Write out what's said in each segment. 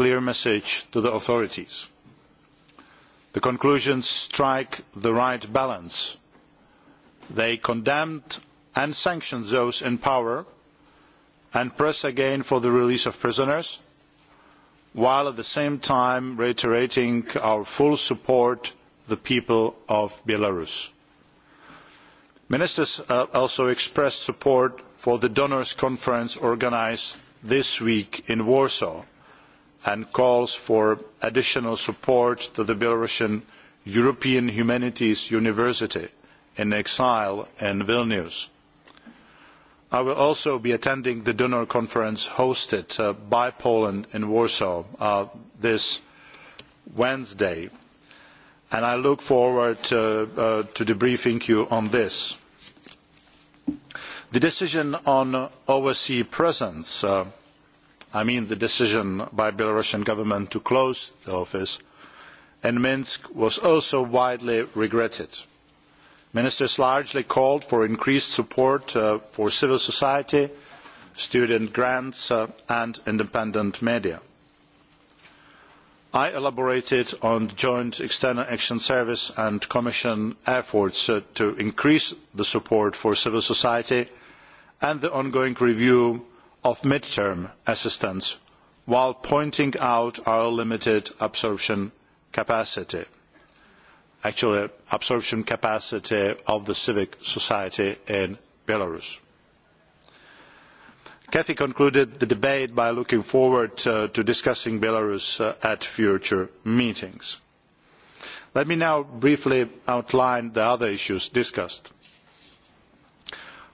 clear message to the authorities. the conclusions strike the right balance. they condemned and sanctioned those in power and press again for the release of prisoners while at the same time reiterating our full support to the people of belarus. ministers uh, also expressed support for the donors' conference organised this week in warsaw and calls for additional support to the Belarusian European Humanities University in exile in Vilnius. I will also be attending the donor conference hosted uh, by Poland in Warsaw uh, this Wednesday, and I look forward uh, uh, to debriefing you on this. The decision on overseas presence uh, i mean the decision by the belarusian government to close the office in minsk was also widely regretted. ministers largely called for increased support uh, for civil society student grants uh, and independent media. i elaborated on the joint external action service and commission efforts uh, to increase the support for civil society and the ongoing review of mid term assistance while pointing out our limited absorption capacity actually absorption capacity of the civic society in belarus. cathy concluded the debate by looking forward uh, to discussing belarus uh, at future meetings. let me now briefly outline the other issues discussed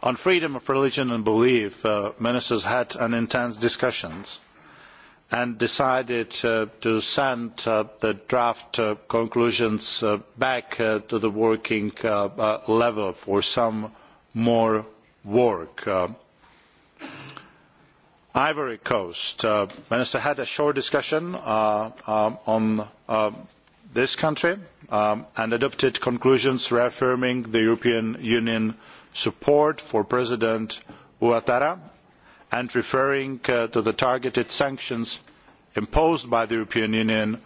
on freedom of religion and belief uh, ministers had an intense discussions and decided uh, to send uh, the draft uh, conclusions uh, back uh, to the working uh, uh, level for some more work. Uh, Ivory Coast, uh, Minister had a short discussion uh, um, on uh, this country um, and adopted conclusions reaffirming the European Union uh, support for President Ouattara and referring uh, to the targeted sanctions imposed by the European Union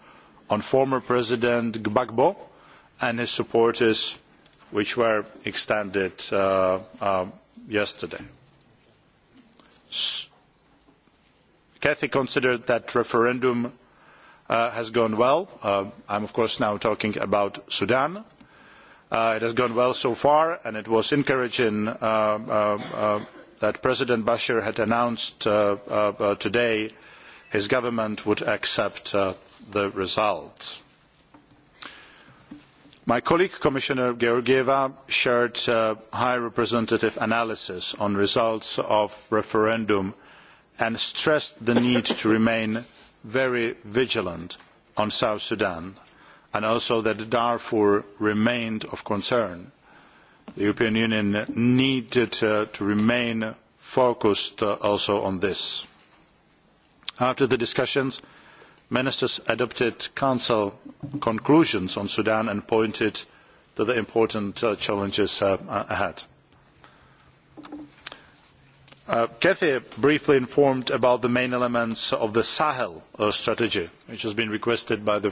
on former President Gbagbo and his supporters, which were extended uh, um, yesterday. S Cathy considered that referendum uh, has gone well. Uh, I'm of course now talking about Sudan. Uh, Uh, it has gone well so far and it was encouraging uh, uh, uh that President Bashir had announced uh, uh, today his government would accept the results. My colleague Commissioner Georgieva shared High Representative analysis on results of referendum and stressed the need to remain very vigilant on South Sudan and also that Darfur remained of concern. The European Union needed uh, to remain focused uh, also on this. After the discussions, ministers adopted Council conclusions on Sudan and pointed to the important uh, challenges uh, ahead. Uh, cathy briefly informed about the main elements of the sahel uh, strategy which has been requested by the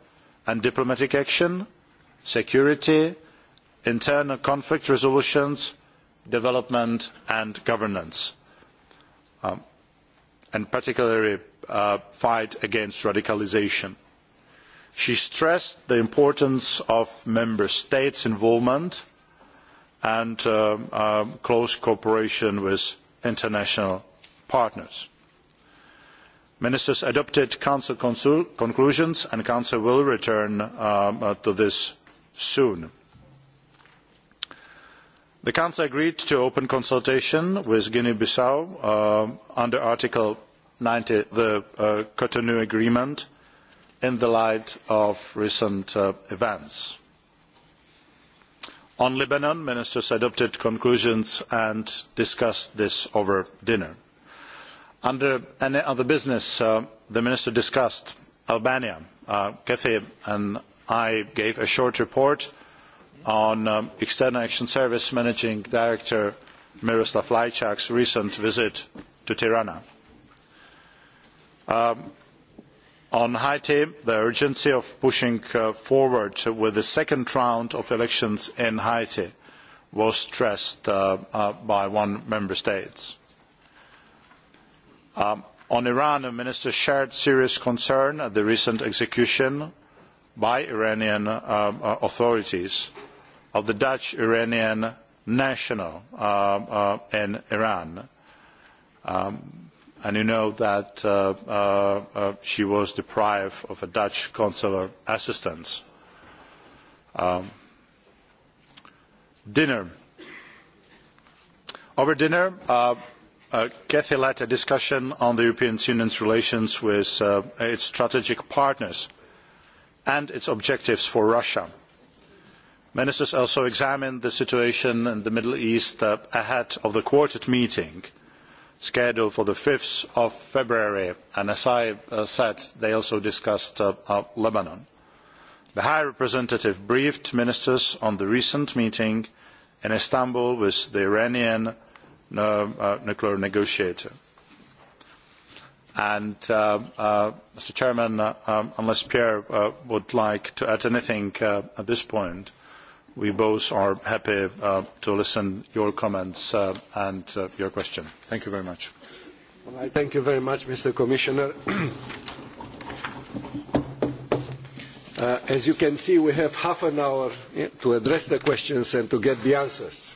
and diplomatic action security internal conflict resolution development and governance um, and particularly the uh, fight against radicalisation. she stressed the importance of member states' involvement and uh, uh, close cooperation with international partners ministers adopted council conclusions and the council will return um, uh, to this soon. the council agreed to open consultation with guinea bissau um, under article ninety of the uh, cotonou agreement in the light of recent uh, events. on lebanon ministers adopted conclusions and discussed this over dinner under any other business uh, the minister discussed albania. Uh, cathy and i gave a short report on um, external action service managing director miroslav lajcak's recent visit to tirana. Um, on haiti the urgency of pushing uh, forward with the second round of elections in haiti was stressed uh, uh, by one member state Um, on iran the minister shared serious concern at the recent execution by iranian um, uh, authorities of the dutch iranian national uh, uh, in iran um, and you know that uh, uh, uh, she was deprived of a dutch consular assistance um, dinner over dinner uh, Uh, Cathy led a discussion on the European Union's relations with uh, its strategic partners and its objectives for Russia. Ministers also examined the situation in the Middle East uh, ahead of the quartet meeting scheduled for the 5th of February, and as I uh, said, they also discussed uh, uh, Lebanon. The High Representative briefed ministers on the recent meeting in Istanbul with the Iranian Uh, nuclear negotiator. And, uh, uh, Mr. Chairman, um, unless Pierre would like to add anything at this point, we both are happy uh, to listen to your comments uh, and uh, your question. Thank you very much. Well, I thank you very much, Mr. Commissioner. uh, as you can see, we have half an hour to address the questions and to get the answers.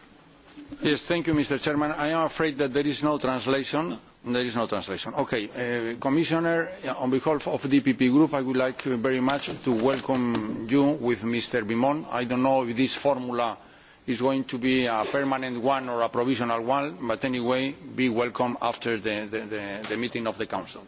Yes, thank you, Mr. Chairman. I am afraid that there is no translation. There is no translation. Okay, uh, Commissioner, uh, on behalf of the DPP Group, I would like very much to welcome you with Mr. Bimon. I don't know if this formula is going to be a permanent one or a provisional one, but anyway, be welcome after the, the, the, the meeting of the Council.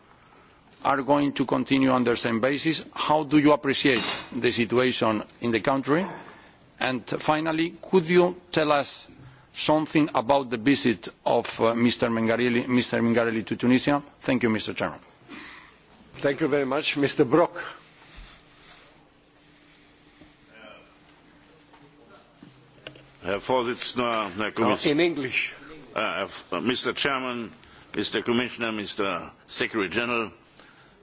are going to continue on the same basis? How do you appreciate the situation in the country? And finally, could you tell us something about the visit of uh, Mr. Mengarelli, Mr. Mengarelli to Tunisia? Thank you, Mr. Chairman. Thank you very much. Mr. Brock. Uh, Herr Vorsitzender, Herr Kommissar. In English. Uh, Mr. Uh, Chairman, Mr. Commissioner, Mr. Secretary General,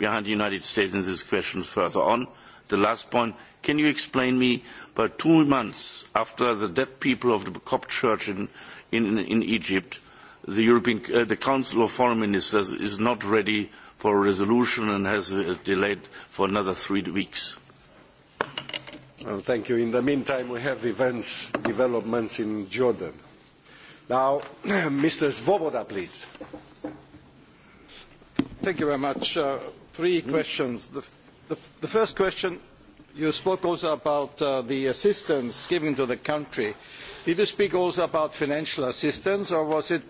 behind the United States in this question further on. The last point, can you explain me, but two months after the dead people of the Coptic church in, in, in Egypt, the, European, uh, the Council of Foreign Ministers is not ready for a resolution and has uh, delayed for another three weeks. Well, thank you. In the meantime, we have events, developments in Jordan. Now, Mr. Svoboda, please. Thank you very much. Uh, three questions. The, the, the first question, you spoke also about uh, the assistance given to the country. Did you speak also about financial assistance, or was it...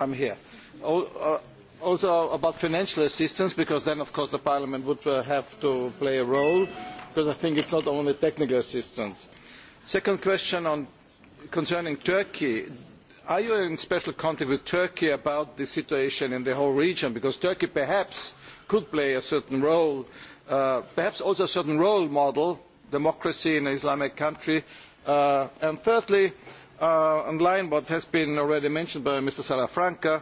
I'm here. O, uh, also about financial assistance, because then, of course, the Parliament would uh, have to play a role, because I think it's not only technical assistance. Second question on, concerning Turkey Are you in special contact with Turkey about the situation in the whole region? Because Turkey perhaps could play a certain role, uh, perhaps also a certain role model, democracy in an Islamic country. Uh, and thirdly, uh, in line what has been already mentioned by Mr. Salafranca,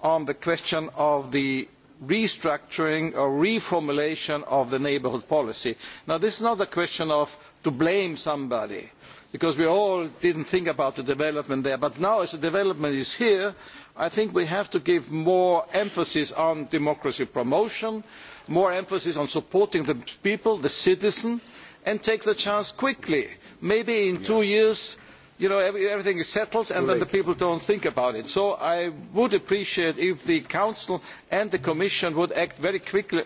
on the question of the restructuring or reformulation of the neighbourhood policy. Now, this is not a question of to blame somebody because we all did not think about the development there. But now as the development is here, I think we have to give more emphasis on democracy promotion, more emphasis on supporting the people, the citizen, and take the chance quickly. Maybe in yeah. two years you know, every, everything is settled and then the people don't think about it. So I would appreciate if the Council and the Commission would act very quickly.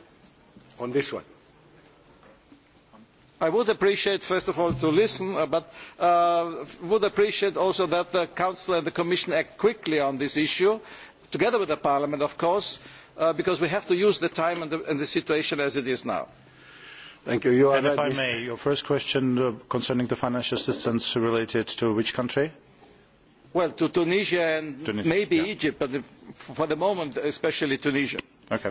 On this one. I would appreciate, first of all, to listen, uh, but uh, would appreciate also that the Council and the Commission act quickly on this issue, together with the Parliament, of course, uh, because we have to use the time and the, and the situation as it is now. Thank you. you and if I may, your first question uh, concerning the financial assistance related to which country? Well, to Tunisia and Tunisia, maybe yeah. Egypt, but the, for the moment, especially Tunisia. Okay.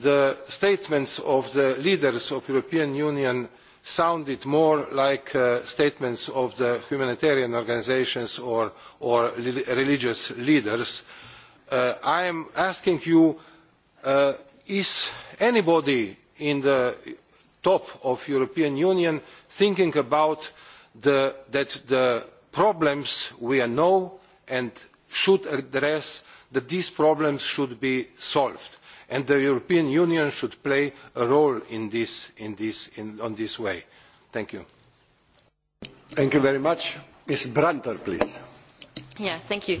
the statements of the leaders of the european union sounded more like uh, statements of the humanitarian organisations or, or religious leaders. Uh, i am asking you uh, is anybody at the top of the european union thinking about the, that the problems we know and should address that these problems should be solved? and the european union should play a role in this, in this, in, on this way. thank you. thank you very much. ms brantner please. Yeah, thank you.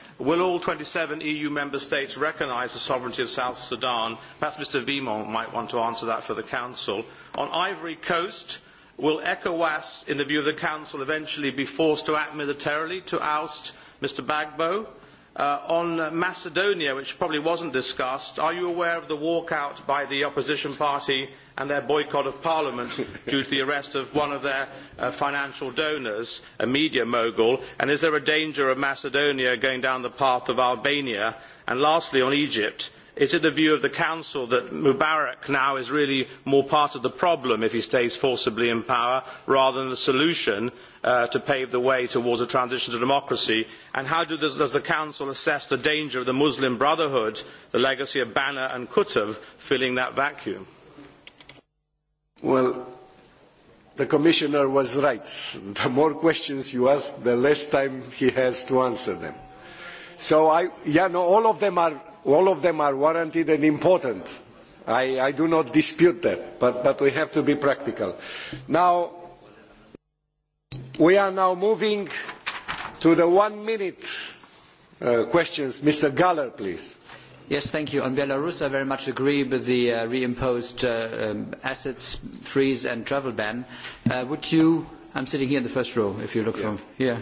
will all twenty seven eu member states recognise the sovereignty of south sudan? perhaps mr vimont might want to answer that for the council. on ivory coast will ecowas in the view of the council eventually be forced to act militarily to oust mr gbagbo? Uh, on macedonia which probably was not discussed are you aware of the walkout by the opposition party and their boycott of parliament due to the arrest of one of their uh, financial donors, a media mogul? And is there a danger of Macedonia going down the path of Albania? And lastly, on Egypt, is it the view of the council that mubarak now is really more part of the problem if he stays forcibly in power rather than the solution uh, to pave the way towards a transition to democracy and how do this, does the council assess the danger of the muslim brotherhood the legacy of banner and qutb filling that vacuum? Well, the Commissioner was right. The more questions you ask, the less time he has to answer them. So I, yeah, no, all of them are, all of them are warranted and important. I, I do not dispute that, but, but we have to be practical. Now, we are now moving to the one minute uh, questions. Mr. Galler, please. Yes, thank you. On Belarus, I very much agree with the uh, reimposed uh, um, assets freeze and travel ban. Uh, would you, I'm sitting here in the first row, if you look yeah. from here. Yeah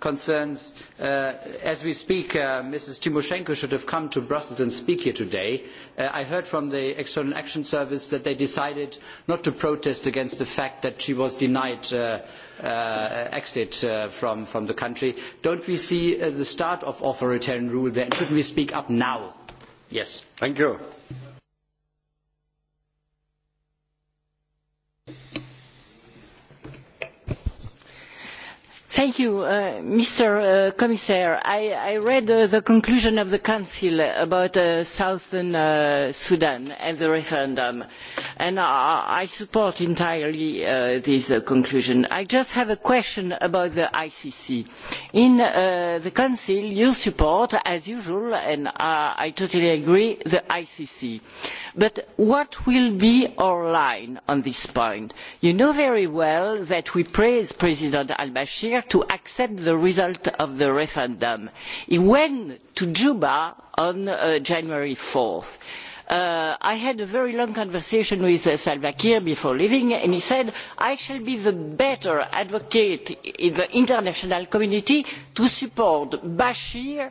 concerns, uh, as we speak, uh, Mrs. Timoshenko should have come to Brussels and speak here today. Uh, I heard from the External Action Service that they decided not to protest against the fact that she was denied uh, uh, exit uh, from, from the country. Don't we see uh, the start of authoritarian rule there? And shouldn't we speak up now? Yes. Thank you. Thank you, uh, Mr. Uh, Commissaire. I, I read uh, the conclusion of the Council about uh, Southern uh, Sudan and the referendum, and I, I support entirely uh, this uh, conclusion. I just have a question about the ICC. In uh, the Council, you support, as usual, and uh, I totally agree, the ICC. But what will be our line on this point? You know very well that we praise President al-Bashir to accept the result of the referendum. He went to Juba on uh, January 4th. Uh, I had a very long conversation with uh, Salva Kiir before leaving, and he said, I shall be the better advocate in the international community to support Bashir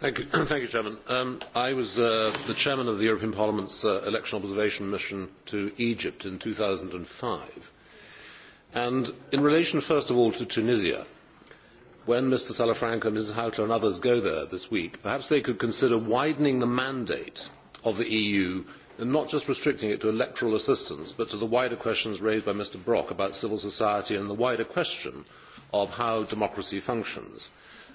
mr president um, i was uh, the chairman of the european parliament's uh, election observation mission to egypt in two thousand and five and in relation first of all to tunisia when mr salafranca ms hautala and others go there this week perhaps they could consider widening the mandate of the eu and not just restricting it to electoral assistance but to the wider questions raised by mr brok about civil society and the wider question of how democracy functions.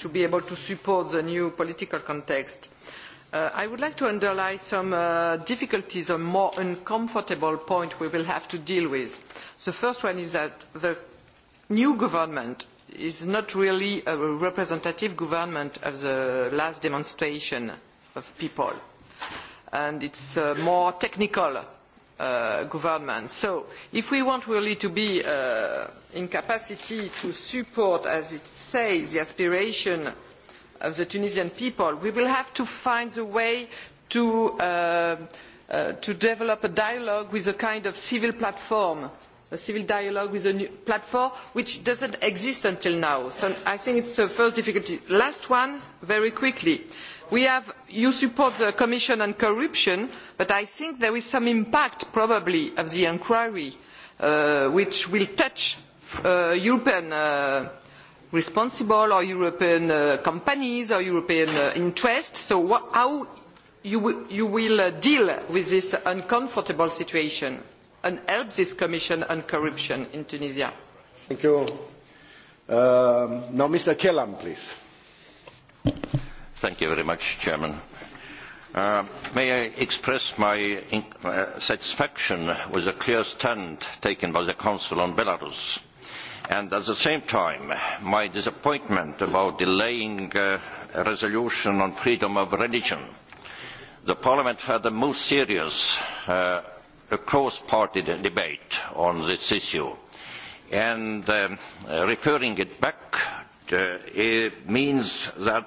to be able to support the new political context. Uh, I would like to underline some uh, difficulties, a more uncomfortable point we will have to deal with. The first one is that the new government is not really a representative government of the last demonstration of people. And it's uh, more technical uh, government. So if we want really to be uh, in capacity to support, as it says, the aspiration of the Tunisian people, we will have to find a way to, uh, uh, to develop a dialogue with a kind of civil platform a civil dialogue with a new platform which does not exist until now. So I think it's the first difficulty. Last one, very quickly. We have, you support the Commission on Corruption. Uh, but i think there is some impact probably of the inquiry uh, which will touch uh, european uh, responsible or european uh, companies or european uh, interests so what, how you, you will uh, deal with this uncomfortable situation and help this commission on corruption in tunisia thank you uh, now mr kelam please thank you very much chairman Uh, may I express my in, uh, satisfaction with the clear stand taken by the Council on Belarus, and at the same time, my disappointment about delaying uh, a resolution on freedom of religion. The Parliament had the most serious uh, cross-party debate on this issue, and um, uh, referring it back uh, it means that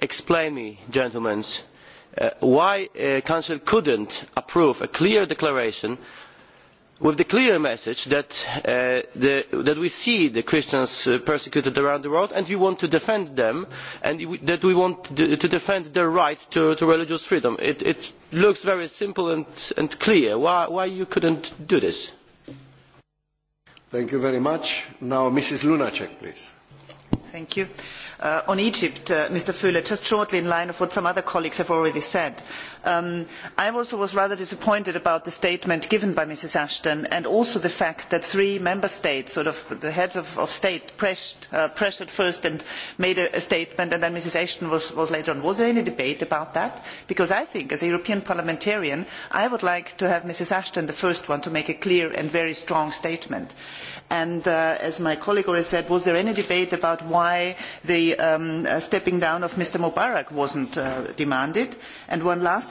explain me gentlemen uh, why the uh, council could not approve a clear declaration with the clear message that, uh, the, that we see the christians uh, persecuted around the world and we want to defend them and that we want to defend their right to, to religious freedom. it, it looks very simple and, and clear. why, why you could not do this? thank you very much. now mrs lunacek please. thank you. Uh, Uh, on Egypt, uh, Mr. Fühle, just shortly in line of what some other colleagues have already said. Uh, Um, I also was rather disappointed about the statement given by Mrs. Ashton and also the fact that three member states, sort of the heads of, of state, pressed, uh, pressured first and made a, a statement and then Mrs. Ashton was, was later on. Was there any debate about that? Because I think as a European parliamentarian, I would like to have Mrs. Ashton the first one to make a clear and very strong statement. And uh, as my colleague already said, was there any debate about why the um, uh, stepping down of Mr. Mubarak wasn't uh, demanded? And one last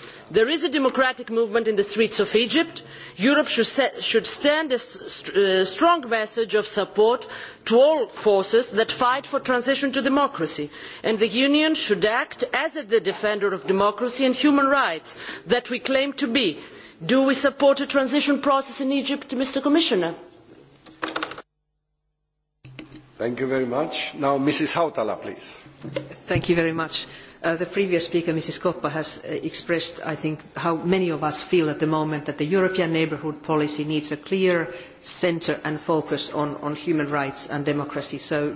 there is a democratic movement in the streets of egypt. europe should, set, should send a st uh, strong message of support to all forces that fight for transition to democracy and the union should act as the defender of democracy and human rights that we claim to be. do we support a transition process in egypt mr commissioner? thank you very much. now mrs hautala please. thank you very much. Uh, the previous speaker, Mrs. Koppa, has uh, expressed, I think, how many of us feel at the moment that the European neighbourhood policy needs a clear centre and focus on, on human rights and democracy. So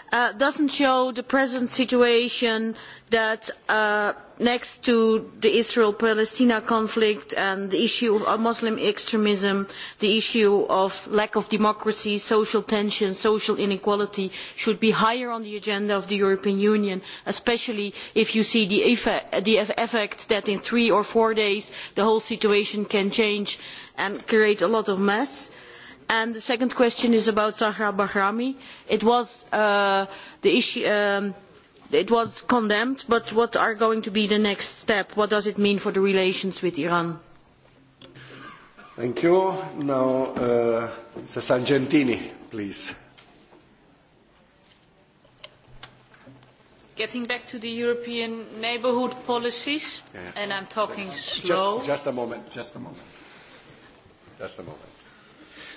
uh, doesn't show the present situation that uh, next to the Israel-Palestina conflict and the issue of Muslim extremism, the issue of lack of democracy, social tension, social inequality should be higher on the agenda of the European Union, especially if you see the effect, the effect that in three or four days the whole situation can change and create a lot of mess. Uh, And the second question is about Zahra Bahrami. It was, uh, the issue, um, it was condemned, but what are going to be the next step? What does it mean for the relations with Iran? Thank you. Now, uh, Mr. Sangentini, please. Getting back to the European neighbourhood policies, yeah. and I'm talking just, slow. Just, just a moment, just a moment. Just a moment.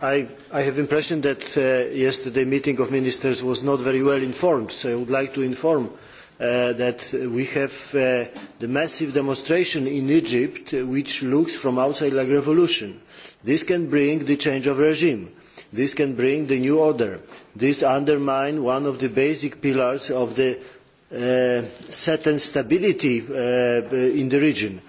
I, I have the impression that uh, yesterday's meeting of ministers was not very well informed, so I would like to inform uh, that we have uh, the massive demonstration in Egypt, uh, which looks from outside like revolution. This can bring the change of regime. This can bring the new order. This undermines one of the basic pillars of the uh, certain stability uh, in the region. Uh,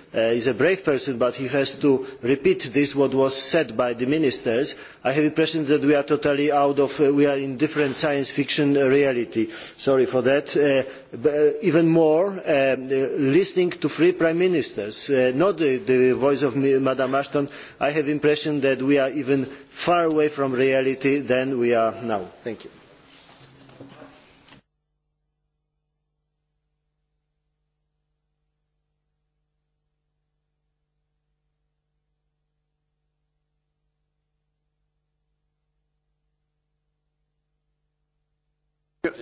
uh, is a brave person, but he has to repeat this, what was said by the ministers. I have the impression that we are totally out of, uh, we are in different science fiction uh, reality. Sorry for that. Uh, but, uh, even more, uh, uh, listening to three prime ministers, uh, not the, the voice of Madam Ashton, I have the impression that we are even far away from reality than we are now. Thank you.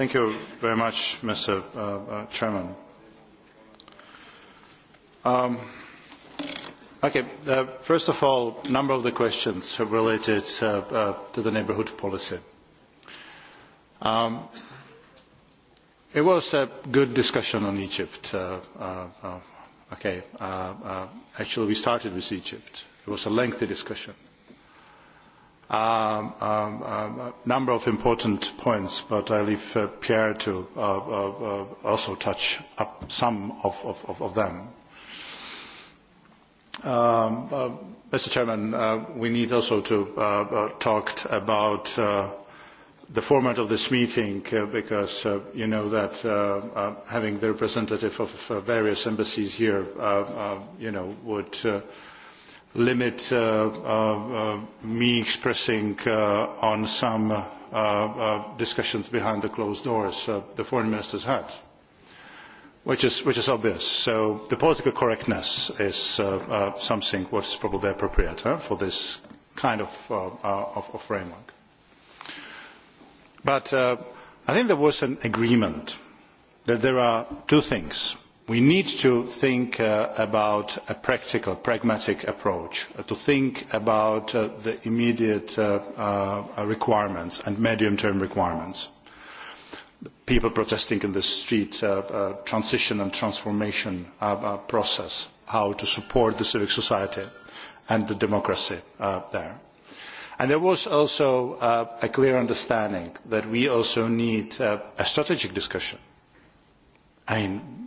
Thank you very much, Mr. Uh, uh, Chairman. Um, okay, uh, first of all, a number of the questions are related uh, uh, to the neighbourhood policy. Um, it was a good discussion on Egypt. Uh, uh, uh, okay, uh, uh, actually we started with Egypt. It was a lengthy discussion. Uh, um, um, um, number of important points, but I leave uh, Pierre to uh, uh, uh, also touch up some of, of, of them. Um, uh, Mr. Chairman, uh, we need also to uh, uh, talk about uh, the format of this meeting uh, because uh, you know that uh, uh, having the representative of uh, various embassies here, uh, uh, you know, would uh, limit uh, uh, uh, me expressing uh, on some uh, uh, discussions behind the closed doors uh, the foreign ministers had, which is, which is obvious. So the political correctness is uh, uh, something what is probably appropriate huh, for this kind of, uh, uh, of, of framework. But uh, I think there was an agreement that there are two things – we need to think uh, about a practical, pragmatic approach, uh, to think about uh, the immediate uh, uh, requirements and medium-term requirements. People protesting in the street, uh, uh, transition and transformation uh, uh, process, how to support the civic society and the democracy uh, there. And there was also uh, a clear understanding that we also need uh, a strategic discussion. I mean,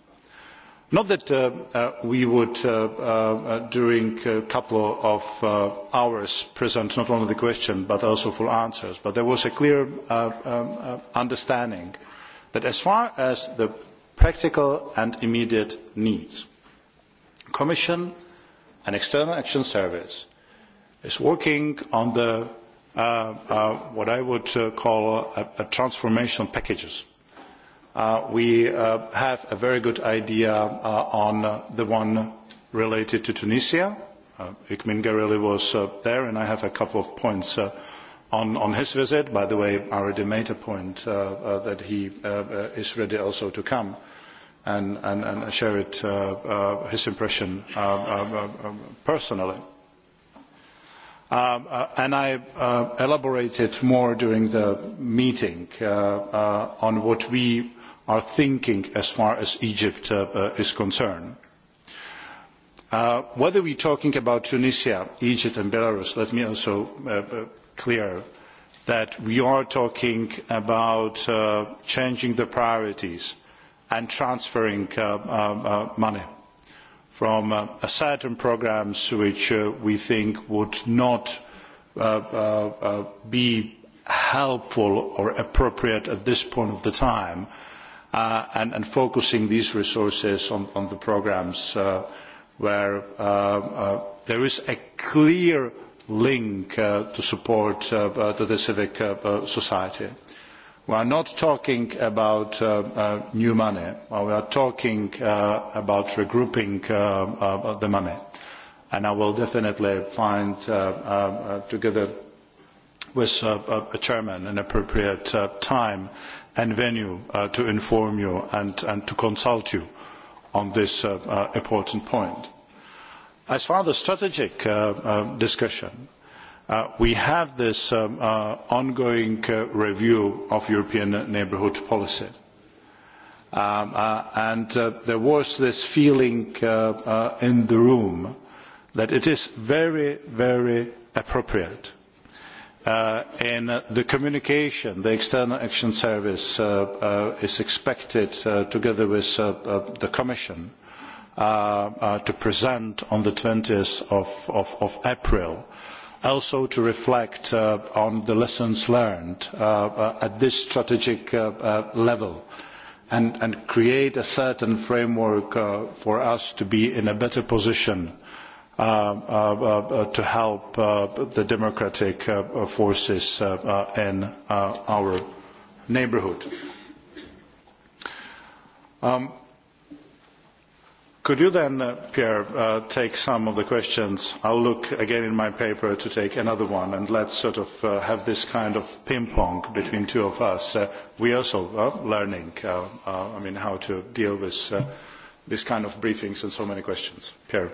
Not that uh, uh, we would, uh, uh, uh, during a couple of uh, hours, present not only the question but also full answers, but there was a clear uh, um, uh, understanding that as far as the practical and immediate needs, the Commission and External Action Service is working on the, uh, uh, what I would uh, call a, a transformation packages uh, we uh, have a very good idea uh, on uh, the one related to Tunisia. Uh, Ikmin Gareli was uh, there, and I have a couple of points uh, on, on his visit. By the way, I already made a point uh, uh, that he uh, uh, is ready also to come and, and, and share it, uh, uh, his impression uh, uh, uh, uh personally. Um, uh, and I uh, elaborated more during the meeting uh, uh, on what we are thinking as far as Egypt uh, uh, is concerned. Uh, whether we're talking about Tunisia, Egypt and Belarus, let me also uh, uh, clear that we are talking about uh, changing the priorities and transferring uh, uh, uh money from uh, certain programs which uh, we think would not uh, uh, uh, be helpful or appropriate at this point of the time uh, uh, and, and focusing these resources on, on the programs uh, where uh, uh, there is a clear link uh, to support uh, uh, to the civic uh, uh, society. We are not talking about uh, uh, new money. Uh, we are talking uh, about regrouping uh, uh, the money. And I will definitely find, uh, uh, uh together with uh, a chairman an appropriate uh, time and venue uh, to inform you and, and to consult you on this uh, uh, important point. As far as the strategic uh, uh, discussion, uh, we have this um, uh, ongoing uh, review of European neighbourhood policy. Um, uh, and uh, there was this feeling uh, uh, in the room that it is very, very appropriate Uh, in uh, the communication, the External Action Service uh, uh, is expected, uh, together with uh, uh, the Commission, uh, uh, to present on the 20th of, of, of April, also to reflect uh, on the lessons learned uh, uh, at this strategic uh, uh, level and, and create a certain framework uh, for us to be in a better position Uh, uh, uh, uh, to help uh, the democratic uh, uh, forces uh, uh, in uh, our neighborhood. Um, could you then, uh, Pierre, uh, take some of the questions? I'll look again in my paper to take another one, and let's sort of uh, have this kind of ping-pong between two of us. Uh, we also are uh, learning, uh, uh, I mean, how to deal with uh, this kind of briefings and so many questions. Pierre.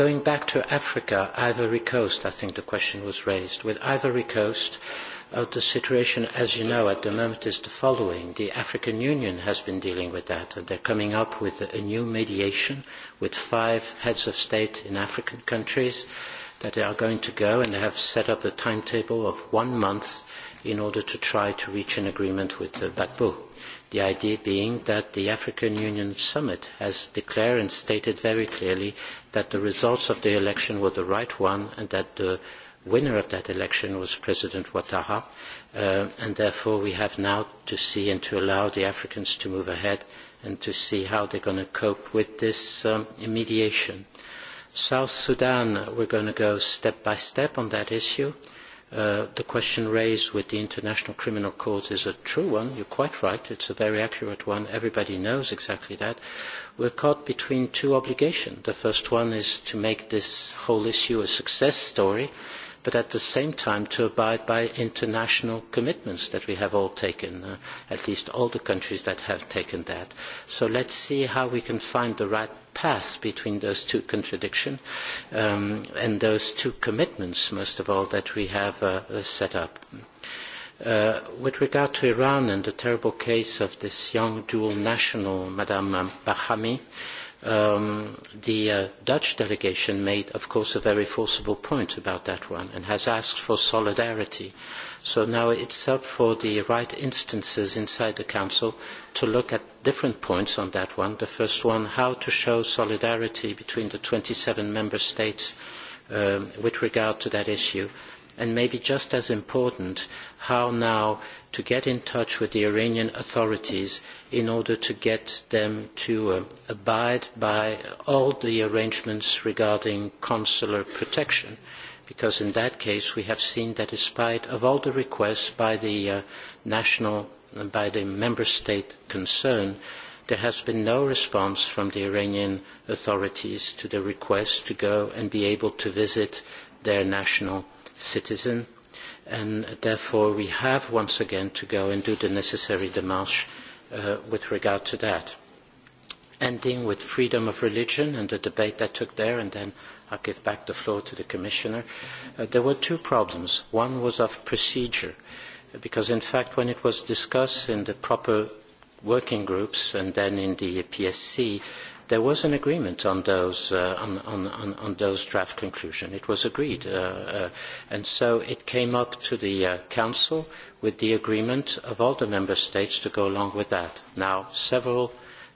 Going back to Africa, Ivory Coast, I think the question was raised. With Ivory Coast, uh, the situation, as you know, at the moment is the following. The African Union has been dealing with that, and they're coming up with a new mediation with five heads of state in African countries that they are going to go, and they have set up a timetable of one month in order to try to reach an agreement with uh, Gbagbo. The idea being that the African Union summit has declared and stated very clearly that the results of the election were the right one and that the winner of that election was President Ouattara. Uh, and therefore we have now to see and to allow the Africans to move ahead and to see how they're going to cope with this um, mediation. South Sudan, we're going to go step by step on that issue. Uh, the question raised with the International Criminal Court is a true one. You're quite right. It's a very accurate one. Everybody knows exactly that we're caught between two obligations. The first one is to make this whole issue a success story, but at the same time to abide by international commitments that we have all taken, uh, at least all the countries that have taken that. So let's see how we can find the right path between those two contradictions um, and those two commitments, most of all, that we have uh, set up. Uh, with regard to Iran and the terrible case of this young dual national, Madame Bahami, um, the uh, Dutch delegation made, of course, a very forcible point about that one and has asked for solidarity. So now it's up for the right instances inside the Council to look at different points on that one. The first one, how to show solidarity between the 27 member states um, with regard to that issue. And maybe just as important, uh, how now to get in touch with the Iranian authorities in order to get them to uh, abide by all the arrangements regarding consular protection. Because in that case, we have seen that despite of all the requests by the uh, national, by the member state concerned, there has been no response from the Iranian authorities to the request to go and be able to visit their national citizen and therefore we have once again to go and do the necessary démarche uh, with regard to that. Ending with freedom of religion and the debate that took there, and then I'll give back the floor to the Commissioner. Uh, there were two problems. One was of procedure, because in fact when it was discussed in the proper working groups and then in the PSC, there was an agreement on those uh, on, on, on those draft conclusion. It was agreed, uh, uh, and so it came up to the uh, council with the agreement of all the member states to go along with that. Now, several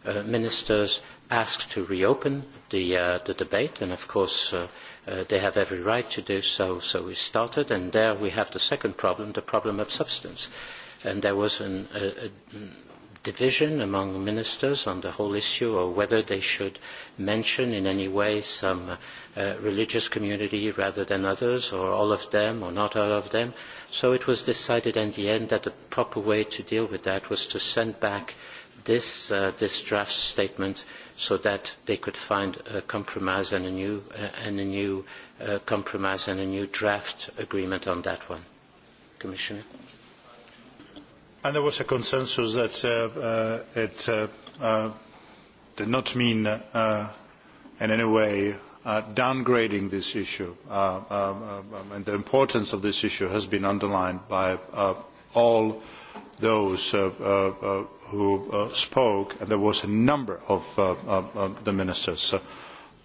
uh, ministers asked to reopen the uh, the debate, and of course. Uh, uh, they have every right to do so, so we started, and there we have the second problem, the problem of substance. And there was an, a, a, division among ministers on the whole issue or whether they should mention in any way some uh, religious community rather than others or all of them or not all of them. So it was decided in the end that the proper way to deal with that was to send back this, uh, this draft statement so that they could find a compromise and a new, uh, and a new uh, compromise and a new draft agreement on that one. Commissioner? and there was a consensus that uh, uh, it uh, uh, did not mean uh, in any way uh, downgrading this issue. Uh, um, um, and the importance of this issue has been underlined by uh, all those uh, uh, uh who uh, spoke, and there was a number of uh, uh, uh, the ministers uh,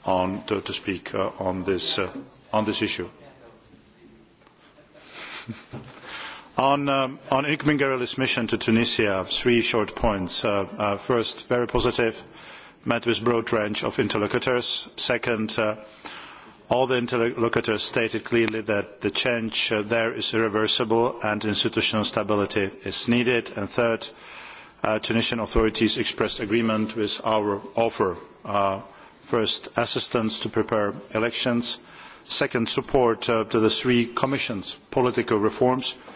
on, to, to speak uh, on, this, uh, on this issue. On, um, on Ikmin Gereli's mission to Tunisia, three short points. Uh, uh, first, very positive, met with broad range of interlocutors. Second, uh, all the interlocutors stated clearly that the change uh, there is irreversible and institutional stability is needed. And third, uh, Tunisian authorities expressed agreement with our offer. Uh, first, assistance to prepare elections. Second, support uh, to the three commissions' political reforms –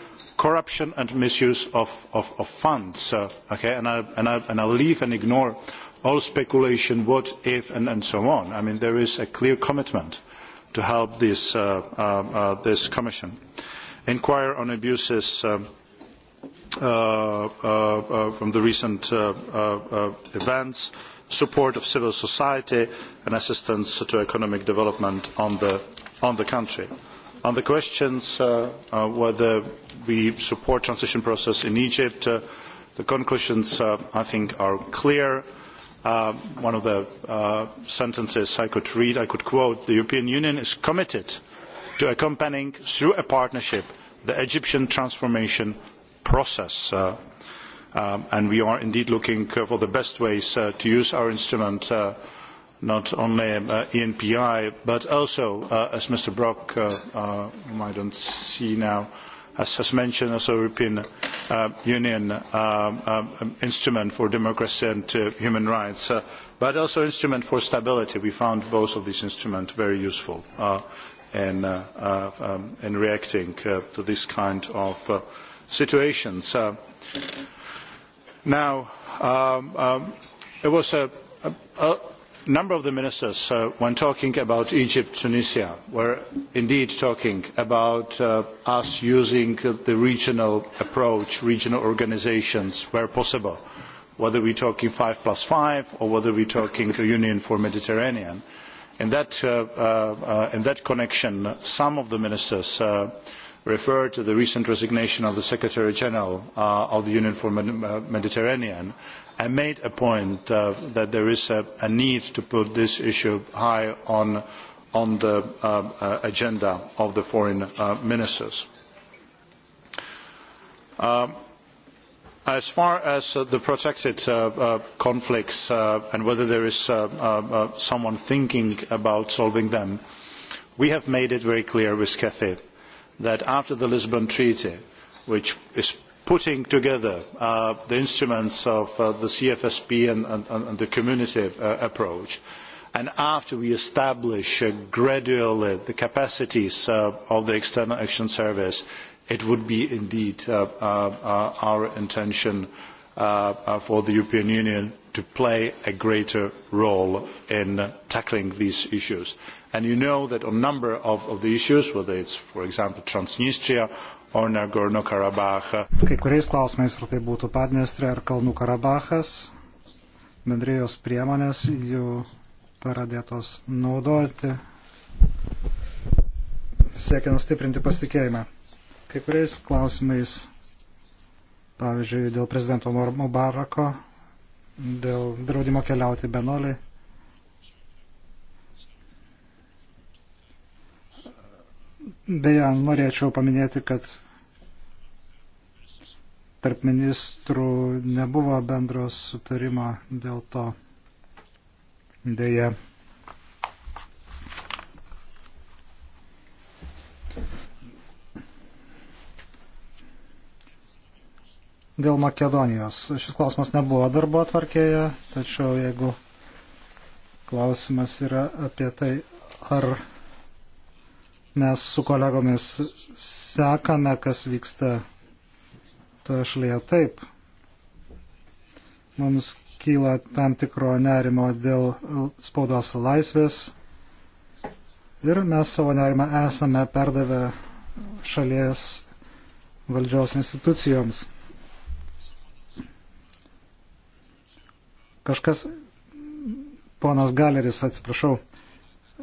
corruption and misuse of, of, of funds uh, okay? and, I, and, I, and i leave and ignore all speculation what if and, and so on. i mean there is a clear commitment to help this, uh, uh, uh this commission inquire on abuses um, from the recent events support of civil society and assistance to economic development in the, the country. On the questions uh, uh, whether we support transition process in Egypt, uh, the conclusions, uh, I think, are clear. Uh, one of the uh, sentences I could read, I could quote, the European Union is committed to accompanying, through a partnership, the Egyptian transformation process. Uh, um, and we are indeed looking for the best ways uh, to use our instrument uh, not only uh, ENPI, but also, uh, as Mr. Brock, uh, uh, whom I don't see now, has, has mentioned, also European uh, Union um, um, instrument for democracy and uh, human rights, uh, but also instrument for stability. We found both of these instruments very useful uh, in, uh, uh, um, in reacting uh, to this kind of uh, situations. Uh, now, um, um, it was a, a, a a number of the ministers, uh, when talking about Egypt, Tunisia, were indeed talking about uh, us using the regional approach, regional organizations where possible, whether we're talking 5 plus 5 or whether we're talking a union for Mediterranean. In that, uh, uh, uh, in that connection, some of the ministers uh, refer to the recent resignation of the Secretary General uh, of the Union for Med Mediterranean I made a point uh, that there is a, a need to put this issue high on, on the uh, uh, agenda of the foreign uh, ministers. Um, as far as uh, the protected uh, uh, conflicts uh, and whether there is uh, uh, uh someone thinking about solving them, we have made it very clear with CAFE that after the Lisbon Treaty, which is putting together uh, the instruments of uh, the CFSP and, and, and the community uh, approach. And after we establish uh, gradually the capacities uh, of the External Action Service, it would be indeed uh, uh, uh our intention uh, uh, for the European Union to play a greater role in tackling these issues. And you know that on a number of, of the issues, whether it's, for example, Transnistria o ne Gorno Karabachą. Kai kuriais klausimais, ar tai būtų Padnestrė ar Kalnų Karabachas, bendrijos priemonės jau pradėtos naudoti, siekiant stiprinti pasitikėjimą. Kai kuriais klausimais, pavyzdžiui, dėl prezidento Mubarako, dėl draudimo keliauti benoliai, Beje, norėčiau paminėti, kad tarp ministrų nebuvo bendro sutarimo dėl to. Deja. Dėl Makedonijos. Šis klausimas nebuvo darbo atvarkėje, tačiau jeigu klausimas yra apie tai, ar mes su kolegomis sekame, kas vyksta toje šalyje taip. Mums kyla tam tikro nerimo dėl spaudos laisvės ir mes savo nerimą esame perdavę šalies valdžios institucijoms. Kažkas, ponas Galeris, atsiprašau,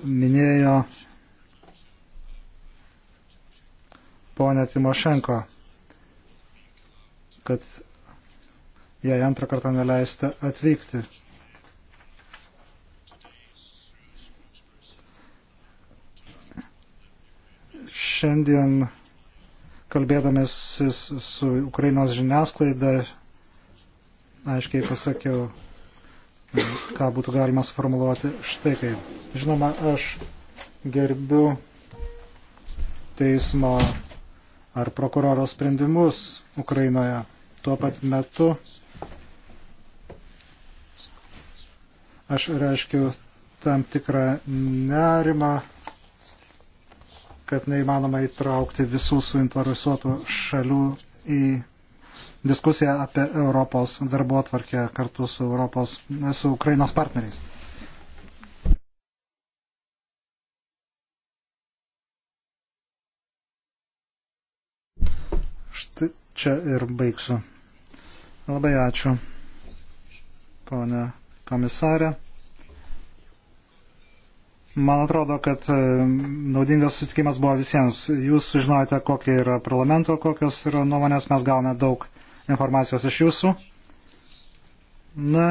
minėjo ponę Timošenko kad jai antrą kartą neleista atvykti. Šiandien kalbėdamas su Ukrainos žiniasklaida, aiškiai pasakiau, ką būtų galima suformuoluoti štai kaip. Žinoma, aš gerbiu teismo ar prokuroro sprendimus Ukrainoje. Tuo pat metu aš reiškiu tam tikrą nerimą, kad neįmanoma įtraukti visų suinteresuotų šalių į diskusiją apie Europos darbo atvarkę kartu su, Europos, su Ukrainos partneriais. čia ir baigsiu. Labai ačiū, ponė komisarė. Man atrodo, kad e, naudingas susitikimas buvo visiems. Jūs sužinojote, kokie yra parlamento, kokios yra nuomonės, mes gavome daug informacijos iš jūsų. Na,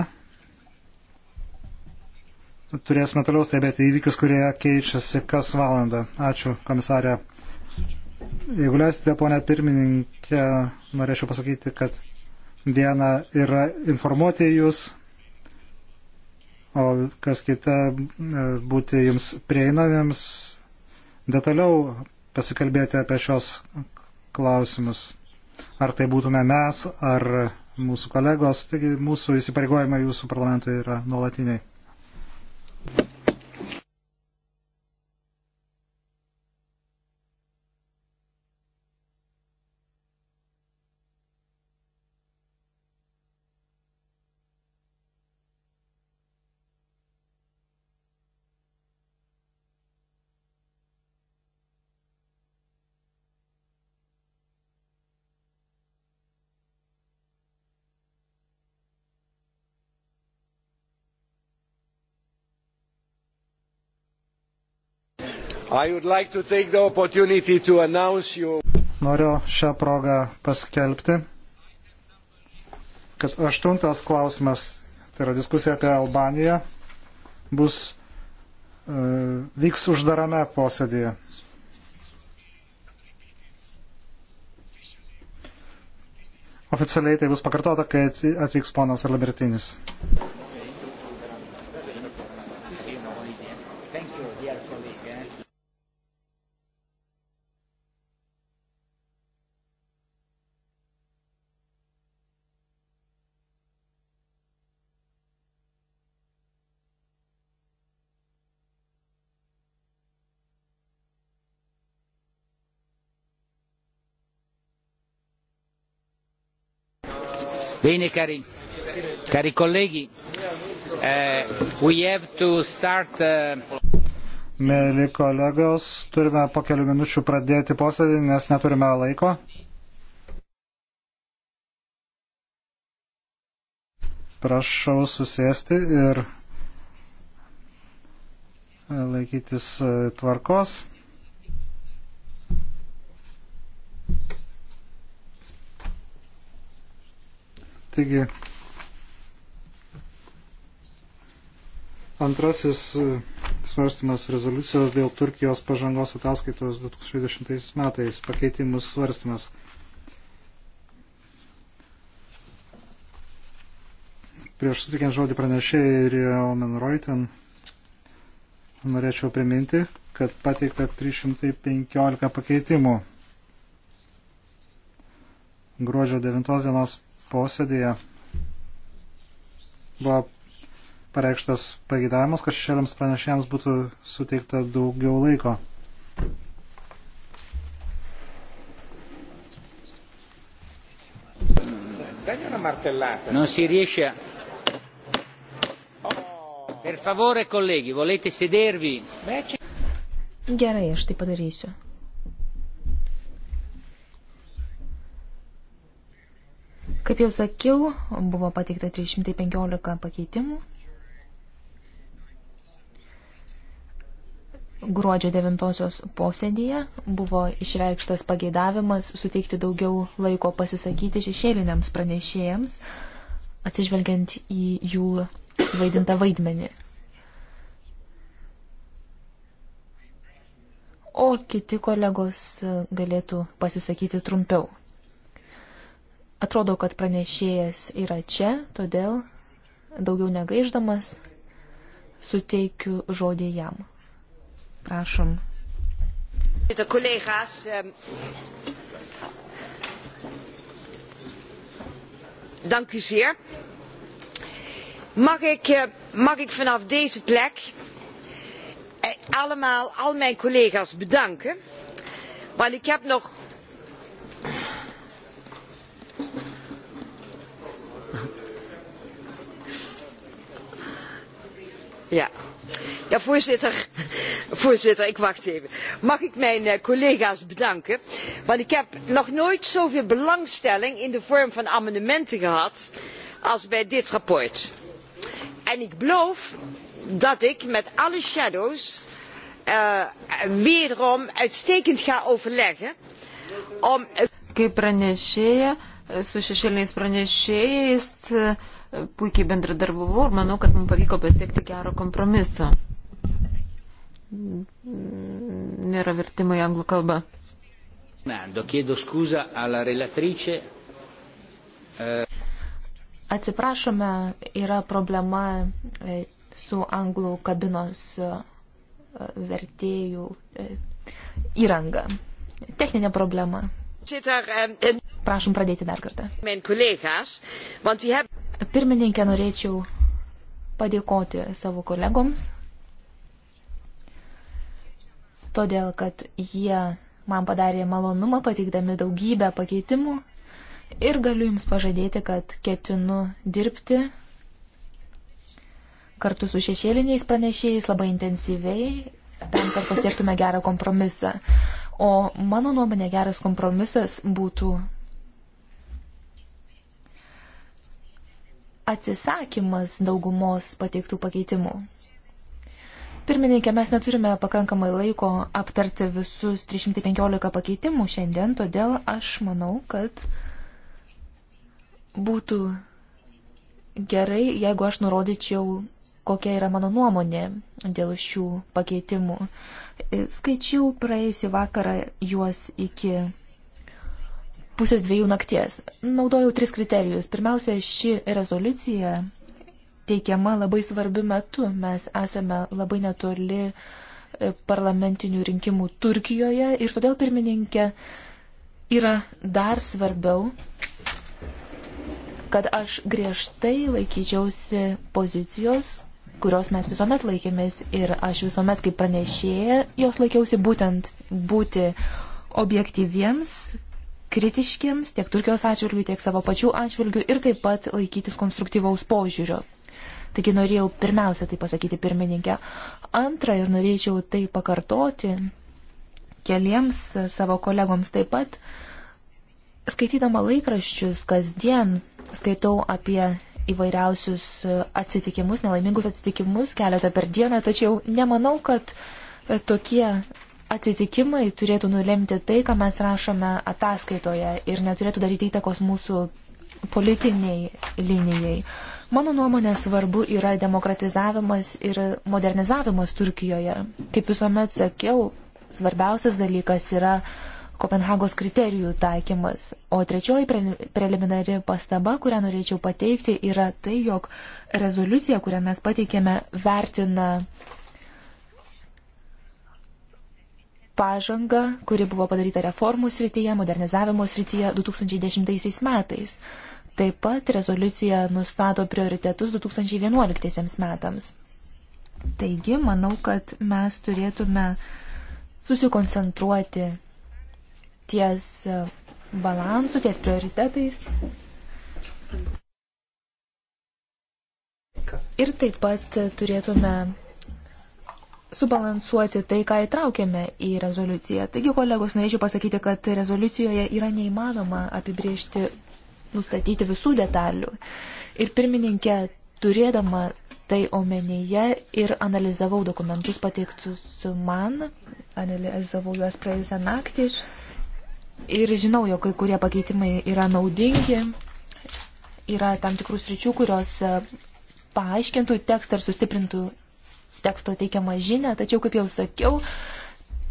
turėsime toliau stebėti įvykius, kurie keičiasi kas valandą. Ačiū, komisarė. Jeigu leisite, ponė pirmininkė pirmininkė, norėčiau pasakyti, kad viena yra informuoti jūs, o kas kita e, būti jums prieinamiems, detaliau pasikalbėti apie šios klausimus. Ar tai būtume mes, ar mūsų kolegos, taigi mūsų įsipareigojimai jūsų parlamentui yra nuolatiniai. Like you... Noriu šią progą paskelbti, kad aštuntas klausimas, tai yra diskusija apie Albaniją, bus, uh, vyks uždarame posėdėje. Oficialiai tai bus pakartota, kai atvyks ponas Albertinis. Bene, cari, cari colleghi, uh, we have to start. Uh... Mėly kolegos, turime po kelių minučių pradėti posėdį, nes neturime laiko. Prašau susėsti ir laikytis eh, tvarkos. Taigi, antrasis e, svarstymas rezoliucijos dėl Turkijos pažangos ataskaitos 2020 metais pakeitimus svarstymas. Prieš sutikiant žodį pranešėjai ir Omen Reuten norėčiau priminti, kad pateikta 315 pakeitimų. Gruodžio 9 dienos posėdėje buvo pareikštas pageidavimas, kad šešėliams pranešėjams būtų suteikta daugiau laiko. Non si riesce a... Oh. Per favore, colleghi, volete sedervi? Gerai, aš tai padarysiu. Kaip jau sakiau, buvo pateikta 315 pakeitimų. Gruodžio 9 posėdėje buvo išreikštas pageidavimas suteikti daugiau laiko pasisakyti šešėliniams pranešėjams, atsižvelgiant į jų vaidintą vaidmenį. O kiti kolegos galėtų pasisakyti trumpiau. Atrodo, kad pranešėjas yra čia, todėl daugiau negaiždamas suteikiu žodį jam. Prašom. Collega's, Dank u zeer. Mag ik, eh, mag ik vanaf deze plek eh, allemaal al mijn collega's bedanken? Want ik heb nog Ja. Ja, voorzitter. voorzitter, ik wacht even. Mag ik mijn uh, collega's bedanken? Want ik heb nog nooit zoveel belangstelling in de vorm van amendementen gehad als bij dit rapport. En ik beloof dat ik met alle shadows uh, wederom uitstekend ga overleggen om. Kaip pranešėja, su šešėliniais pranešėjais. Uh puikiai bendradarbiavau ir manau, kad mums pavyko pasiekti gerą kompromisą. Nėra vertimo į anglų kalbą. Eh. Atsiprašome, yra problema eh, su anglų kabinos eh, vertėjų įranga. Techninė problema. Prašom pradėti dar kartą. Pirmininkė, norėčiau padėkoti savo kolegoms, todėl kad jie man padarė malonumą pateikdami daugybę pakeitimų ir galiu Jums pažadėti, kad ketinu dirbti kartu su šešėliniais pranešėjais labai intensyviai tam, kad pasiektume gerą kompromisą. O mano nuomonė geras kompromisas būtų atsisakymas daugumos pateiktų pakeitimų. Pirmininkė, mes neturime pakankamai laiko aptarti visus 315 pakeitimų šiandien, todėl aš manau, kad būtų gerai, jeigu aš nurodyčiau, kokia yra mano nuomonė dėl šių pakeitimų. Skaičiau praėjusį vakarą juos iki pusės dviejų nakties. Naudojau tris kriterijus. Pirmiausia, ši rezoliucija teikiama labai svarbiu metu. Mes esame labai netoli e, parlamentinių rinkimų Turkijoje ir todėl pirmininkė yra dar svarbiau, kad aš griežtai laikyčiausi pozicijos, kurios mes visuomet laikėmės ir aš visuomet kaip pranešėja jos laikiausi būtent būti objektyviems, kritiškiams tiek Turkijos atžvilgių, tiek savo pačių atžvilgių ir taip pat laikytis konstruktyvaus požiūrio. Taigi norėjau pirmiausia tai pasakyti pirmininkė. Antra ir norėčiau tai pakartoti keliems savo kolegoms taip pat. Skaitydama laikraščius kasdien skaitau apie įvairiausius atsitikimus, nelaimingus atsitikimus keletą per dieną, tačiau nemanau, kad tokie Atsitikimai turėtų nulemti tai, ką mes rašome ataskaitoje ir neturėtų daryti įtakos mūsų politiniai linijai. Mano nuomonė svarbu yra demokratizavimas ir modernizavimas Turkijoje. Kaip visuomet sakiau, svarbiausias dalykas yra Kopenhagos kriterijų taikymas. O trečioji pre preliminari pastaba, kurią norėčiau pateikti, yra tai, jog rezoliucija, kurią mes pateikėme, vertina pažangą, kuri buvo padaryta reformų srityje, modernizavimo srityje 2010 metais. Taip pat rezoliucija nustato prioritetus 2011 metams. Taigi, manau, kad mes turėtume susikoncentruoti ties e, balansu, ties prioritetais. Ir taip pat turėtume subalansuoti tai, ką įtraukėme į rezoliuciją. Taigi, kolegos, norėčiau pasakyti, kad rezoliucijoje yra neįmanoma apibriežti, nustatyti visų detalių. Ir pirmininkė, turėdama tai omenyje ir analizavau dokumentus pateiktus man, analizavau juos praėjusią naktį ir žinau, jog kai kurie pakeitimai yra naudingi, yra tam tikrų sričių, kurios e, paaiškintų tekstą ir sustiprintų teksto teikiamą žinę, tačiau, kaip jau sakiau,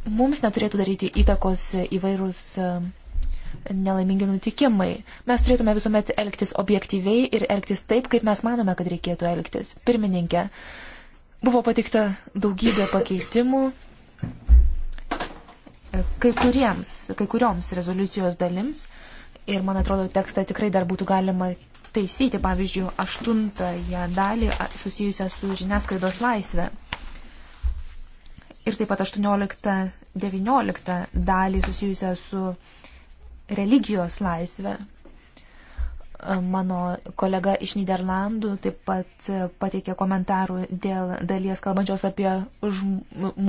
mums neturėtų daryti įtakos įvairūs e, nelaimingi nutikimai. Mes turėtume visuomet elgtis objektyviai ir elgtis taip, kaip mes manome, kad reikėtų elgtis. Pirmininkė, buvo patikta daugybė pakeitimų. Kai, kuriems, kai kurioms rezoliucijos dalims ir man atrodo tekstą tikrai dar būtų galima taisyti, pavyzdžiui, aštuntąją dalį susijusią su žiniasklaidos laisvė. Ir taip pat 18-19 dalį susijusią su religijos laisvė. Mano kolega iš Niderlandų taip pat pateikė komentarų dėl dalies kalbančios apie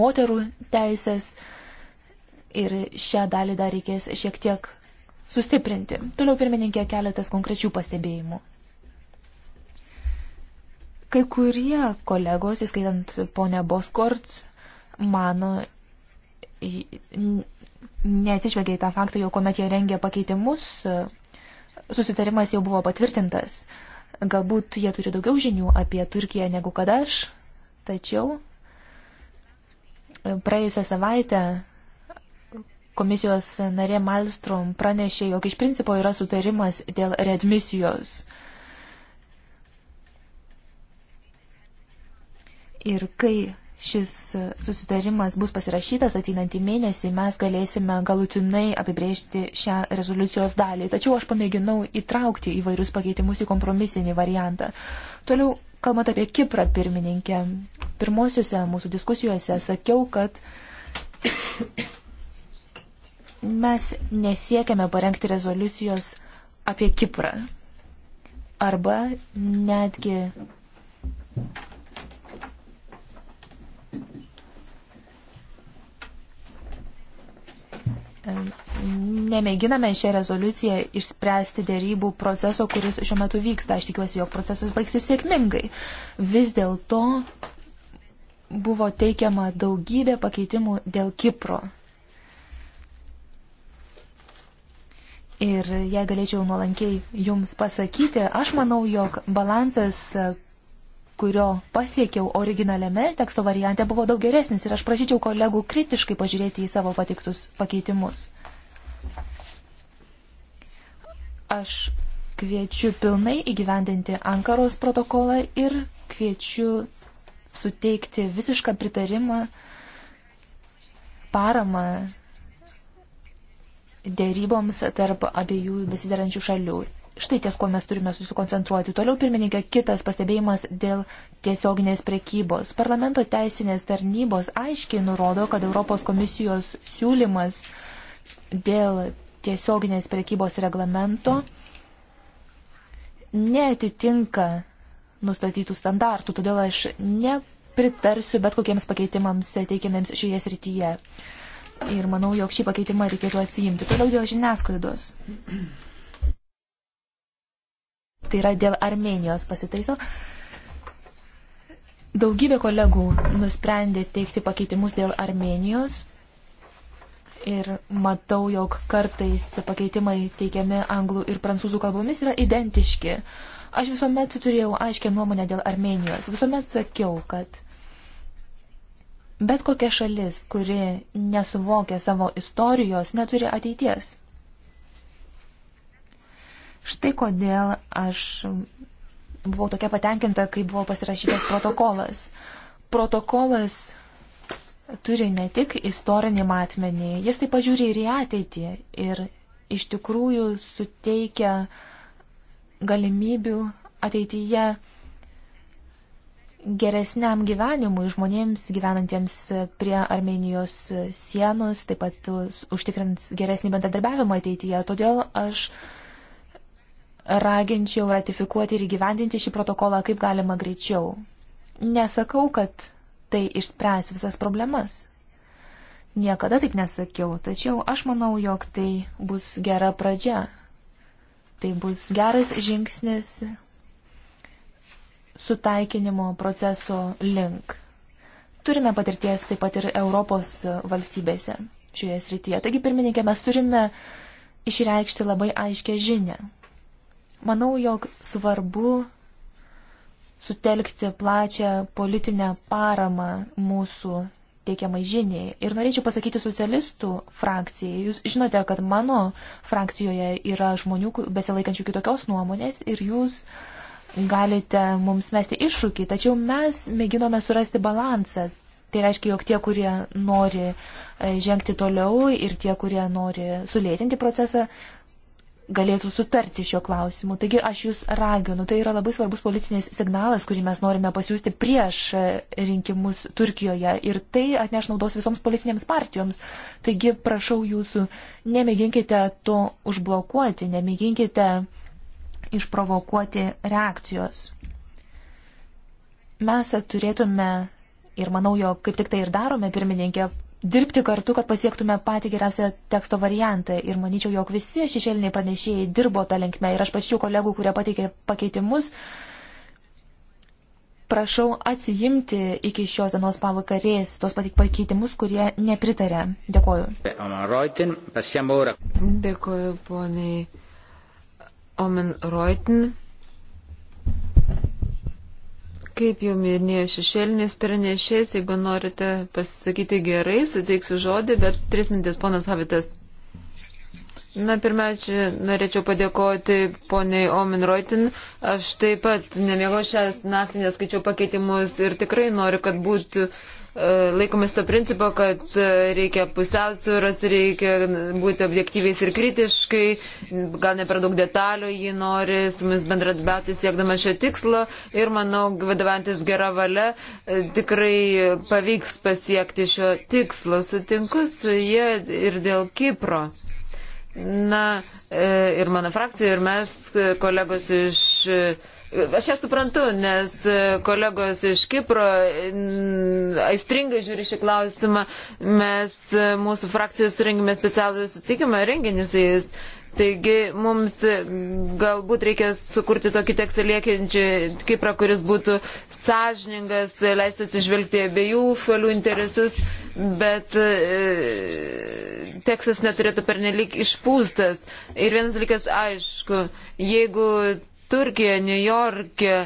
moterų teisės. Ir šią dalį dar reikės šiek tiek sustiprinti. Toliau pirmininkė keletas konkrečių pastebėjimų. Kai kurie kolegos, įskaitant ponę Boskort, mano, neatsižvelgia į tą faktą, jau kuomet jie rengė pakeitimus, susitarimas jau buvo patvirtintas. Galbūt jie turi daugiau žinių apie Turkiją negu kad aš, tačiau praėjusią savaitę Komisijos narė Malstrom pranešė, jog iš principo yra sutarimas dėl readmisijos. Ir kai šis susitarimas bus pasirašytas ateinantį mėnesį, mes galėsime galutinai apibrėžti šią rezoliucijos dalį. Tačiau aš pamėginau įtraukti įvairius pakeitimus į kompromisinį variantą. Toliau, kalbant apie Kiprą pirmininkę, pirmosiuose mūsų diskusijuose sakiau, kad Mes nesiekiame parengti rezoliucijos apie Kiprą arba netgi Nemėginame šią rezoliuciją išspręsti dėrybų proceso, kuris šiuo metu vyksta. Aš tikiuosi, jog procesas baigsis sėkmingai. Vis dėlto buvo teikiama daugybė pakeitimų dėl Kipro. Ir jei galėčiau nuolankiai jums pasakyti, aš manau, jog balansas, kurio pasiekiau originaliame teksto variante, buvo daug geresnis ir aš prašyčiau kolegų kritiškai pažiūrėti į savo patiktus pakeitimus. Aš kviečiu pilnai įgyvendinti Ankaros protokolą ir kviečiu suteikti visišką pritarimą, paramą dėryboms tarp abiejų besidarančių šalių. Štai ties, ko mes turime susikoncentruoti. Toliau, pirmininkė, kitas pastebėjimas dėl tiesioginės prekybos. Parlamento teisinės tarnybos aiškiai nurodo, kad Europos komisijos siūlymas dėl tiesioginės prekybos reglamento neatitinka nustatytų standartų, todėl aš nepritarsiu bet kokiems pakeitimams teikiamiems šioje srityje. Ir manau, jog šį pakeitimą reikėtų atsijimti. Toliau dėl žiniasklaidos. Tai yra dėl Armenijos pasitaiso. Daugybė kolegų nusprendė teikti pakeitimus dėl Armenijos. Ir matau, jog kartais pakeitimai teikiami anglų ir prancūzų kalbomis yra identiški. Aš visuomet turėjau aiškę nuomonę dėl Armenijos. Visuomet sakiau, kad Bet kokia šalis, kuri nesuvokia savo istorijos, neturi ateities. Štai kodėl aš buvau tokia patenkinta, kai buvo pasirašytas protokolas. Protokolas turi ne tik istorinį matmenį, jis taip pažiūri ir į ateitį ir iš tikrųjų suteikia galimybių ateityje geresniam gyvenimui žmonėms gyvenantiems prie Armenijos sienos, taip pat užtikrins geresnį bendradarbiavimą ateityje. Todėl aš raginčiau ratifikuoti ir įgyvendinti šį protokolą kaip galima greičiau. Nesakau, kad tai išspręs visas problemas. Niekada taip nesakiau, tačiau aš manau, jog tai bus gera pradžia. Tai bus geras žingsnis sutaikinimo proceso link. Turime patirties taip pat ir Europos valstybėse šioje srityje. Taigi, pirmininkė, mes turime išreikšti labai aiškę žinę. Manau, jog svarbu sutelkti plačią politinę paramą mūsų teikiamai žiniai. Ir norėčiau pasakyti socialistų frakcijai. Jūs žinote, kad mano frakcijoje yra žmonių besilaikančių kitokios nuomonės ir jūs uh, galite mums mesti iššūkį, tačiau mes mėginome surasti balansą. Tai reiškia, jog tie, kurie nori e, žengti toliau ir tie, kurie nori sulėtinti procesą, galėtų sutarti šiuo klausimu. Taigi aš jūs raginu, tai yra labai svarbus politinis signalas, kurį mes norime pasiūsti prieš e, rinkimus Turkijoje ir tai atneš naudos visoms politinėms partijoms. Taigi prašau jūsų, nemėginkite to užblokuoti, nemėginkite uh, išprovokuoti reakcijos. Mes turėtume, ir manau, jo kaip tik tai ir darome, pirmininkė, dirbti kartu, kad pasiektume patį geriausią teksto variantą. Ir manyčiau, jog visi šešėliniai pranešėjai dirbo tą linkmę. Ir aš pačių kolegų, kurie pateikė pakeitimus, prašau atsijimti iki šios dienos pavakarės tos pakeitimus, kurie nepritarė. Dėkoju. Dėkoju, poniai Omen Reuten. Kaip jau minėjo šešėlinis pranešės, jeigu norite pasisakyti gerai, suteiksiu žodį, bet tris mintis, ponas Havitas. Na, pirmiausia, norėčiau padėkoti poniai Omin Roitin. Aš taip pat nemiego šią naktį, neskaičiau pakeitimus ir tikrai noriu, kad būtų E, laikomės to principo, kad e, reikia pusiausvėros, reikia būti objektyviais ir kritiškai, gal ne per daug detalių, ji nori su mumis bendradarbiauti siekdama šio tikslo ir manau, vadovantis gera valia, e, tikrai pavyks pasiekti šio tikslo. Sutinku su jie ir dėl Kipro. Na, ir mano frakcija, ir mes, kolegos iš Aš ją suprantu, nes e, kolegos iš Kipro aistringai žiūri šį klausimą. Mes e, mūsų frakcijos rengime specialų susitikimą renginį su jais. Taigi mums e, galbūt reikia sukurti tokį tekstą liekiančią Kiprą, kuris būtų sąžiningas, leistų atsižvelgti abiejų šalių interesus, bet e, tekstas neturėtų pernelik išpūstas. Ir vienas dalykas aišku, jeigu Turkija, New York'e e,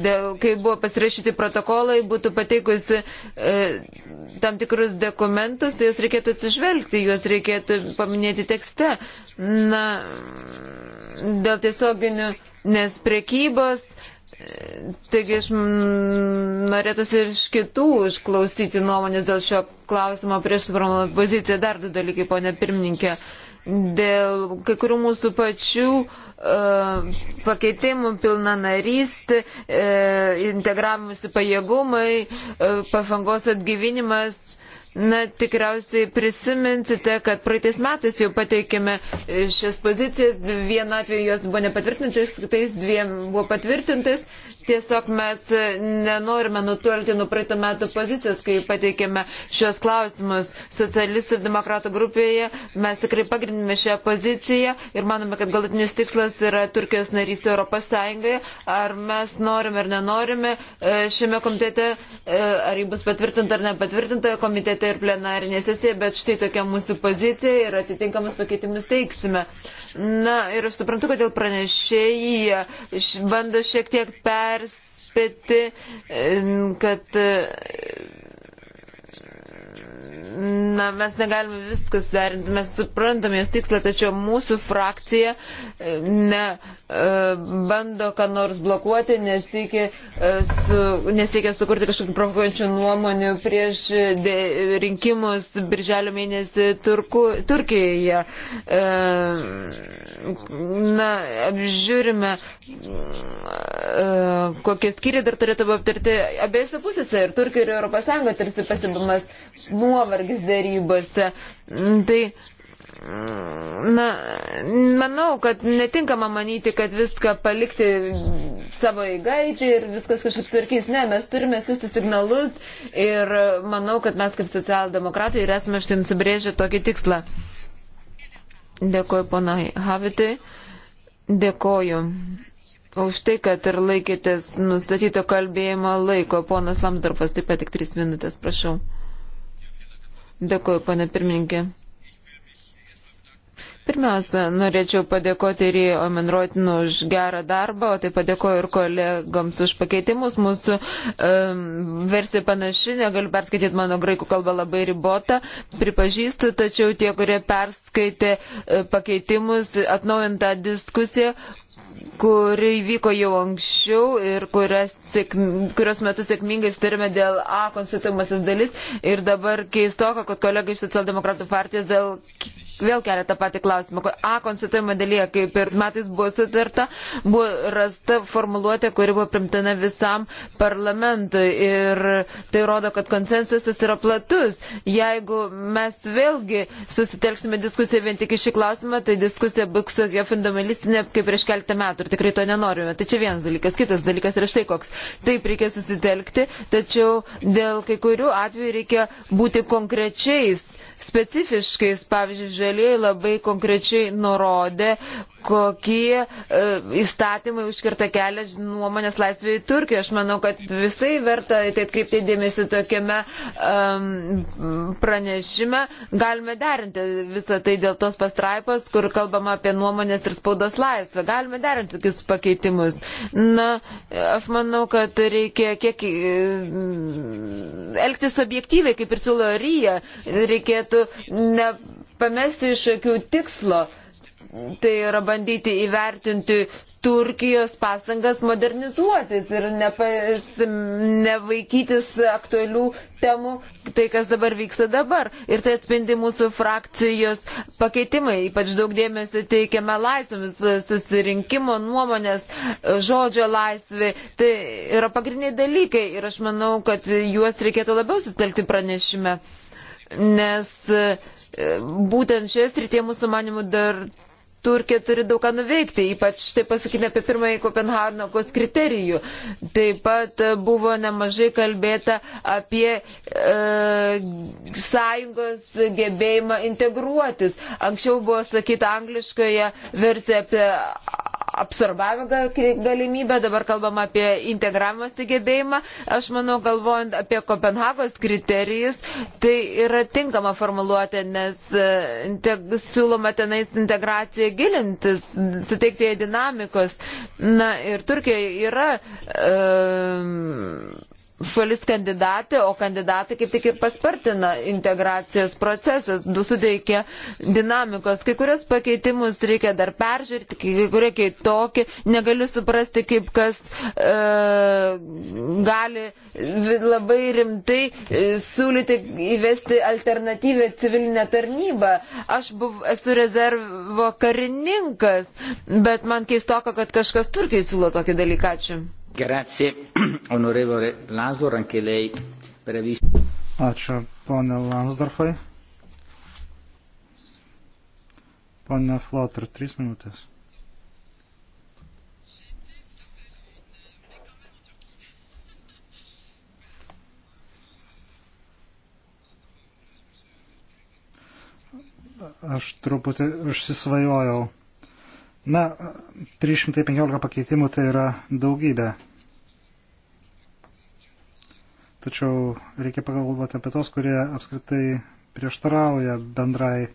dėl, kai buvo pasirašyti protokolai, būtų pateikusi e, tam tikrus dokumentus, tai juos reikėtų atsižvelgti, juos reikėtų paminėti tekste. Na, dėl tiesioginių, nes priekybos, e, taigi aš norėtųsi ir iš kitų išklausyti nuomonės dėl šio klausimo prieš supramą poziciją. Dar du dalykai, ponė pirmininkė. Dėl kai kurių mūsų pačių uh, pakeitimų, pilna narystė, integravimusi pajėgumai, pažangos atgyvinimas Na, tikriausiai prisiminsite, kad praeitais metais jau pateikėme e, šias pozicijas, vienu atveju jos buvo nepatvirtintas, kitais dviem buvo patvirtintas. Tiesiog mes e, nenorime nutolti nuo praeitą metų pozicijos, kai pateikėme šios klausimus socialistų ir demokratų grupėje. Mes tikrai pagrindėme šią poziciją ir manome, kad galutinis tikslas yra Turkijos narystė Europos Sąjungoje. Ar mes norime ar nenorime e, šiame komitete, ar jį bus patvirtinta ar nepatvirtinta komitete komitete ir plenarinė sesija, bet štai tokia mūsų pozicija ir atitinkamus pakeitimus teiksime. Na ir aš suprantu, kodėl pranešėjai bando šiek tiek perspėti, e, kad e, Na, mes negalime viskas derinti, mes suprantame jos tikslą, tačiau mūsų frakcija e, ne, e, bando ką nors blokuoti, nesiekia, e, su, nesiekia sukurti kažkokių provokuojančių nuomonių prieš de, rinkimus birželio mėnesį Turku, Turkijoje. Na, apžiūrime, kokie skyriai dar turėtų aptarti abiejose pusėse ir Turkija ir Europos Sąjunga tarsi pasibamas nuovargis nuovargis darybose. Mm, tai mm, Na, manau, kad netinkama manyti, kad viską palikti savo įgaitį ir viskas kažkaip tvarkys. Ne, mes turime siūsti signalus ir manau, kad mes kaip socialdemokratai ir esame štai nusibrėžę tokį tikslą. Dėkoju ponai Havitai, dėkoju už tai, kad ir laikytės nustatyto kalbėjimo laiko. Ponas Lamsdorfas taip pat tik tris minutės, prašau. Dėkuoju, pana pirmininkė. Pirmiausia, norėčiau padėkoti ir Omenroitinu už gerą darbą, o taip padėkoju ir kolegoms už pakeitimus. Mūsų um, versija panaši, negaliu perskaityti, mano graikų kalba labai ribota, pripažįstu, tačiau tie, kurie perskaitė e, pakeitimus, atnaujintą diskusiją, kuri vyko jau anksčiau ir kurias, kurios metu sėkmingai sutarėme dėl A konstitucijamasis dalis. Ir dabar keistoka, kad kolega iš socialdemokratų partijos dėl, vėl kelia tą patį klausimą. A konstitucijama dalyje, kaip ir metais buvo sutarta, buvo rasta formuluotė, kuri buvo primtina visam parlamentui. Ir tai rodo, kad konsensusas yra platus. Jeigu mes vėlgi susitelksime diskusiją vien tik į šį klausimą, tai diskusija bus tokia fundamentalistinė kaip prieš keletą metų tikrai to nenorime. Tai čia vienas dalykas. Kitas dalykas yra štai koks. Taip reikia susitelkti, tačiau dėl kai kurių atvejų reikia būti konkrečiais, specifiškais. Pavyzdžiui, žalieji labai konkrečiai nurodė, kokie e, įstatymai užkirta kelią nuomonės laisvėje į Turkiją. Aš manau, kad visai verta į tai atkreipti dėmesį tokiame um, pranešime. Galime derinti visą tai dėl tos pastraipos, kur kalbama apie nuomonės ir spaudos laisvę. Galime derinti tokius pakeitimus. Na, aš manau, kad reikia kiek e, elgtis objektyviai, kaip ir siūlo Ryja. Reikėtų nepamesti iš akių tikslo tai yra bandyti įvertinti Turkijos pastangas modernizuotis ir nepas, nevaikytis aktualių temų, tai kas dabar vyksta dabar. Ir tai atspindi mūsų frakcijos pakeitimai. Ypač daug dėmesio teikiame laisvėms, susirinkimo nuomonės, žodžio laisvė. Tai yra pagrindiniai dalykai ir aš manau, kad juos reikėtų labiau sustelkti pranešime. Nes e, būtent šioje srityje mūsų manimų dar Turkija turi daug ką nuveikti, ypač tai pasakyti apie pirmąjį Kopenhagos kriterijų. Taip pat e, buvo nemažai kalbėta apie e, sąjungos gebėjimą integruotis. Anksčiau buvo sakyta angliškoje versija apie absorbavimo galimybę, dabar kalbam apie integravimo sugebėjimą. Aš manau, galvojant apie Kopenhagos kriterijus, tai yra tinkama formuluotė, nes e, te, siūloma tenais integracija gilintis, suteikti jai dinamikos. Na ir Turkija yra šalis e, kandidatė, o kandidatai kaip tik ir paspartina integracijos procesas, suteikia dinamikos. Kai kurios pakeitimus reikia dar peržiūrėti, kai kurie tokį, negaliu suprasti, kaip kas e, gali labai rimtai e, siūlyti įvesti alternatyvę civilinę tarnybą. Aš buv, esu rezervo karininkas, bet man keistoka, kad kažkas Turkijai siūlo tokį dalyką. Ačiū. Grazie, onorevole Lasdor, anche lei per aver visto. Ačiū, ponė Lansdorfai. Pone Flotter, trys minutės. aš truputį užsisvajojau. Na, 315 pakeitimų tai yra daugybė. Tačiau reikia pagalvoti apie tos, kurie apskritai prieštarauja bendrai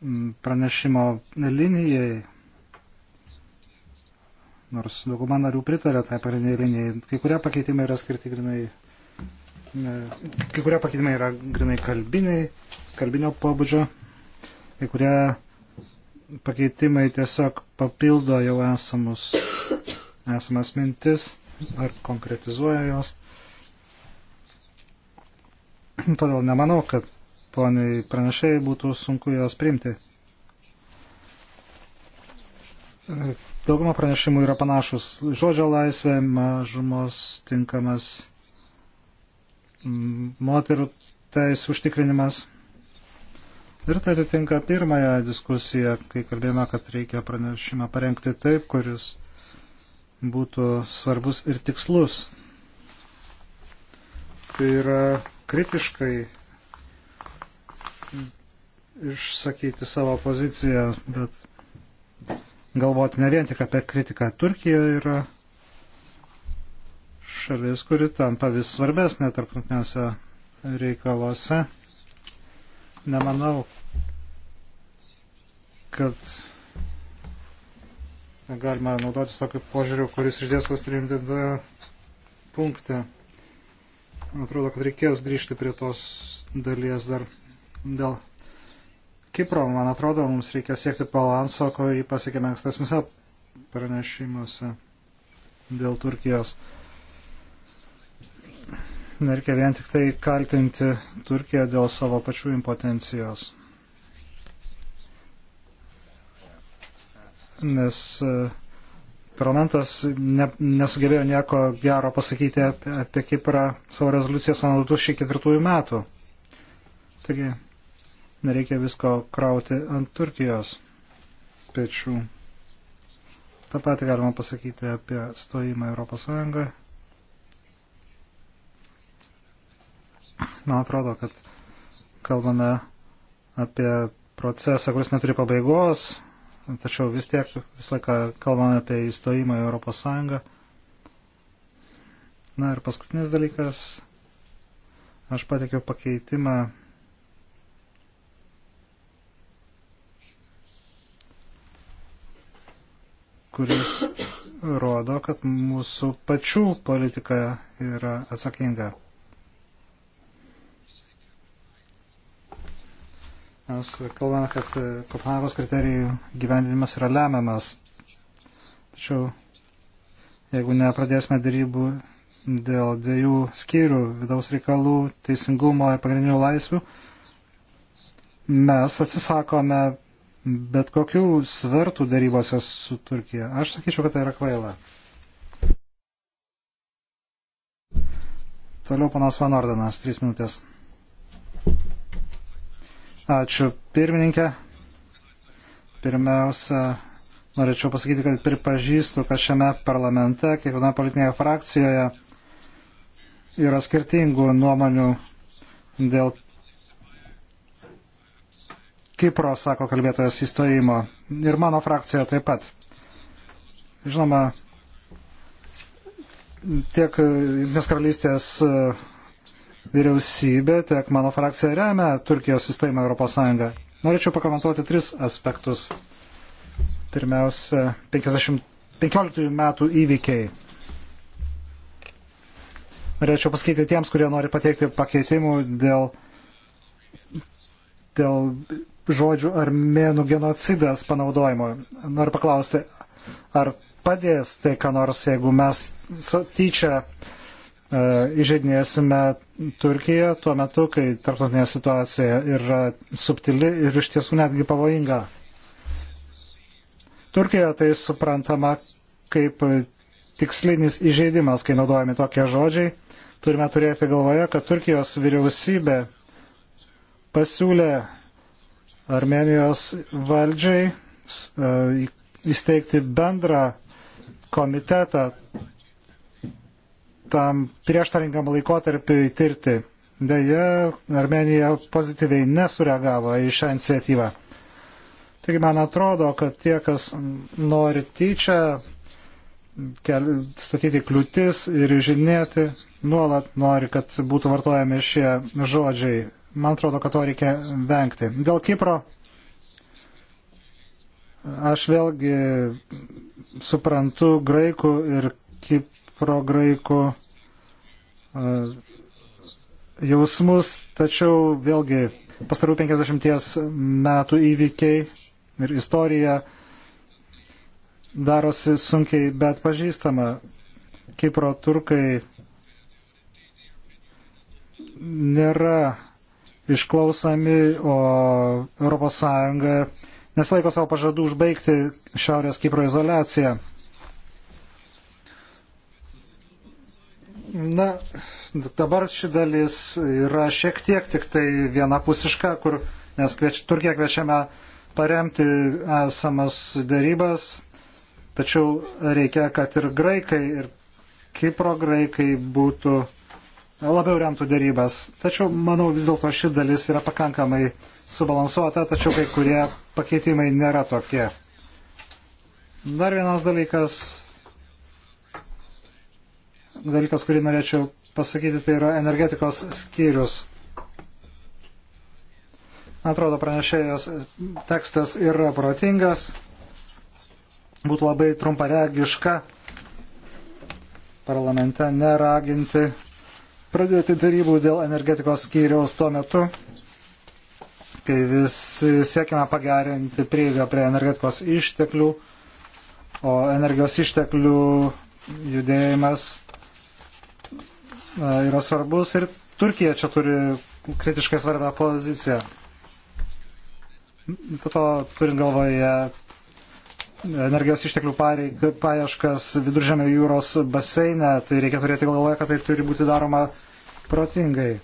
mm, pranešimo linijai. Nors dauguma narių pritarė tai pagrindiniai linijai. Kai kurie pakeitimai yra skirti grinai kai kurie pakeitimai yra grinai kalbiniai, kalbinio pobūdžio. Kai kurie pakeitimai tiesiog papildo jau esamus, esamas mintis ar konkretizuoja jos. Todėl nemanau, kad poniai pranešėjai būtų sunku jos priimti. Dauguma pranešimų yra panašus. Žodžio laisvė, mažumos tinkamas moterų teisų užtikrinimas. Ir tai atitinka pirmąją diskusiją, kai kalbėjome, kad reikia pranešimą parengti taip, kuris būtų svarbus ir tikslus. Tai yra kritiškai išsakyti savo poziciją, bet galvoti ne vien tik apie kritiką. Turkija yra šalis, kuri tampa vis svarbesnė tarptautinėse reikaluose. Nemanau, kad galima naudotis tokiu požiūriu, kuris išdėstas 32 punkte. Atrodo, kad reikės grįžti prie tos dalies dar dėl Kipro. Man atrodo, mums reikia siekti balanso, ko jį pasiekėme ankstesniuose pranešimuose dėl Turkijos nereikia vien tik tai kaltinti Turkiją dėl savo pačių impotencijos. Nes e, parlamentas ne, nesugebėjo nieko gero pasakyti apie, apie Kiprą savo rezoliucijos nuo 2004 metų. Taigi nereikia visko krauti ant Turkijos pečių. Ta pati galima pasakyti apie stojimą Europos Sąjungoje. Man atrodo, kad kalbame apie procesą, kuris neturi pabaigos, tačiau vis tiek visą laiką kalbame apie įstojimą į Europos Sąjungą. Na ir paskutinis dalykas, aš patekiau pakeitimą kuris rodo, kad mūsų pačių politika yra atsakinga. Mes kalbame, kad e, Kopenhagos kriterijų gyvendinimas yra lemiamas. Tačiau jeigu nepradėsime darybų dėl dviejų skyrių vidaus reikalų, teisingumo ir pagrindinių laisvių, mes atsisakome bet kokių svertų darybose su Turkija. Aš sakyčiau, kad tai yra kvaila. Toliau panas Van Ordenas, trys minutės. Ačiū pirmininkė. Pirmiausia, norėčiau pasakyti, kad pripažįstu, kad šiame parlamente, kiekvienoje politinėje frakcijoje yra skirtingų nuomonių dėl Kipro, sako kalbėtojas, įstojimo. Ir mano frakcija taip pat. Žinoma, tiek Junktinės karalystės vyriausybė, tiek mano frakcija remia Turkijos sistemą Europos Sąjungą. Norėčiau pakomentuoti tris aspektus. Pirmiausia, 50, 15 metų įvykiai. Norėčiau pasakyti tiems, kurie nori pateikti pakeitimų dėl, dėl žodžių armėnų genocidas panaudojimo. Noriu paklausti, ar padės tai, ką nors, jeigu mes tyčia uh, E, įžeidinėsime Turkiją tuo metu, kai tarptautinė situacija yra subtili ir iš tiesų netgi pavojinga. Turkijoje tai suprantama kaip tikslinis įžeidimas, kai naudojami tokie žodžiai. Turime turėti galvoje, kad Turkijos vyriausybė pasiūlė Armenijos valdžiai e, įsteigti bendrą komitetą tam prieštaringam laikotarpiui tirti. Deja, Armenija pozityviai nesureagavo į šią iniciatyvą. Taigi man atrodo, kad tie, kas nori tyčia kel, statyti kliūtis ir žinėti, nuolat nori, kad būtų vartojami šie žodžiai. Man atrodo, kad to reikia vengti. Dėl Kipro aš vėlgi suprantu graikų ir kip, prograikų jausmus, tačiau vėlgi pastarų 50 metų įvykiai ir istorija darosi sunkiai bet pažįstama. Kipro turkai nėra išklausami, o ES nesilaiko savo pažadų užbaigti Šiaurės Kipro izolaciją. Na, dabar ši dalis yra šiek tiek tik tai vienapusiška, kur mes kvieč, Turkiją kviečiame paremti esamas darybas, tačiau reikia, kad ir graikai, ir Kipro graikai būtų labiau remtų darybas. Tačiau, manau, vis dėlto ši dalis yra pakankamai subalansuota, tačiau kai kurie pakeitimai nėra tokie. Dar vienas dalykas dalykas, kurį norėčiau pasakyti, tai yra energetikos skyrius. Atrodo, pranešėjas tekstas yra protingas, būtų labai trumparegiška parlamente neraginti pradėti darybų dėl energetikos skyriaus tuo metu, kai vis siekime pagerinti prieigą prie energetikos išteklių, o energijos išteklių judėjimas yra svarbus ir Turkija čia turi kritiškai svarbią poziciją. Po to turint galvoje energijos išteklių pareik, paieškas viduržėmio jūros baseine, tai reikia turėti galvoje, kad tai turi būti daroma protingai.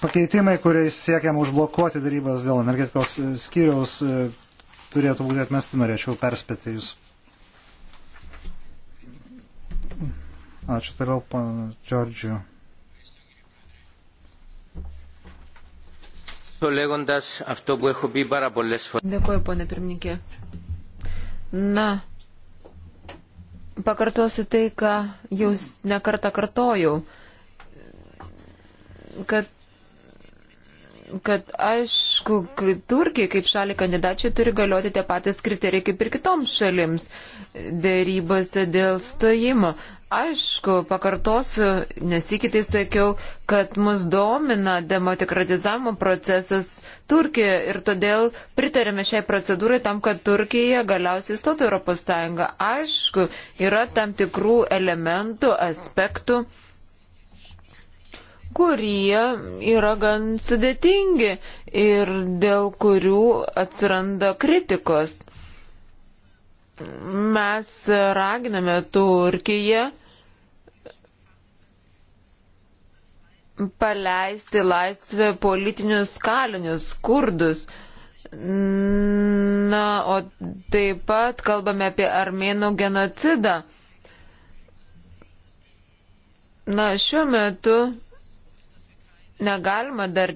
Pakeitimai, kuriais siekiam užblokuoti darybas dėl energetikos skyriaus, turėtų būti atmesti, norėčiau perspėti jūs. Ačiū toliau, pana Džordžiu. Dėkuoju, ponė pirmininkė. Na, pakartosiu tai, ką jau nekartą kartojau, kad kad aišku, Turkijai kaip šaliai kandidačiai turi galioti tie patys kriterijai kaip ir kitoms šalims dėrybose dėl stojimo. Aišku, pakartosiu, nes įkitai sakiau, kad mus domina demokratizavimo procesas Turkijoje ir todėl pritarėme šiai procedūrai tam, kad Turkija galiausiai stotų Europos Sąjungą. Aišku, yra tam tikrų elementų, aspektų, kurie yra gan sudėtingi ir dėl kurių atsiranda kritikos mes raginame Turkiją paleisti laisvę politinius kalinius, kurdus. Na, o taip pat kalbame apie armėnų genocidą. Na, šiuo metu negalima dar,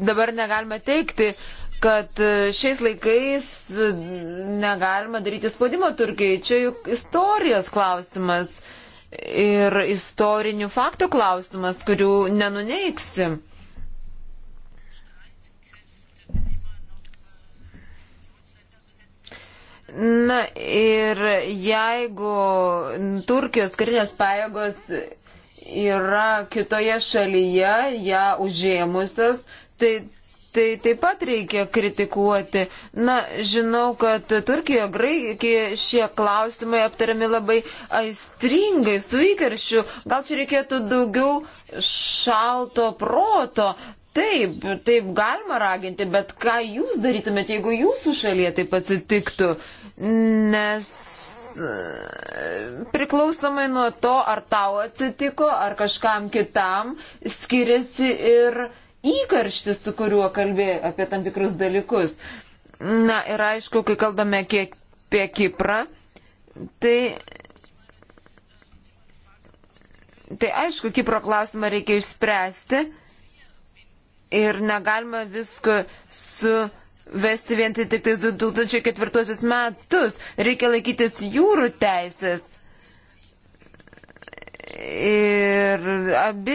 dabar negalima teikti, kad šiais laikais negalima daryti spaudimo Turkijai. Čia juk istorijos klausimas. Uh, ir istorinių faktų klausimas, kurių nenuneiksi. Na ir jeigu Turkijos karinės pajėgos yra kitoje šalyje, ją užėmusios, tai tai taip pat reikia kritikuoti. Na, žinau, kad Turkijoje, Graikijoje šie klausimai aptariami labai aistringai, su įkaršiu. Gal čia reikėtų daugiau šalto proto. Taip, taip galima raginti, bet ką jūs darytumėte, jeigu jūsų šalyje taip atsitiktų? Nes e, priklausomai nuo to, ar tau atsitiko, ar kažkam kitam, skiriasi ir įkarštis, su kuriuo kalbė apie tam tikrus dalykus. Na ir aišku, kai kalbame kiek apie Kiprą, tai. Tai aišku, Kipro klausimą reikia išspręsti ir negalima visko su vesti vien tik tais 2004 metus. Reikia laikytis jūrų teisės. Ir abi,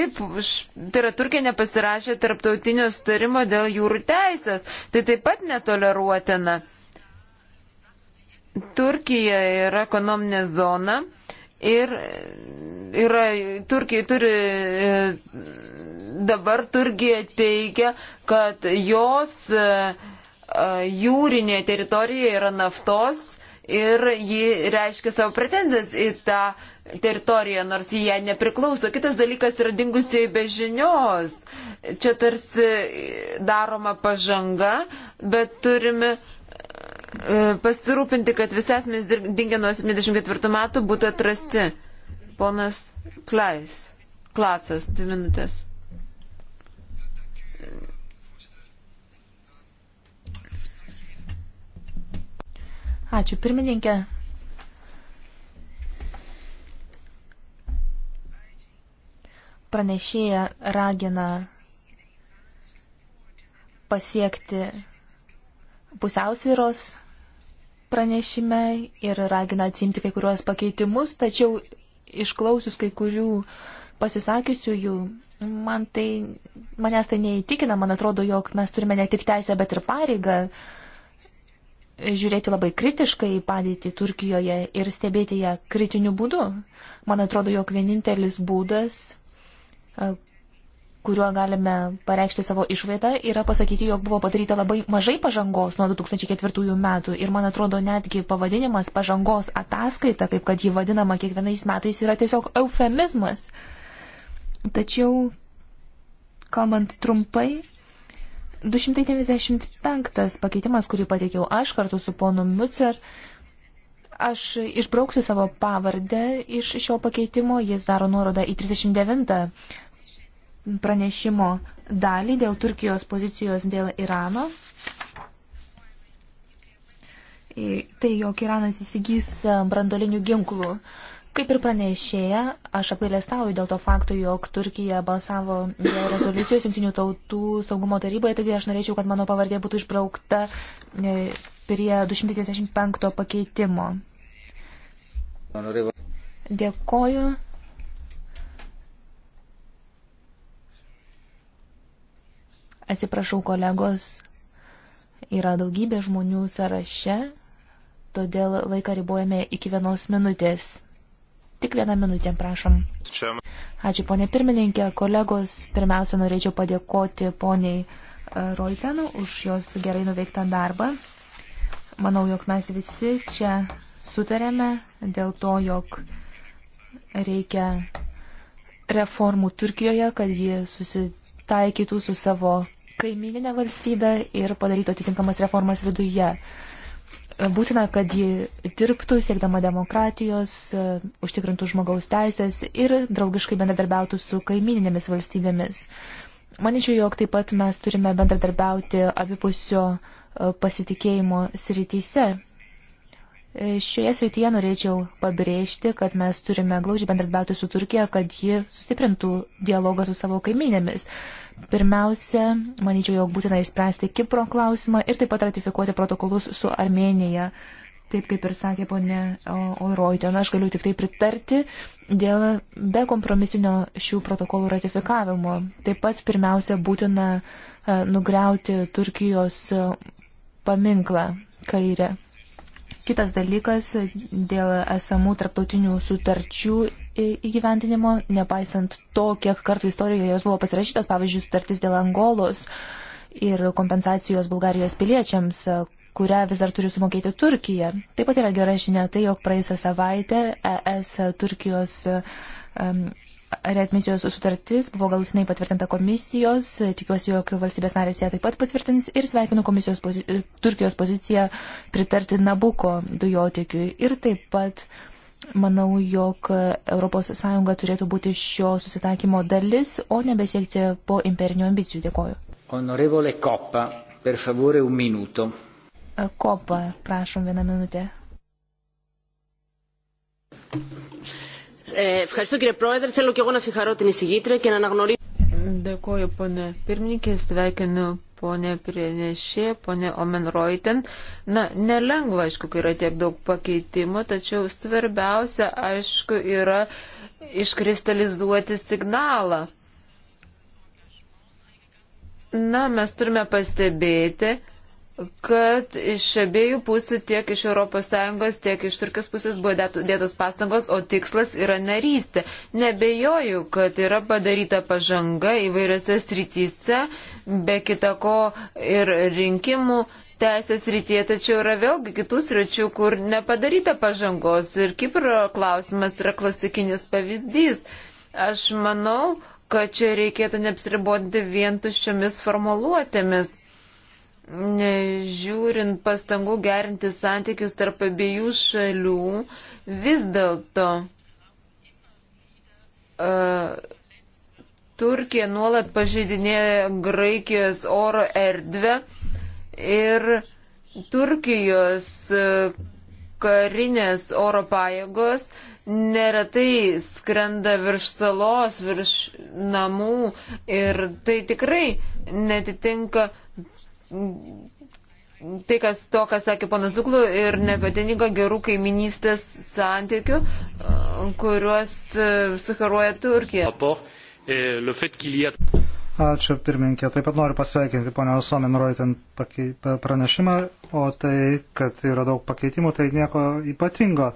tai yra Turkija nepasirašė tarptautinio starimo dėl jūrų teisės. Tai taip pat netoleruotina. Turkija yra ekonominė zona ir yra, Turkija turi, e, dabar Turkija teigia, kad jos e, e, jūrinėje teritorijoje yra naftos ir ji reiškia savo pretenzijas į tą teritoriją, nors jie nepriklauso. Kitas dalykas yra dingusiai be žinios. Čia tarsi daroma pažanga, bet turime e, pasirūpinti, kad visi asmenys dingę nuo 74 metų būtų atrasti. Ponas Klais, klasas, dvi minutės. Ačiū pirmininkė. Pranešėja ragina pasiekti pusiausvyros pranešime ir ragina atsimti kai kuriuos pakeitimus, tačiau išklausius kai kurių pasisakiusiųjų, man tai, manęs tai neįtikina, man atrodo, jog mes turime ne tik teisę, bet ir pareigą žiūrėti labai kritiškai į padėtį Turkijoje ir stebėti ją kritiniu būdu. Man atrodo, jog vienintelis būdas, e, kuriuo galime pareikšti savo išvaidą, yra pasakyti, jog buvo padaryta labai mažai pažangos nuo 2004 metų. Ir man atrodo, netgi pavadinimas pažangos ataskaita, kaip kad ji vadinama kiekvienais metais, yra tiesiog eufemizmas. Tačiau, kalbant trumpai, 295 pakeitimas, kurį pateikiau aš kartu su ponu Mutzer, aš išbrauksiu savo pavardę iš šio pakeitimo, jis daro nuorodą į 39 pranešimo dalį dėl Turkijos pozicijos dėl Irano. Tai, jog Iranas įsigys brandolinių ginklų. Uh, Kaip ir pranešėja, aš apgailestauju dėl to fakto, jog Turkija balsavo dėl rezoliucijos Junktinių tautų saugumo taryboje, taigi aš norėčiau, kad mano pavardė būtų išbraukta e, prie 295 pakeitimo. Dėkoju. Atsiprašau, kolegos, yra daugybė žmonių sąraše, todėl laiką ribojame iki vienos minutės. Tik vieną minutę, prašom. Ačiū, ponė pirmininkė. Kolegos, pirmiausia, norėčiau padėkoti poniai e, Roitenų už jos gerai nuveiktą darbą. Manau, jog mes visi čia sutarėme dėl to, jog reikia reformų Turkijoje, kad ji susitaikytų su savo kaimininė valstybė ir padarytų atitinkamas reformas viduje būtina, kad ji dirbtų siekdama demokratijos, e, užtikrintų žmogaus teisės ir draugiškai bendradarbiautų su kaimininėmis valstybėmis. Maničiau, jog taip pat mes turime bendradarbiauti abipusio e, pasitikėjimo srityse, E, šioje srityje norėčiau pabrėžti, kad mes turime glaužiai bendradarbiauti su Turkija, kad ji sustiprintų dialogą su savo kaiminėmis. Pirmiausia, manyčiau, jog būtina išspręsti Kipro klausimą ir taip pat ratifikuoti protokolus su Armenija. Taip kaip ir sakė ponė Olroitė, na aš galiu tik tai pritarti dėl be kompromisinio šių protokolų ratifikavimo. Taip pat pirmiausia būtina e, nugriauti Turkijos e, paminklą kairę. Kitas dalykas dėl esamų tarptautinių sutarčių įgyventinimo, nepaisant to, kiek kartų istorijoje jos buvo pasirašytos, pavyzdžiui, sutartis dėl Angolos ir kompensacijos Bulgarijos piliečiams, kurią vis dar turi sumokėti Turkija. Taip pat yra gera žinia tai, jog praėjusią savaitę ES Turkijos um, readmisijos sutartis buvo galutinai patvirtinta komisijos, tikiuosi, jog valstybės narės ją taip pat patvirtins ir sveikinu komisijos pozi e, Turkijos poziciją pritarti Nabuko dujotiekiui ir taip pat Manau, jog ES turėtų būti šio susitakymo dalis, o nebesiekti po imperinių ambicijų. Dėkoju. Honorevole Kopa, per favore un minuto. Kopa, e, prašom vieną minutę. Ευχαριστώ κύριε Πρόεδρε. Θέλω και εγώ να συγχαρώ την εισηγήτρια και να αναγνωρίσω. Dėkuoju, ponė pirmininkė, sveikinu ponė Prienešė, ponė Omenroiten. Na, nelengva, aišku, kai yra tiek daug pakeitimų, tačiau svarbiausia, aišku, yra iškristalizuoti signalą. Na, mes turime pastebėti, kad iš abiejų pusių, tiek iš ES, tiek iš Turkijos pusės buvo dėtos pastangos, o tikslas yra narystė. Nebejoju, kad yra padaryta pažanga įvairiose srityse, be kitako ir rinkimų teisės rytyje, tačiau yra vėlgi kitų sričių, kur nepadaryta pažangos. Ir Kipro klausimas yra klasikinis pavyzdys. Aš manau, kad čia reikėtų neapsiriboti vien tuščiomis formuluotėmis nežiūrint pastangų gerinti santykius tarp abiejų šalių, vis dėlto uh, Turkija nuolat pažeidinėja Graikijos oro erdvę ir Turkijos e, karinės oro pajėgos neretai skrenda virš salos, virš namų ir tai tikrai netitinka uh, tai, kas to, kas sakė ponas Duklu, ir nebeteninga gerų kaiminystės santykių, kuriuos e, sukaruoja Turkija. Ačiū pirmininkė. Taip pat noriu pasveikinti ponę Osomin Roitin pranešimą, o tai, kad yra daug pakeitimų, tai nieko ypatingo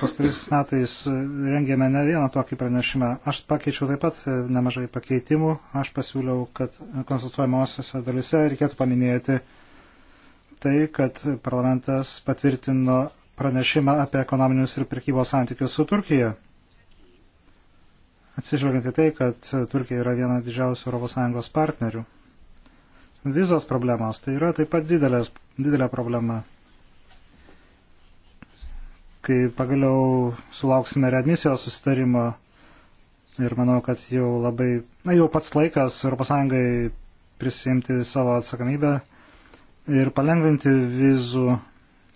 pastaraisiais metais e, rengėme ne vieną tokį pranešimą. Aš pakeičiau taip pat e, nemažai pakeitimų. Aš pasiūliau, kad konstatuojamosiose dalise reikėtų paminėti tai, kad parlamentas patvirtino pranešimą apie ekonominius ir prekybos santykius su Turkija. Atsižvelgiant į tai, kad Turkija yra viena didžiausių ES partnerių. Vizos problemos tai yra taip pat didelės, didelė problema kai pagaliau sulauksime readmisijos susitarimo ir manau, kad jau labai, na jau pats laikas ES prisimti savo atsakomybę ir palengvinti vizų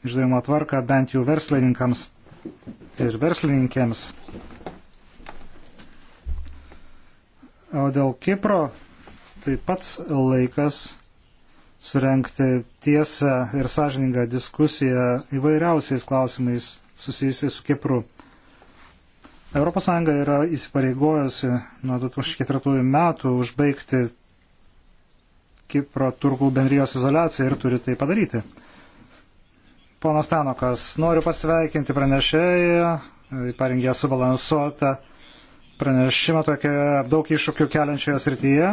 išdavimo tvarką bent jau verslininkams ir verslininkėms. O dėl Kipro, tai pats laikas surenkti tiesą ir sąžiningą diskusiją įvairiausiais klausimais susijusi su Kipru. ES yra įsipareigojusi nuo 2004 metų užbaigti Kipro turkų bendrijos izolaciją ir turi tai padaryti. Ponas Tanokas, noriu pasveikinti pranešėją, parengė subalansuotą pranešimą tokioje daug iššūkių keliančioje srityje.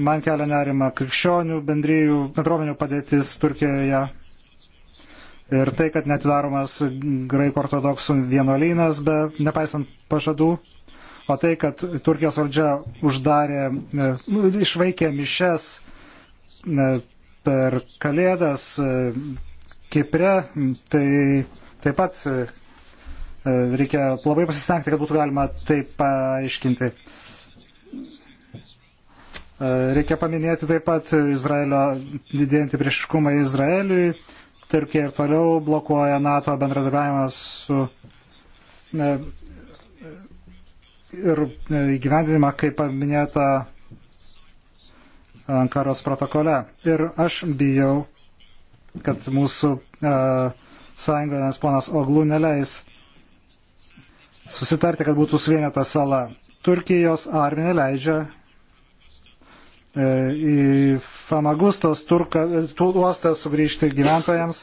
Man kelia nerima krikščionių bendryjų bendruomenių padėtis Turkijoje Ir tai, kad netidaromas graikų ortodoksų vienuolynas, be, nepaisant pažadų, o tai, kad Turkijos valdžia uždarė, e, nu, išvaikė mišes e, per Kalėdas e, Kipre, tai taip pat reikia labai pasistengti, kad būtų galima tai paaiškinti. Reikia paminėti taip pat Izraelio didėjantį priešiškumą Izraeliui Turkija ir toliau blokuoja NATO bendradarbiavimą su e, ir e, įgyvendinimą, kaip paminėta Ankaros protokole. Ir aš bijau, kad mūsų e, sąjunga, nes ponas Oglų neleis susitarti, kad būtų suvienėta sala. Turkijos armija leidžia E, į Famagustos turka, uostą sugrįžti gyventojams.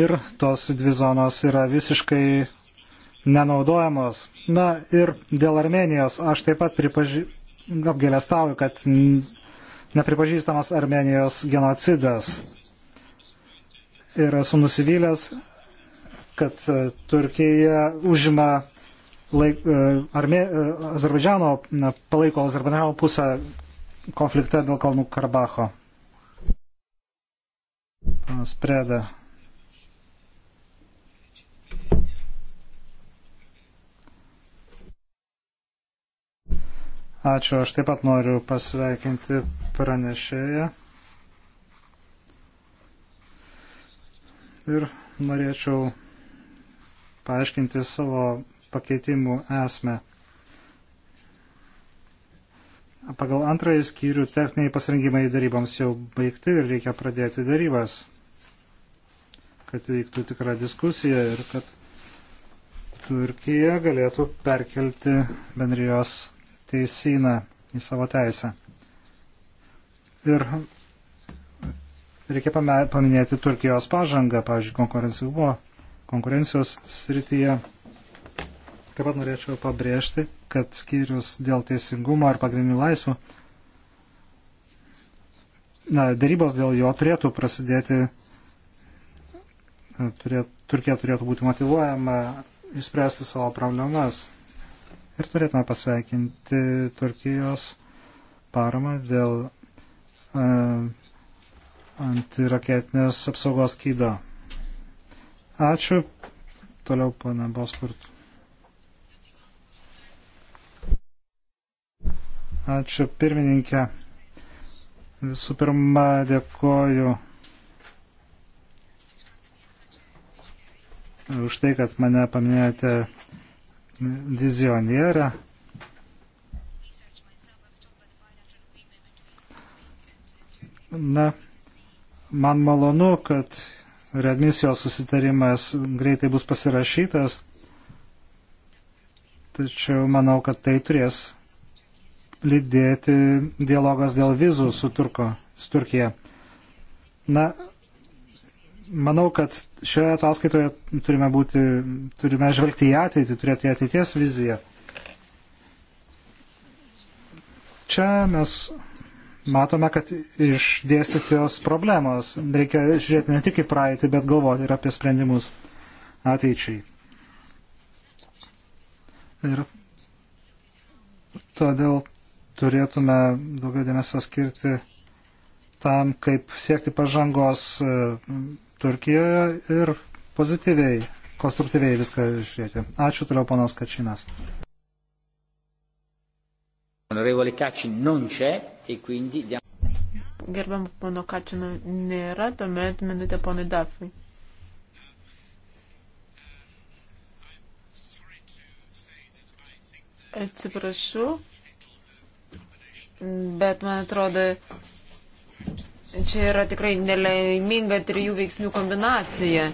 Ir tos dvi zonos yra visiškai nenaudojamos. Na ir dėl Armenijos aš taip pat pripaži... apgėlestauju, kad nepripažįstamas Armenijos genocidas. Ir esu nusivylęs, kad e, Turkija užima laik, e, armė, e, Azerbaidžiano palaiko Azerbaidžiano pusę konflikte dėl Kalnų Karabacho. Panas Preda. Ačiū, aš taip pat noriu pasveikinti pranešėją. Ir norėčiau paaiškinti savo pakeitimų esmę. Pagal antrąjį skyrių techniniai pasirinkimai daryboms jau baigti ir reikia pradėti darybas, kad vyktų tikra diskusija ir kad Turkija galėtų perkelti bendrijos teisyną į savo teisę. Ir reikia paminėti Turkijos pažangą, pavyzdžiui, konkurencijos srityje. Taip pat norėčiau pabrėžti, kad skyrius dėl teisingumo ir pagrindinių laisvų, na, darybos dėl jo turėtų prasidėti, turėt, Turkija turėtų būti motivuojama išspręsti savo problemas. Ir turėtume pasveikinti Turkijos paramą dėl uh, e, antiraketinės apsaugos skydo. Ačiū. Toliau pana Boskurt. Ačiū pirmininkė. Visų pirma, dėkoju už tai, kad mane paminėjote vizionierę. Na, man malonu, kad readmisijos susitarimas greitai bus pasirašytas, tačiau manau, kad tai turės lydėti dialogas dėl vizų su, Turko, su Turkija. Na, manau, kad šioje ataskaitoje turime, būti, turime žvelgti į ateitį, turėti ateities viziją. Čia mes matome, kad išdėstytos problemos. Reikia žiūrėti ne tik į praeitį, bet galvoti ir apie sprendimus ateičiai. Ir todėl turėtume daugiau dėmesio skirti tam, kaip siekti pažangos e, Turkijoje ir pozityviai, konstruktyviai viską žiūrėti. Ačiū toliau, panas Kačinas. E Gerbiam pono Kačino nu, nėra, tuomet minutė ponui Dafui. Atsiprašau, bet man atrodo, čia yra tikrai nelaiminga trijų veiksnių kombinacija,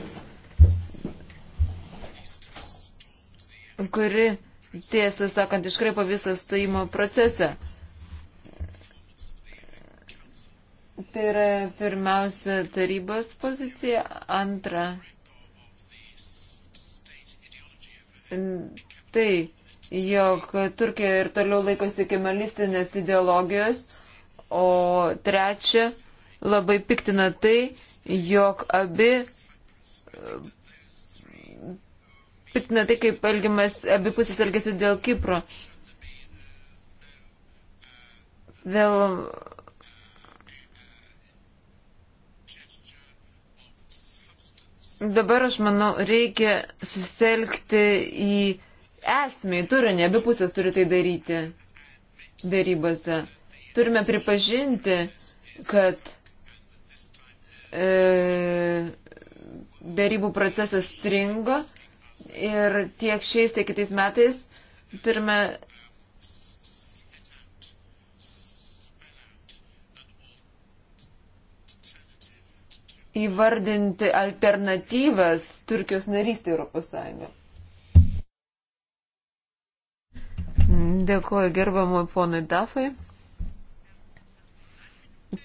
kuri, tiesą sakant, iškraipo visą stojimo procesą. Tai yra pirmiausia tarybos pozicija, antra. Tai jog Turkija ir toliau laikosi kemalistinės ideologijos. O trečia, labai piktina tai, jog abi piktina tai, kaip elgiamas, abipusis elgesi dėl Kipro. Dėl Dabar aš manau, reikia susitelkti į esmiai turinį, abi pusės turi tai daryti dėrybose. Turime pripažinti, kad e, dėrybų procesas stringo ir tiek šiais, tiek kitais metais turime įvardinti alternatyvas Turkijos narystė Europos Sąjungoje. Dėkuoju gerbamui ponui Dafai.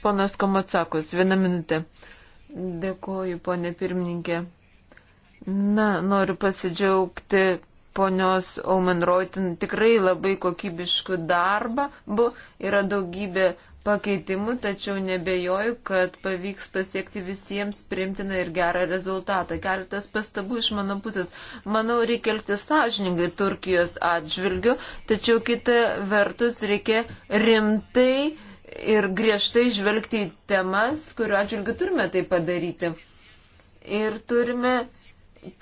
Ponas Komatsakos, vieną minutę. Dėkuoju, ponė pirmininkė. Na, noriu pasidžiaugti ponios Omen Reutin tikrai labai kokybiškų darbą. Bu, yra daugybė pakeitimų, tačiau nebejoju, kad pavyks pasiekti visiems primtiną ir gerą rezultatą. Keletas pastabų iš mano pusės. Manau, reikia elgtis sąžiningai Turkijos atžvilgiu, tačiau kita vertus reikia rimtai ir griežtai žvelgti į temas, kuriuo atžvilgiu turime tai padaryti. Ir turime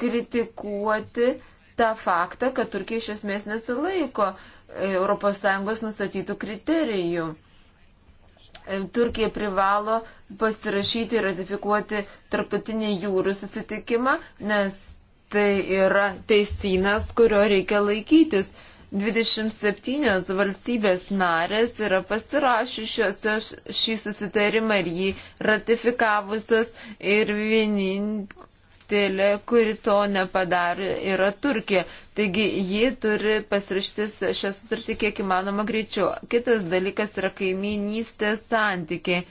kritikuoti tą faktą, kad Turkija iš esmės nesilaiko ES nustatytų kriterijų Turkija privalo pasirašyti ir ratifikuoti tarptautinį jūrų susitikimą, nes tai yra teisinas, kurio reikia laikytis. 27 valstybės narės yra pasirašyšios šį susitarimą ir jį ratifikavusios ir vienin, tekstilė, kuri to nepadarė, yra Turkija. Taigi ji turi pasirašyti šią sutartį kiek įmanoma greičiau. Kitas dalykas yra kaiminystės santykiai.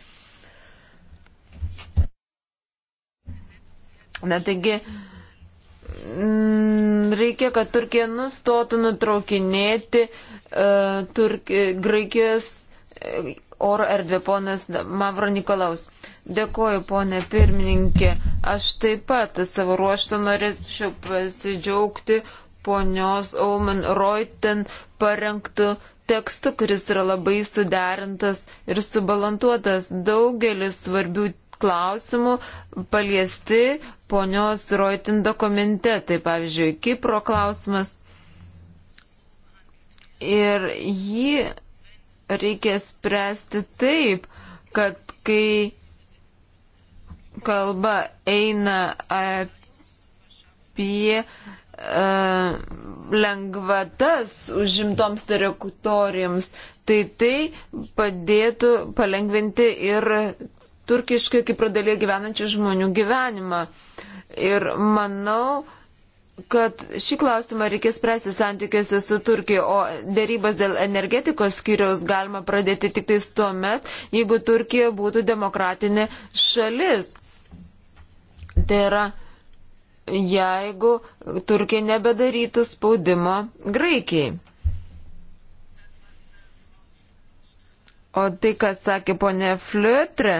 Na taigi, mm, reikia, kad Turkija nustotų nutraukinėti uh, Turk Graikijos e, oro erdvę, ponas Mavro Nikolaus. Dėkoju, ponė pirmininkė. Aš taip pat savo ruoštų norėčiau pasidžiaugti ponios Omen Reuten parengtų tekstu, kuris yra labai suderintas ir subalansuotas. Daugelis svarbių klausimų paliesti ponios Reuten dokumente, tai pavyzdžiui, Kipro klausimas. Ir jį reikia spręsti taip, kad kai kalba eina apie uh, lengvatas užimtoms teritorijoms, tai tai padėtų palengventi ir turkiškai kaip pradalė gyvenančių žmonių gyvenimą. Ir manau, kad šį klausimą reikės spręsti santykiuose su Turkija, o dėrybas dėl energetikos skyriaus galima pradėti tik tais tuo met, jeigu Turkija būtų demokratinė šalis. Tai yra, jeigu Turkija nebedarytų spaudimo Graikijai. O tai, kas sakė ponė Fliutre,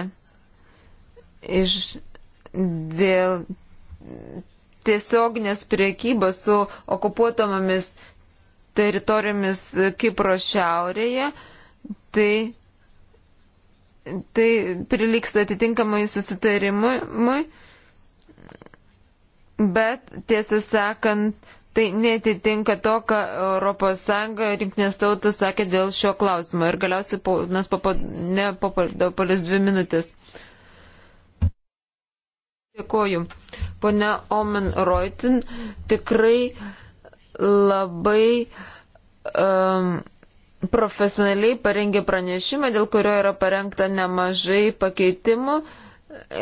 iš dėl tiesioginės priekybos su okupuotomomis teritorijomis Kipro šiaurėje, tai, tai priliksta atitinkamai susitarimui, bet tiesą sakant, tai netitinka to, ką ES ir Junktinės tautas sakė dėl šio klausimo. Ir galiausiai, nes papadopolis dvi minutės. Uh, Dėkoju. Pone Omen Reutin tikrai labai um, profesionaliai parengė pranešimą, dėl kurio yra parengta nemažai pakeitimų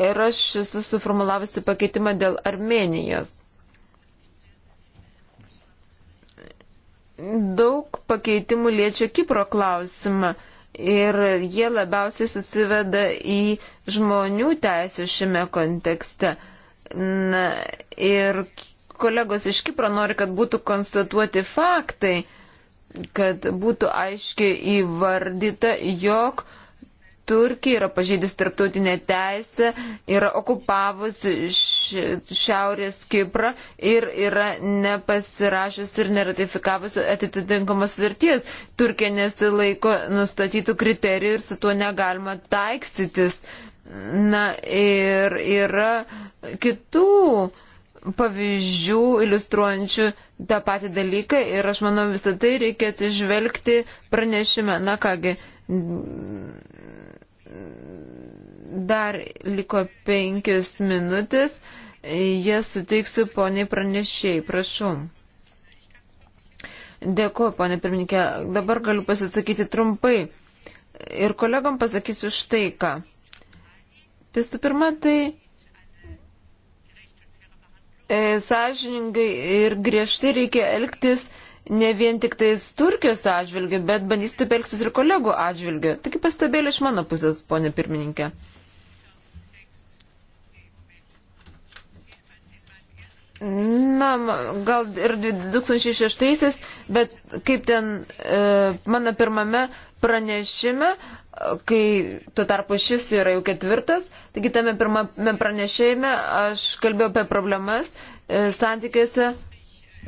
ir aš esu suformulavusi pakeitimą dėl Armenijos. Daug pakeitimų liečia Kipro klausimą ir jie labiausiai susiveda į žmonių teisų šiame kontekste. Na, ir kolegos iš Kipro nori, kad būtų konstatuoti faktai, kad būtų aiškiai įvardyta, jog uh, Turkija yra pažeidus tarptautinę teisę, yra okupavus Šiaurės Kiprą ir yra nepasirašus ir neratifikavus atitinkamos sutarties. Turkija nesilaiko nustatytų kriterijų ir su tuo negalima taikstytis. Na ir yra kitų pavyzdžių iliustruojančių tą patį dalyką ir aš manau visą tai reikia atsižvelgti pranešime. Na kągi, Dar liko penkios minutės. Jas suteiksiu poniai pranešėjai. Prašau. Dėkuoju, ponė pirmininkė. Dabar galiu pasisakyti trumpai. Ir kolegom pasakysiu štai ką. Visų pirma, tai e, sąžiningai ir griežtai reikia elgtis ne vien tik tais Turkijos atžvilgių, bet bandysite pelksis ir kolegų atžvilgių. Taigi pastabėlė iš mano pusės, ponė pirmininkė. Na, gal ir 2006, bet kaip ten e, mano pirmame pranešime, kai tuo tarpu šis yra jau ketvirtas, taigi tame pirmame pranešime aš kalbėjau apie problemas e, santykiuose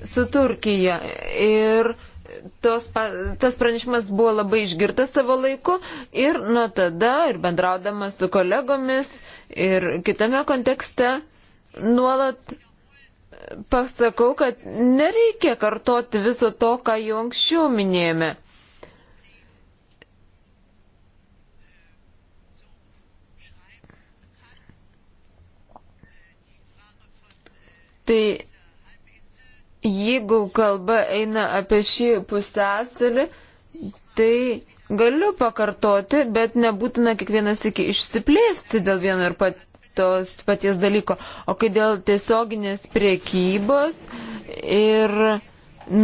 su Turkija. Ir tos, tas pranešimas buvo labai išgirtas savo laiku ir nuo tada ir bendraudamas su kolegomis ir kitame kontekste nuolat pasakau, kad nereikia kartoti viso to, ką jau anksčiau minėjome. Tai Jeigu kalba eina apie šį pusęsalį, tai galiu pakartoti, bet nebūtina kiekvienas iki išsiplėsti dėl vieno ir pat, tos paties dalyko. O kai dėl tiesioginės priekybos ir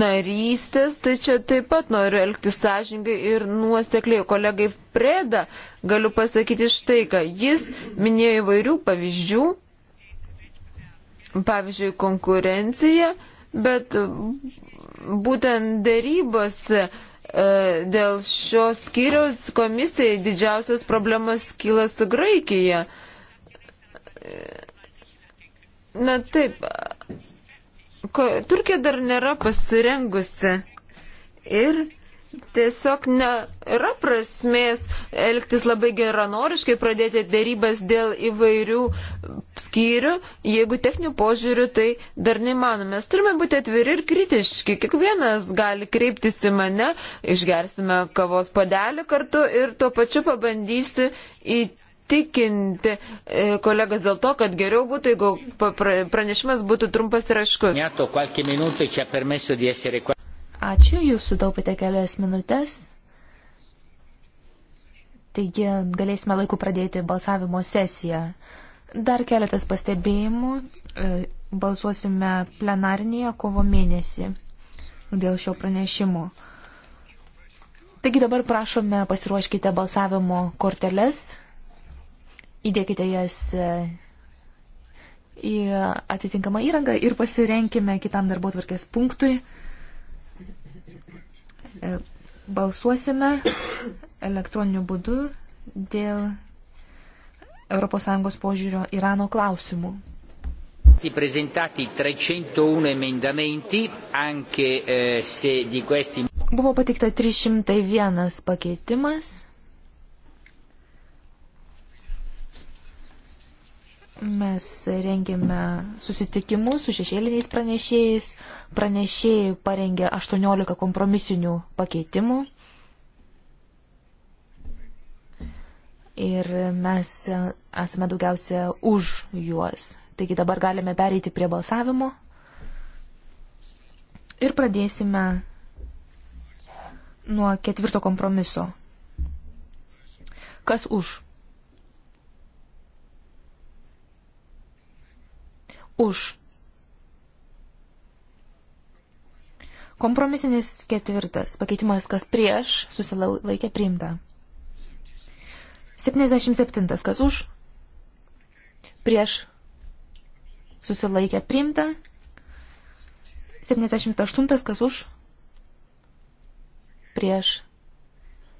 narystės, tai čia taip pat noriu elgtis sąžingai ir nuosekliai. Kolegai Preda galiu pasakyti štai, ką jis minėjo įvairių pavyzdžių, pavyzdžiui, konkurencija bet e, būtent dėrybose dėl šios skyriaus komisijai didžiausios problemas kyla su Graikija. E, na taip, ko, Turkija dar nėra pasirengusi ir Tiesiog nėra prasmės elgtis labai geranoriškai, pradėti dėrybas dėl įvairių skyrių, jeigu techninių požiūrių tai dar neįmanoma. Mes turime būti atviri ir kritiški. Kiekvienas gali kreiptis į mane, išgersime kavos padelį kartu ir tuo pačiu pabandysiu įtikinti e, kolegas dėl to, kad geriau būtų, jeigu pranešimas būtų trumpas ir aiškus. Ačiū, jūs sutaupėte kelias minutės. Taigi galėsime laiku pradėti balsavimo sesiją. Dar keletas pastebėjimų. E, balsuosime plenarinėje kovo mėnesį dėl šio pranešimo. Taigi dabar prašome pasiruoškite balsavimo korteles, įdėkite jas e, į atitinkamą įrangą ir pasirenkime kitam darbo tvarkės punktui. E, balsuosime elektroniniu būdu dėl ES požiūrio Irano klausimų. Presentati 301 emendamenti, anche eh, se di questi... Buvo patikta 301 pakeitimas. Mes rengėme susitikimus su šešėliniais pranešėjais. Pranešėjai parengė 18 kompromisinių pakeitimų. Ir mes esame daugiausia už juos. Taigi dabar galime pereiti prie balsavimo. Ir pradėsime nuo ketvirto kompromiso. Kas už? už. Kompromisinis ketvirtas pakeitimas, kas prieš, susilaikė priimta. 77, kas už, prieš, susilaikė priimta. 78, kas už, prieš,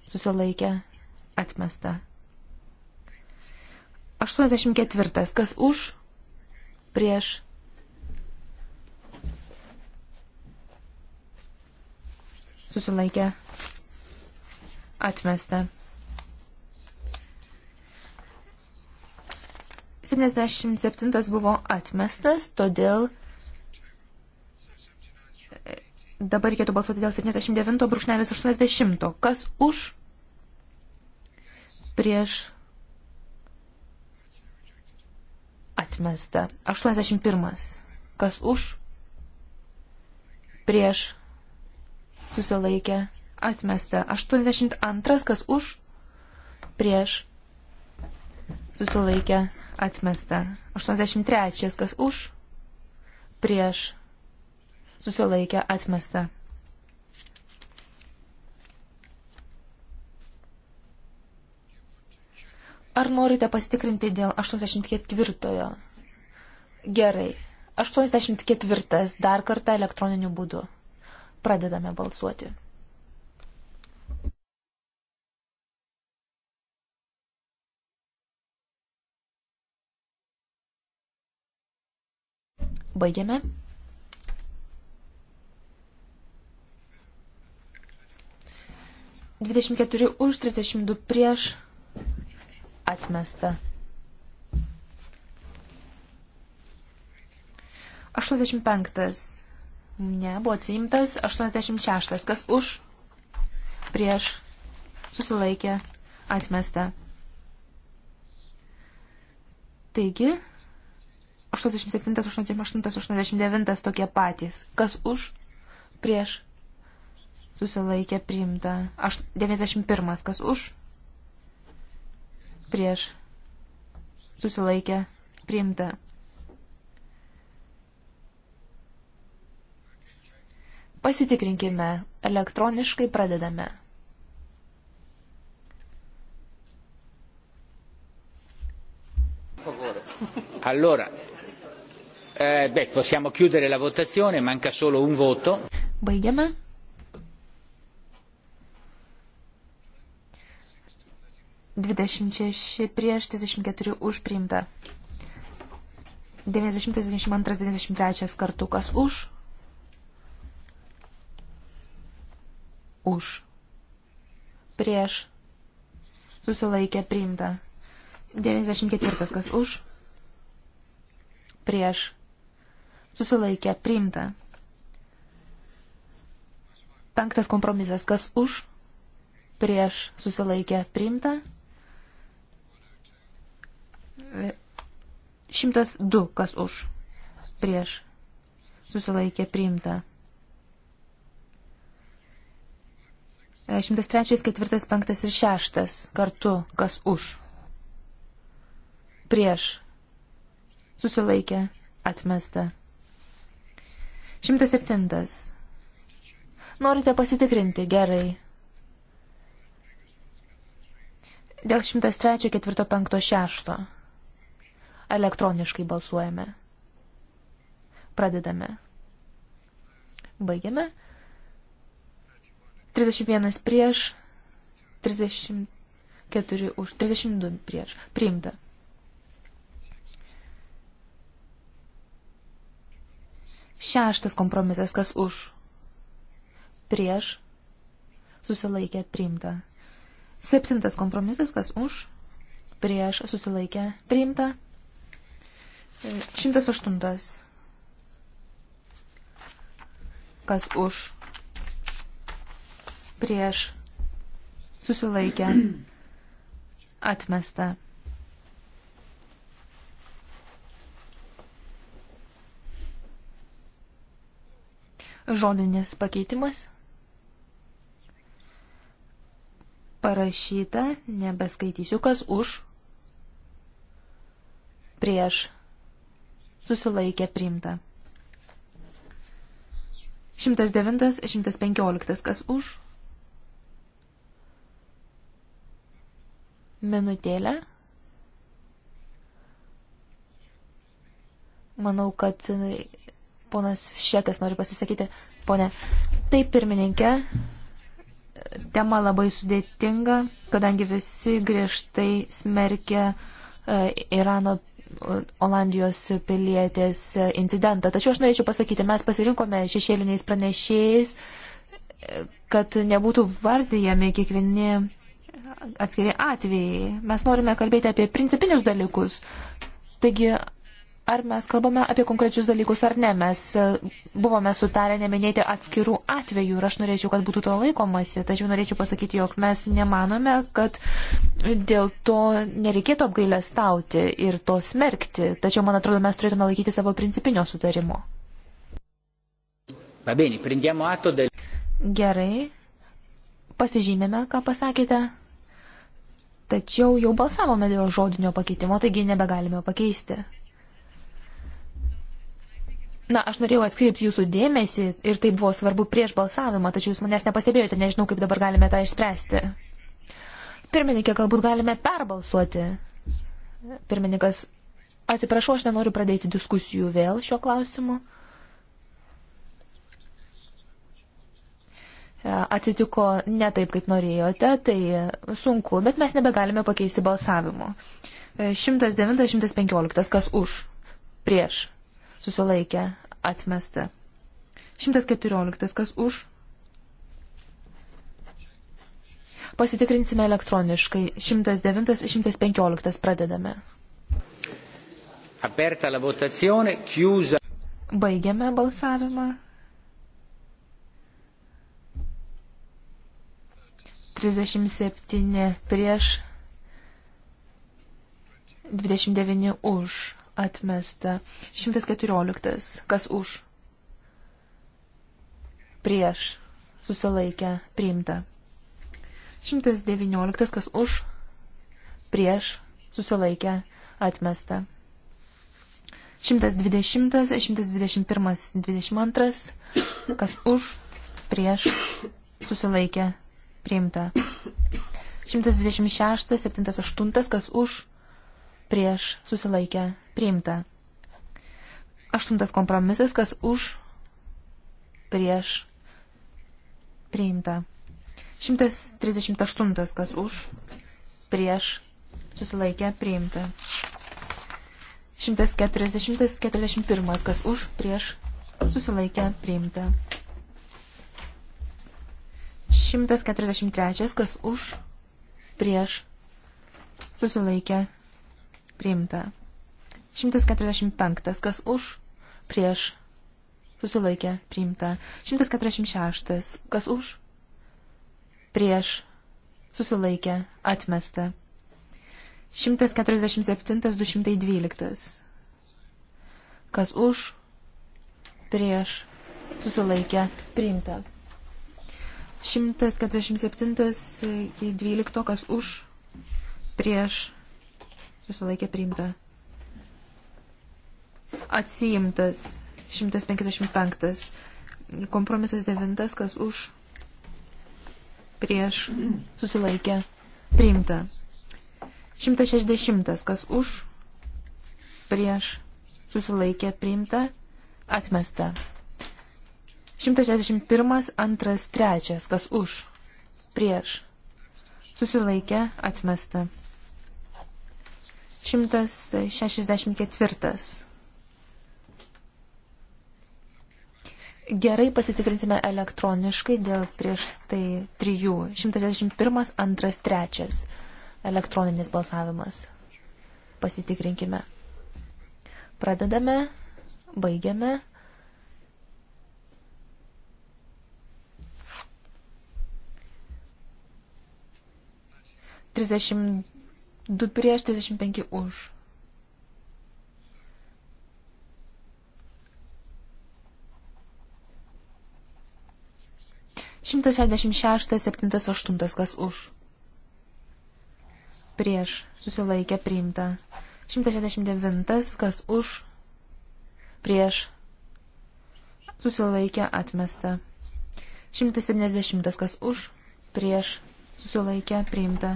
susilaikė atmesta. 84, kas už, prieš susilaikė atmesta. 77 buvo atmestas, todėl e, dabar reikėtų balsuoti dėl 79 brūkšnelis 80. Kas už prieš atmesta. 81. Kas už, prieš, susilaikė, atmesta. 82. Kas už, prieš, susilaikė, atmesta. 83. Kas už, prieš, susilaikė, atmesta. Ar norite pasitikrinti dėl 84-ojo? Gerai. 84 dar kartą elektroniniu būdu. Pradedame balsuoti. Baigiame. Dvidešimt keturi už, trisdešimt du prieš, atmesta. 85. Ne, buvo atsiimtas. 86. Kas už? Prieš. Susilaikė. Atmesta. Taigi, 87, 88, 89 tokie patys. Kas už? Prieš. Susilaikė priimta. Aš, 91. Kas už? prieš susilaikę priimta. Pasitikrinkime, elektroniškai pradedame. Allora, eh, beh, possiamo chiudere la votazione, manca solo un voto. Baigiame. 26 prieš 34 už priimta. 90, 92, 93 kartų. Kas už? Už. Prieš. Susilaikė priimta. 94. Kas už? Prieš. Susilaikė priimta. Penktas kompromisas. Kas už? Prieš. Susilaikė priimta. 102, kas už, prieš, susilaikė priimta. 103, 4, 5 ir 6 kartu, kas už, prieš, susilaikė atmesta. 107. Norite pasitikrinti gerai. Dėl 103, 4, 5, 6. Elektroniškai balsuojame. Pradedame. Baigiame. 31 prieš, 34 už, 32 prieš. Priimta. Šeštas kompromisas, kas už. Prieš. Susilaikė priimta. Septintas kompromisas, kas už. Prieš susilaikė priimta. 108. Kas už? Prieš. Susilaikę. Atmesta. žodinis pakeitimas? Parašyta, nebeskaitysiu, kas už, prieš, susilaikė priimta. 109, 115, kas už? Minutėlę. Manau, kad e, ponas Šekas nori pasisakyti. Pone, taip pirmininkė, tema labai sudėtinga, kadangi visi griežtai smerkia e, Irano Olandijos pilietės incidentą. Tačiau aš norėčiau pasakyti, mes pasirinkome šešėliniais pranešėjais, kad nebūtų vardyjami kiekvieni atskiri atvejai. Mes norime kalbėti apie principinius dalykus. Taigi ar mes kalbame apie konkrečius dalykus ar ne. Mes e, buvome sutarę neminėti atskirų atvejų ir aš norėčiau, kad būtų to laikomasi. Tačiau norėčiau pasakyti, jog mes nemanome, kad dėl to nereikėtų apgailę stauti ir to smerkti. Tačiau, man atrodo, mes turėtume laikyti savo principinio sutarimo. Gerai. Pasižymėme, ką pasakėte tačiau jau balsavome dėl žodinio pakeitimo, taigi nebegalime pakeisti. Na, aš norėjau atkreipti jūsų dėmesį ir tai buvo svarbu prieš balsavimą, tačiau jūs manęs nepastebėjote, nežinau, kaip dabar galime tą išspręsti. Pirmininkė, galbūt galime perbalsuoti. Pirmininkas, atsiprašau, aš nenoriu pradėti diskusijų vėl šiuo klausimu. E, atsitiko ne taip, kaip norėjote, tai sunku, bet mes nebegalime pakeisti balsavimo. 109-115, e, kas už, prieš, susilaikė, atmesta. 114. Kas už? Pasitikrinsime elektroniškai. 109-115 pradedame. Aperta la votazione, chiusa. Baigiame balsavimą. 37 prieš, 29 už atmesta. 114. Kas už? Prieš. Susilaikę. Priimta. 119. Kas už? Prieš. Susilaikę. Atmesta. 120, 121, 22, kas už, prieš, susilaikė, priimta. 126, 7, 8, kas už, prieš susilaikę priimta. Aštuntas kompromisas, kas už prieš priimta. 138, kas už prieš susilaikę priimta. 140-41, kas už, prieš, susilaikę, priimta. 143, kas už, prieš, susilaikę, priimta. 145. Kas už, prieš, susilaikė, priimta. 146. Kas už, prieš, susilaikė, atmesta. 147-212. Kas už, prieš, susilaikė, priimta. 147-12. Kas už, prieš, susilaikė priimta. Atsiimtas 155. Kompromisas 9, kas už prieš susilaikė priimta. 160, kas už prieš susilaikė priimta atmesta. 161, 2, 3, kas už prieš susilaikė atmesta. 164. Gerai pasitikrinsime elektroniškai dėl prieš tai trijų. 161, 2, 3. Elektroninis balsavimas. Pasitikrinkime. Pradedame, baigiame. Trisdešimt 2 prieš 35 už. Šimtas šešdešimt šeštas, septintas, aštuntas, kas už. Prieš susilaikė priimta. Šimtas šešdešimt devintas, kas už. Prieš susilaikė atmesta. 170 kas už, prieš, susilaikė priimta.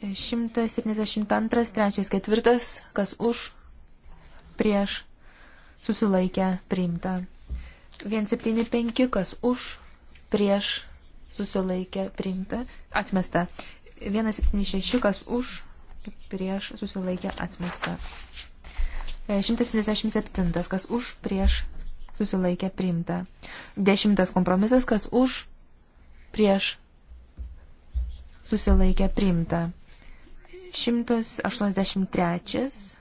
172, trečias, ketvirtas, kas už, prieš, susilaikę, priimta. 175, kas už, prieš, susilaikę, priimta, atmesta. 176, kas už, prieš, susilaikę, atmesta. 177, kas už, prieš, susilaikę, priimta. 10 kompromisas, kas už, prieš, susilaikę, priimta. 183,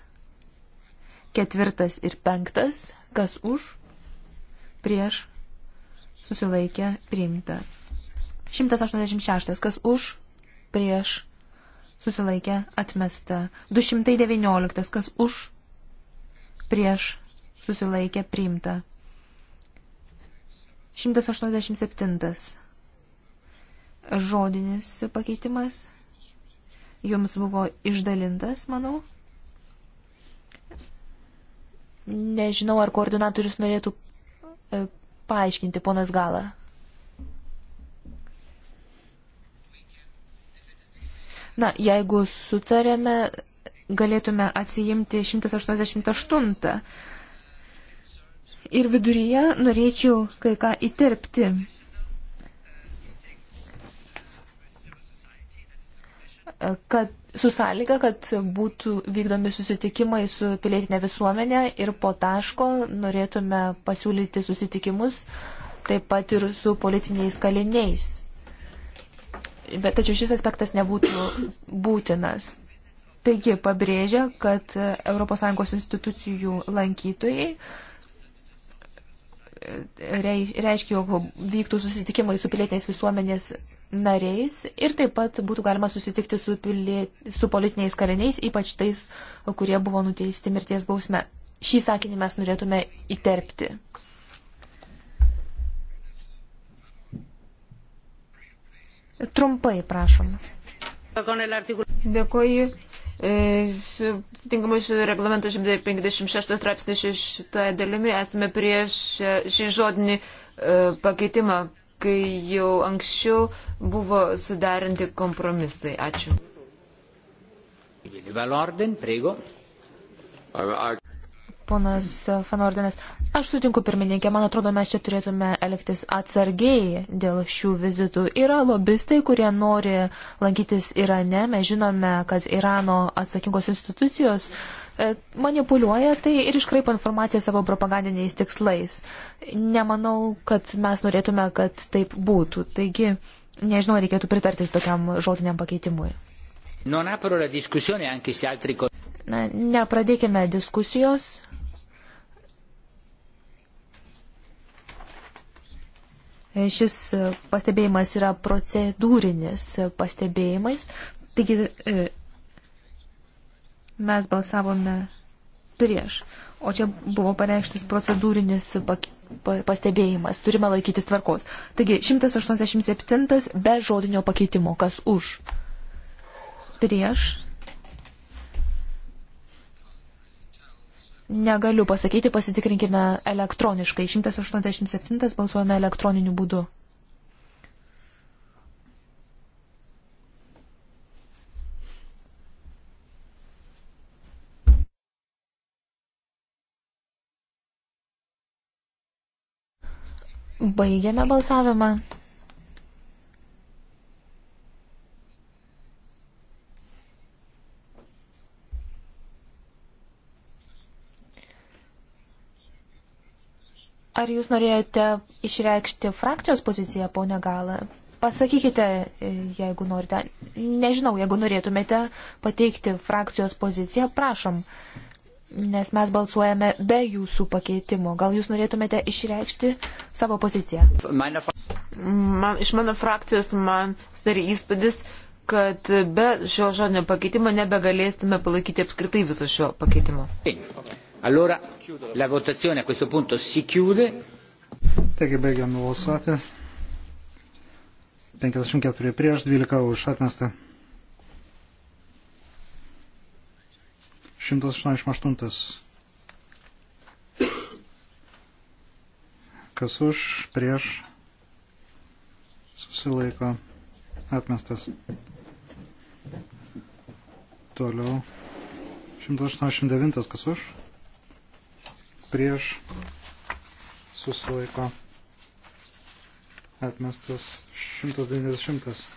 ketvirtas ir penktas, kas už, prieš, susilaikė, priimta. 186, kas už, prieš, susilaikė, atmesta. 219, kas už, prieš, susilaikė, priimta. 187. Žodinis pakeitimas jums buvo išdalintas, manau. Nežinau, ar koordinatorius norėtų e, paaiškinti, ponas Gala. Na, jeigu sutarėme, galėtume atsijimti 188. Ir viduryje norėčiau kai ką įterpti. kad su sąlyga, kad būtų vykdomi susitikimai su pilietinė visuomenė ir po taško norėtume pasiūlyti susitikimus taip pat ir su politiniais kaliniais. Bet tačiau šis aspektas nebūtų būtinas. Taigi pabrėžia, kad ES institucijų lankytojai e, reiškia, jog vyktų susitikimai su pilietinės visuomenės nariais ir taip pat būtų galima susitikti su, pilie, su politiniais kaliniais, ypač tais, kurie buvo nuteisti mirties bausme. Šį sakinį mes norėtume įterpti. Trumpai, prašom. Dėkuoju. E, Sutinkamai su reglamento 156 straipsnė šeštą dalimi esame prieš e, šį žodinį e, pakeitimą, kai jau anksčiau buvo sudarinti kompromisai. Ačiū. Ponas Fanordinas, aš sutinku pirmininkė, man atrodo, mes čia turėtume elgtis atsargiai dėl šių vizitų. Yra lobistai, kurie nori lankytis Irane, mes žinome, kad Irano atsakingos institucijos uh, E, manipuliuoja tai ir iškraipa informaciją savo propagandiniais tikslais. Nemanau, kad mes norėtume, kad taip būtų. Taigi, nežinau, reikėtų pritarti tokiam žodiniam pakeitimui. Na, nepradėkime diskusijos. Šis pastebėjimas yra procedūrinis pastebėjimais, taigi e, mes balsavome prieš, o čia buvo pareikštas procedūrinis pastebėjimas, turime laikytis tvarkos. Taigi 187 be žodinio pakeitimo, kas už, prieš. Negaliu pasakyti, pasitikrinkime elektroniškai. 187 balsuojame elektroniniu būdu. Baigiame balsavimą. Ar jūs norėjote išreikšti frakcijos poziciją, ponia Galą? Pasakykite, e, jeigu norite. Nežinau, jeigu norėtumėte pateikti frakcijos poziciją, prašom. Uh, nes mes balsuojame be jūsų pakeitimo. Gal jūs norėtumėte išreikšti savo poziciją? Man, iš mano frakcijos man sari įspūdis, kad be šio žodžio pakeitimo nebegalėsime palaikyti apskritai viso šio pakeitimo. Allora, la votazione a questo punto si chiude. Taigi baigiam balsuoti. 54 prieš, 12 už atmestą. 188. Kas už, prieš, susilaiko, atmestas. Toliau. 189. Kas už, prieš, susilaiko, atmestas. 190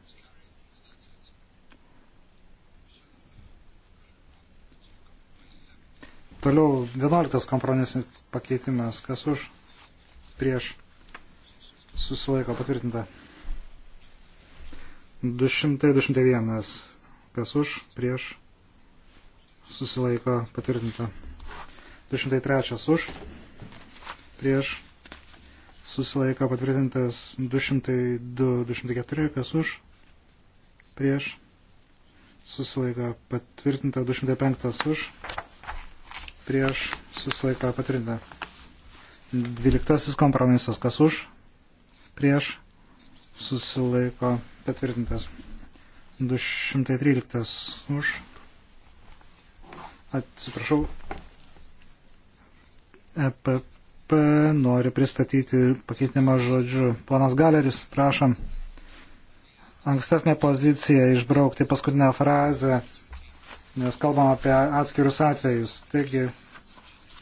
Toliau 11 kompromisinis pakeitimas, kas už prieš susilaiko patvirtinta. 200-201, kas už prieš susilaiko patvirtinta. 203 už prieš susilaiko patvirtintas 202-204, kas už prieš susilaiko patvirtinta 205 už prieš susilaiką patvirtinta. Dvyliktasis kompromisas, kas už, prieš susilaiko patvirtintas. 213 už. Atsiprašau. EPP nori pristatyti pakeitimą žodžiu. Ponas Galeris, prašom. Ankstesnė pozicija išbraukti paskutinę frazę nes kalbam apie atskirus atvejus. Taigi,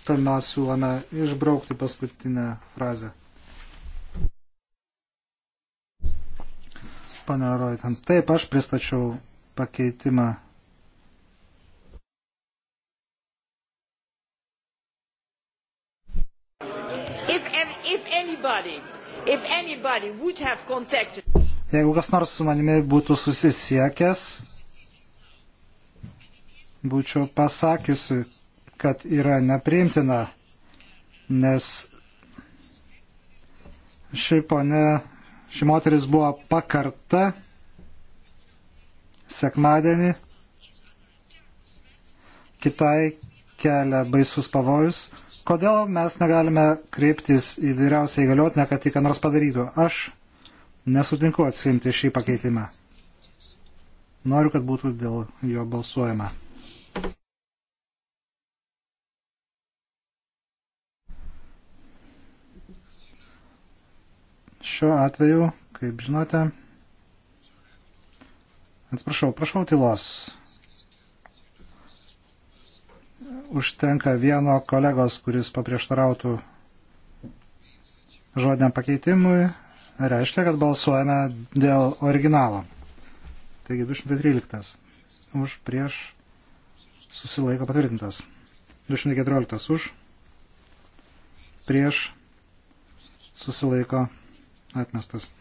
mes siūlome išbraukti paskutinę frazę. Pane Roitant, taip aš pristačiau pakeitimą. If, if anybody, if anybody contacted... Jeigu kas nors su manimi būtų susisiekęs, būčiau pasakiusi, kad yra nepriimtina, nes ši ponė, ši moteris buvo pakarta sekmadienį, kitai kelia baisus pavojus. Kodėl mes negalime kreiptis į vyriausią įgaliotinę, kad jį ką nors padarytų? Aš nesutinku atsimti šį pakeitimą. Noriu, kad būtų dėl jo balsuojama. Šiuo atveju, kaip žinote, atsiprašau, prašau tylos. Užtenka vieno kolegos, kuris paprieštarautų žodiniam pakeitimui, reiškia, kad balsuojame dėl originalo. Taigi 213 už prieš susilaiko patvirtintas. 214 už prieš susilaiko atmestas.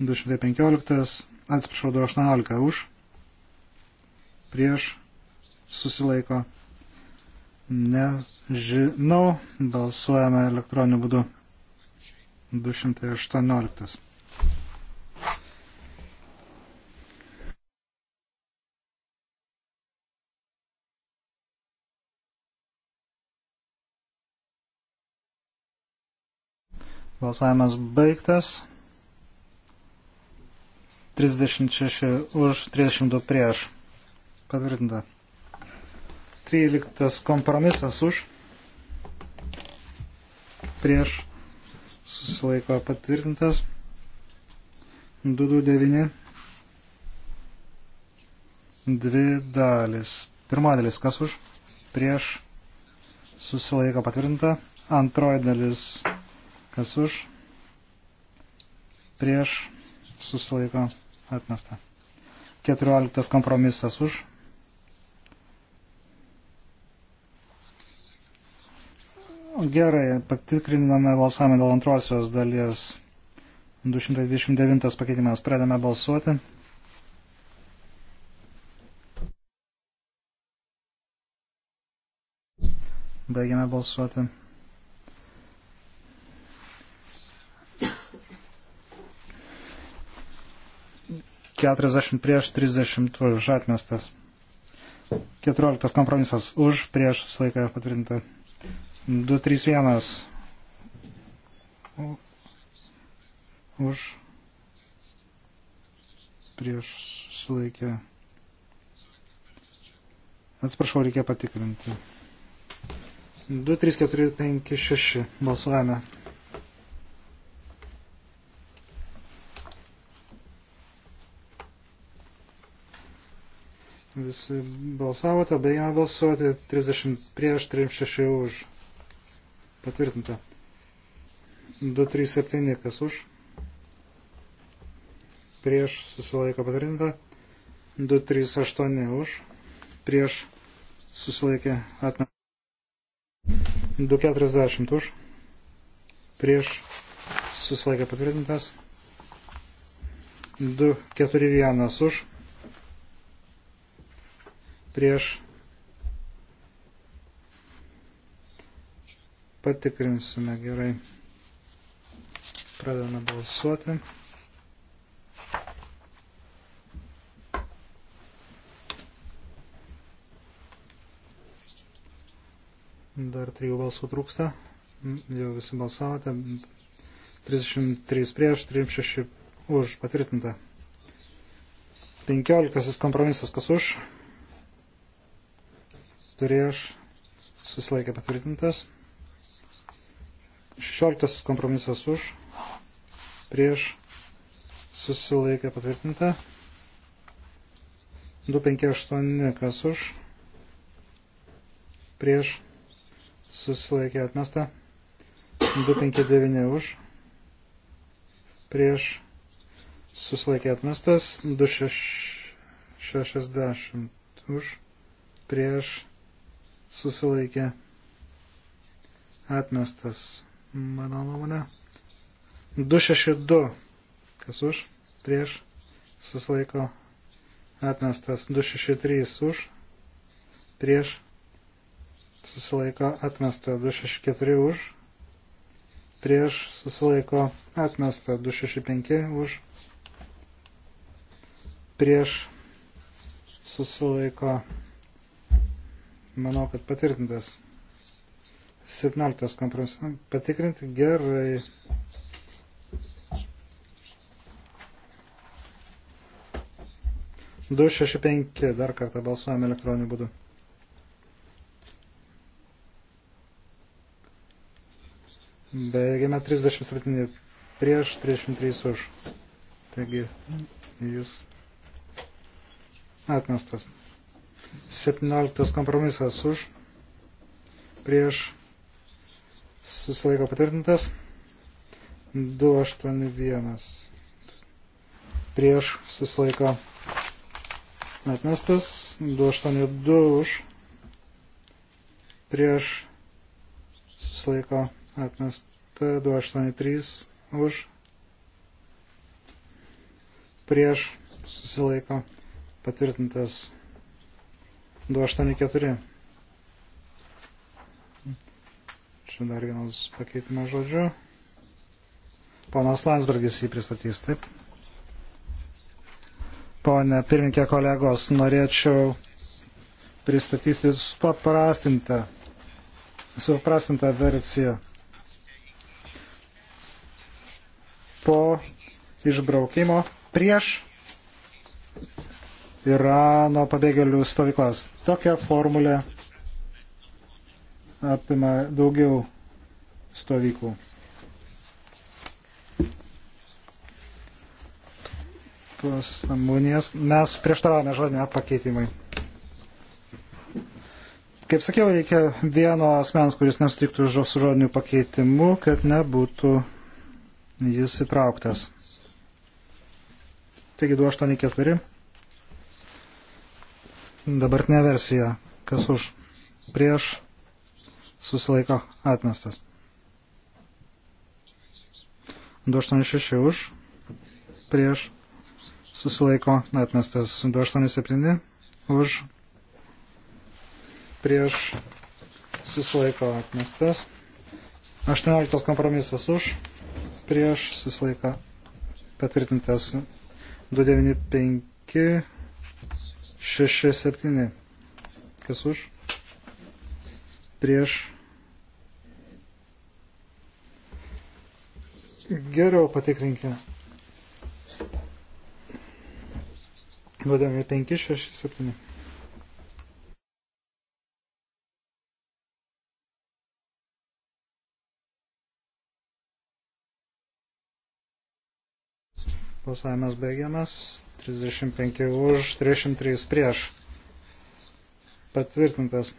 215, atsiprašau, 218 už, prieš, susilaiko, nežinau, balsuojame elektroniniu būdu. 218. Balsavimas baigtas. 36 už 32 prieš. Patvirtinta. 13 kompromisas už. Prieš. Susilaiko patvirtintas. 229. Dvi dalis. Pirma dalis kas už? Prieš. Susilaiko patvirtinta. Antroji dalis Kas už? Prieš susilaiko atmesta. 14 kompromisas už. Gerai, patikriname balsavimą dėl antrosios dalies. 229 pakeitimas. Pradame balsuoti. Baigiame balsuoti. 40 prieš 30 už atmestas. 14 kompromisas už prieš visą laiką patvirtinta. 2, 3, 1 už prieš sulaikę. Atsiprašau, reikia patikrinti. 2, 3, 4, 5, 6 balsuojame. Visi balsavote, baigėme balsuoti 30 prieš 36 už. Patvirtinta. 237 kas už. Prieš susilaiko patvirtinta. 238 už. Prieš susilaikė atmetą. 240 už. Prieš susilaikė patvirtintas. 241 už prieš patikrinsime gerai. Pradedame balsuoti. Dar trijų balsų trūksta. Jau visi balsavote. 33 prieš, 36 už patvirtinta. 15 kompromisas kas už, prieš susilaikė patvirtintas. 16 kompromisas už prieš susilaikė patvirtinta. 258 kas už prieš susilaikė atmesta. 259 už prieš susilaikė atmestas. 260 už prieš susilaikė atmestas, mano nuomonė. 262, kas už, prieš, susilaiko atmestas. 263 už, prieš, susilaiko atmesta. 264 už, prieš, susilaiko atmesta. 265 už, prieš, susilaiko atmesta manau, kad patvirtintas. 17 kompromisas. Patikrinti gerai. Du šeši penki dar kartą balsuojame elektroniniu būdu. Baigėme 37 prieš 33 už. Taigi jūs atmestas. 17 kompromisas už, prieš susilaiko patvirtintas, 281 prieš susilaiko atmestas, 282 už, prieš susilaiko atmestą, 283 už, prieš susilaiko patvirtintas 284. Čia dar vienas pakeitimas žodžiu. Ponas Landsbergis jį pristatys, taip. Pone pirminkė kolegos, norėčiau pristatyti supaprastintą, supaprastintą versiją. Po išbraukimo prieš Irano pabėgėlių stovyklas. Tokia formulė apima daugiau stovyklų. Tuos amunijas mes prieštaravome žodinio pakeitimui. Kaip sakiau, reikia vieno asmens, kuris nesutiktų su žodiniu pakeitimu, kad nebūtų jis įtrauktas. Taigi 284 dabartinę versiją. Kas už prieš susilaiko atmestas. 286 už prieš susilaiko atmestas. 287 už prieš susilaiko atmestas. 18 kompromisas už prieš susilaiko patvirtintas 295 6, 7. Kas už? Prieš. Geriau patikrinkime. Vadiname 5, 6, 7. Balsavimas baigiamas. 35 už, 33 prieš. Patvirtintas.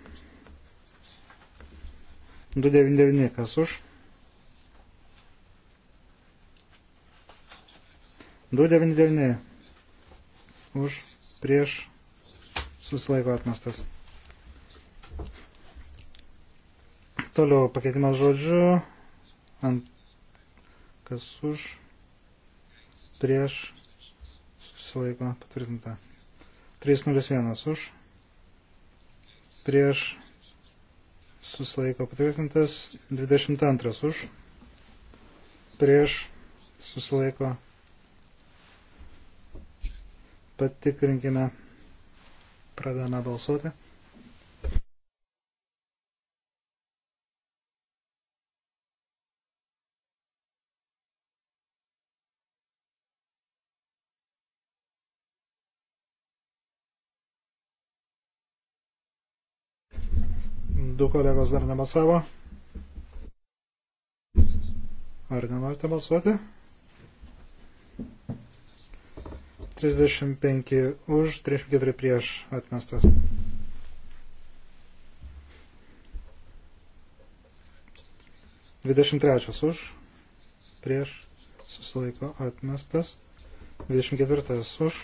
299 kas už. 299 už, prieš, susilaiko atmestas. Toliau pakeitimas žodžiu, ant kas už, prieš, susilaiko patvirtinta. 301 už, prieš susilaiko patvirtintas, 22 už, prieš susilaiko patikrinkime, pradame balsuoti. du kolegos dar nebalsavo. Ar nenorite balsuoti? 35 už, 34 prieš atmestas. Dvidešimt trečias už, prieš, susilaiko atmestas. Dvidešimt ketvirtas už,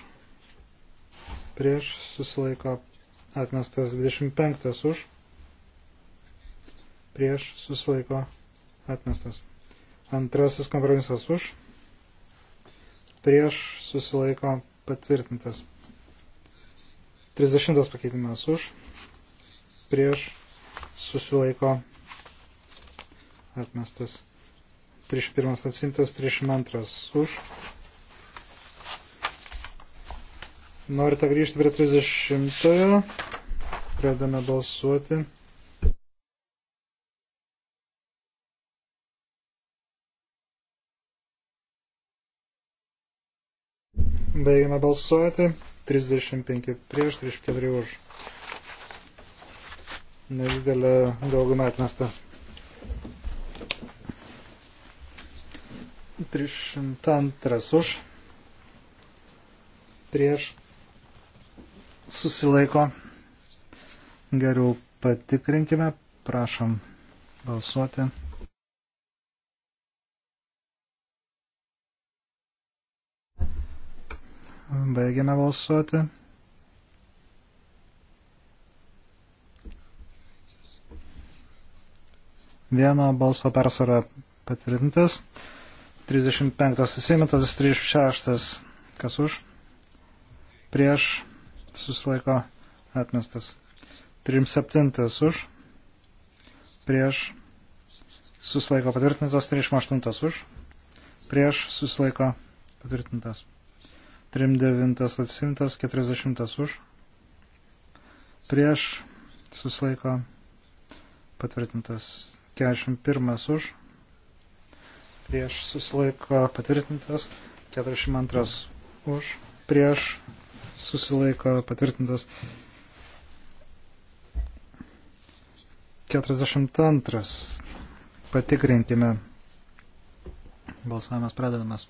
prieš, susilaiko atmestas. Dvidešimt penktas už, prieš susilaiko atmestas. Antrasis kompromisas už, prieš susilaiko patvirtintas. 30 pakeitimas už, prieš susilaiko atmestas. 31 atsimtas, 32 už. Norite grįžti prie 30. -ojo. Pradame balsuoti. Baigime balsuoti. 35 prieš, 34 už. Nedidelė dauguma atmesta. 302 už. Prieš. Susilaiko. Geriau patikrinkime. Prašom balsuoti. Baigiame balsuoti. Vieno balso persvara patvirtintas. 35 įsimintas, 36 kas už. Prieš susilaiko atmestas. 37 už. Prieš susilaiko patvirtintas. 38 už. Prieš susilaiko patvirtintas. 39 atsimtas, 40 už. Prieš susilaiko patvirtintas 41 už. Prieš susilaiko patvirtintas 42 už. Prieš susilaiko patvirtintas 42. Patikrinkime. Balsavimas pradedamas.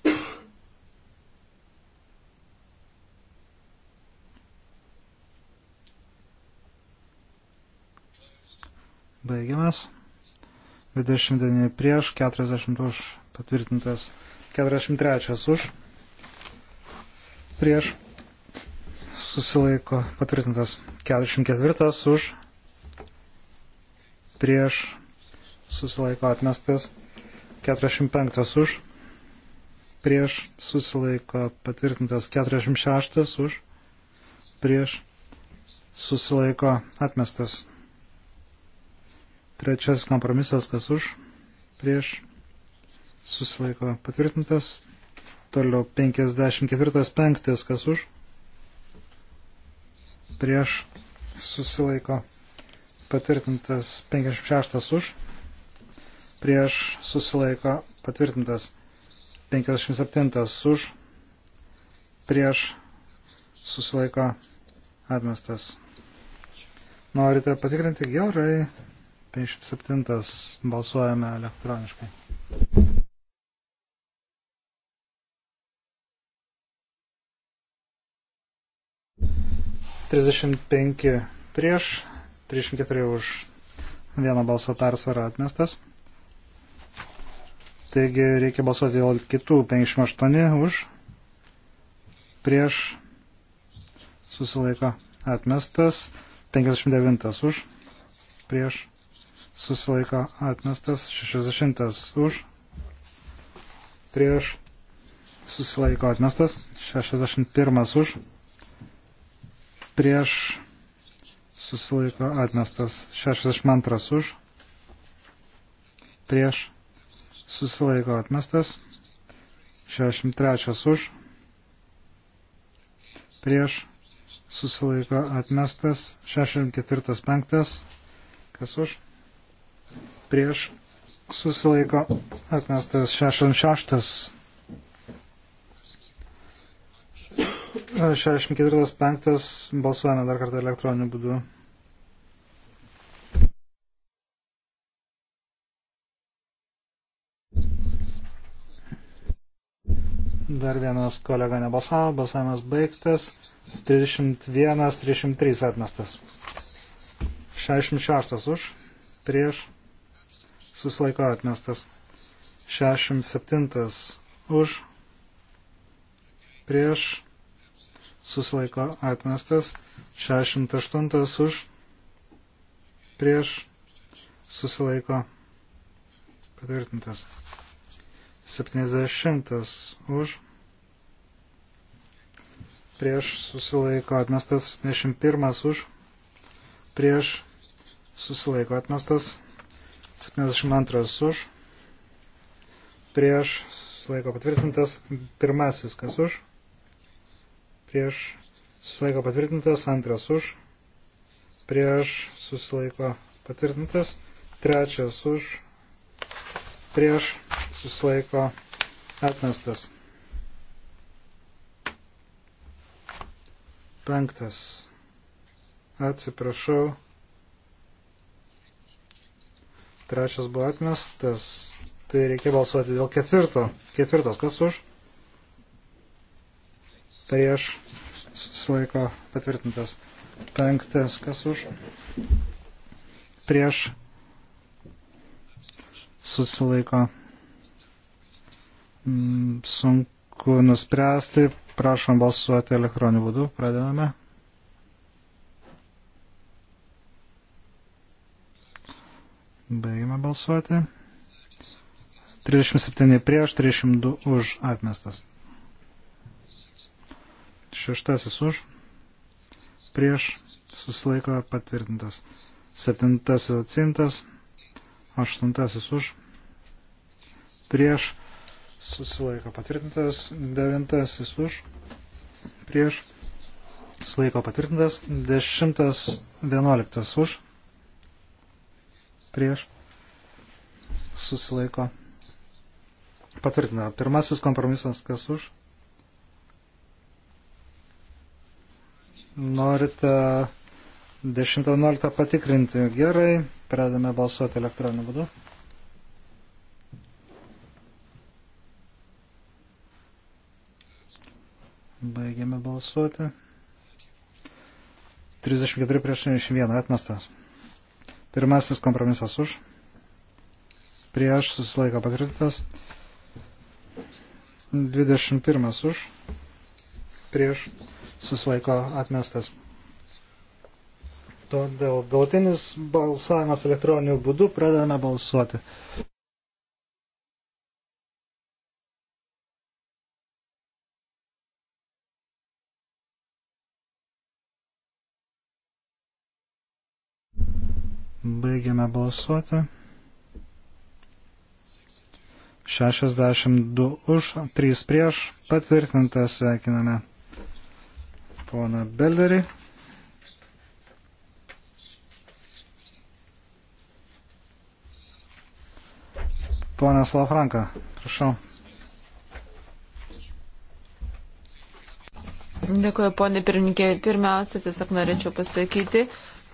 Baigiamas. 29 prieš, 40 už, patvirtintas 43 už, prieš, susilaiko, patvirtintas 44 už, prieš, susilaiko atmestas 45 už, prieš, susilaiko, patvirtintas 46 už, prieš, susilaiko atmestas Trečias kompromisas, kas už, prieš, susilaiko patvirtintas. Toliau 54.5, kas už, prieš, susilaiko patvirtintas. 56 už, prieš, susilaiko patvirtintas. 57 už, prieš, susilaiko atmestas. Norite patikrinti gerai, 57 balsuojame elektroniškai. Trisdešimt penki prieš, trisdešimt keturi už vieną balsą persvarą atmestas. Taigi reikia balsuoti dėl kitų 58 už, prieš, susilaiko atmestas, 59 už, prieš, susilaiko atmestas, 60 už, prieš susilaiko atmestas, 61 už, prieš susilaiko atmestas, 62 už, prieš susilaiko atmestas, 63 už, prieš susilaiko atmestas, 64 penktas, kas už prieš susilaiko atmestas 66. 64.5 balsuojame dar kartą elektroniniu būdu. Dar vienas kolega nebalsavo, balsavimas baigtas. 31, 33 atmestas. 66 už, prieš susilaiko atmestas. 67 už, prieš, susilaiko atmestas. 68 už, prieš, susilaiko patvirtintas. 70 už, prieš, susilaiko atmestas. 21 už, prieš, susilaiko atmestas. 72 už, prieš, sulaiko patvirtintas, pirmasis kas už, prieš, susilaiko patvirtintas, antras už, prieš, susilaiko patvirtintas, trečias už, prieš, susilaiko atmestas. Penktas. Atsiprašau. Trečias buvo atmestas. Tai reikia balsuoti dėl ketvirto. Ketvirtas kas už? Prieš susilaiko patvirtintas. Penktas kas už? Prieš susilaiko. Mm, sunku nuspręsti. Prašom balsuoti elektroniniu būdu. Pradedame. Baigime balsuoti. 37 prieš, 32 už atmestas. Šeštasis už, prieš, susilaiko patvirtintas. Septintasis atsimtas, aštuntasis už, prieš, susilaiko patvirtintas. Devintasis už, prieš, susilaiko patvirtintas. Dešimtas, vienuoliktas už prieš susilaiko patvirtina. Pirmasis kompromisas, kas už. Norite 10.11 patikrinti. Gerai, pradame balsuoti elektroniniu būdu. Baigiame balsuoti. 34 prieš 61 atmestas. Pirmasis kompromisas už. Prieš susilaiko patvirtintas. 21 už. Prieš susilaiko atmestas. Todėl galtinis balsavimas elektroniniu būdu pradedame balsuoti. Baigiame balsuoti. 62 už, 3 prieš, patvirtintas, sveikiname poną Belderį. Ponas Lafranka, prašau. Dėkuoju, ponė pirmininkė. Pirmiausia, tiesiog norėčiau pasakyti,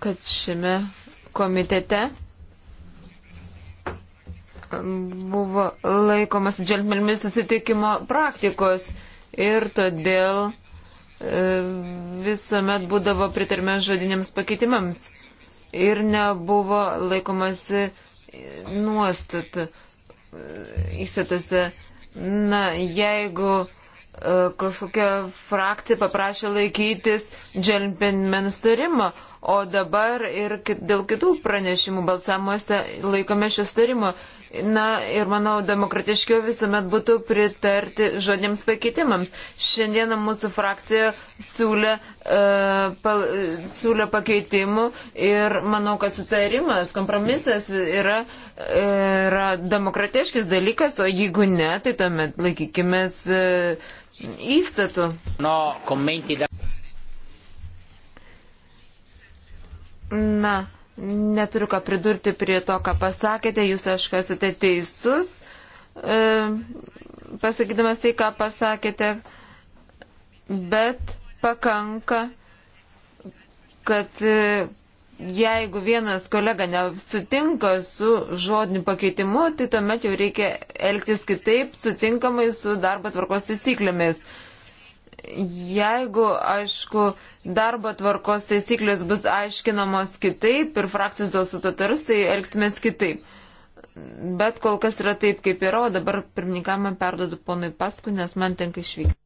kad šiame komitete buvo laikomas džentelmenis susitikimo praktikos ir todėl e, visuomet būdavo pritarme žodiniams pakeitimams ir nebuvo laikomasi nuostatų e, įstatose. Na, jeigu e, kažkokia frakcija paprašė laikytis džentelmenų starimo, o dabar ir dėl kitų pranešimų balsamuose laikome šio starimo. Na ir manau, demokratiškiau visuomet būtų pritarti žodėms pakeitimams. Šiandieną mūsų frakcija siūlė, uh, pal, siūlė pakeitimų ir manau, kad sutarimas, kompromisas yra, e, yra demokratiškis dalykas, o jeigu ne, tai tuomet laikykime uh, įstatų. No, Na, neturiu ką pridurti prie to, ką pasakėte, jūs aš esate teisus. E, pasakydamas tai, ką pasakėte, bet pakanka, kad e, jeigu vienas kolega nesutinka su žodiniu pakeitimu, tai tuomet jau reikia elgtis kitaip, sutinkamai su darbo tvarkos taisyklėmis. E, Jeigu, aišku, darbo tvarkos taisyklės bus aiškinamos kitaip ir frakcijos dėl sutotars, tai elgsimės kitaip. Bet kol kas yra taip, kaip yra, o dabar pirmininkamą perdodu ponui Pasku, nes man tenka išvykti.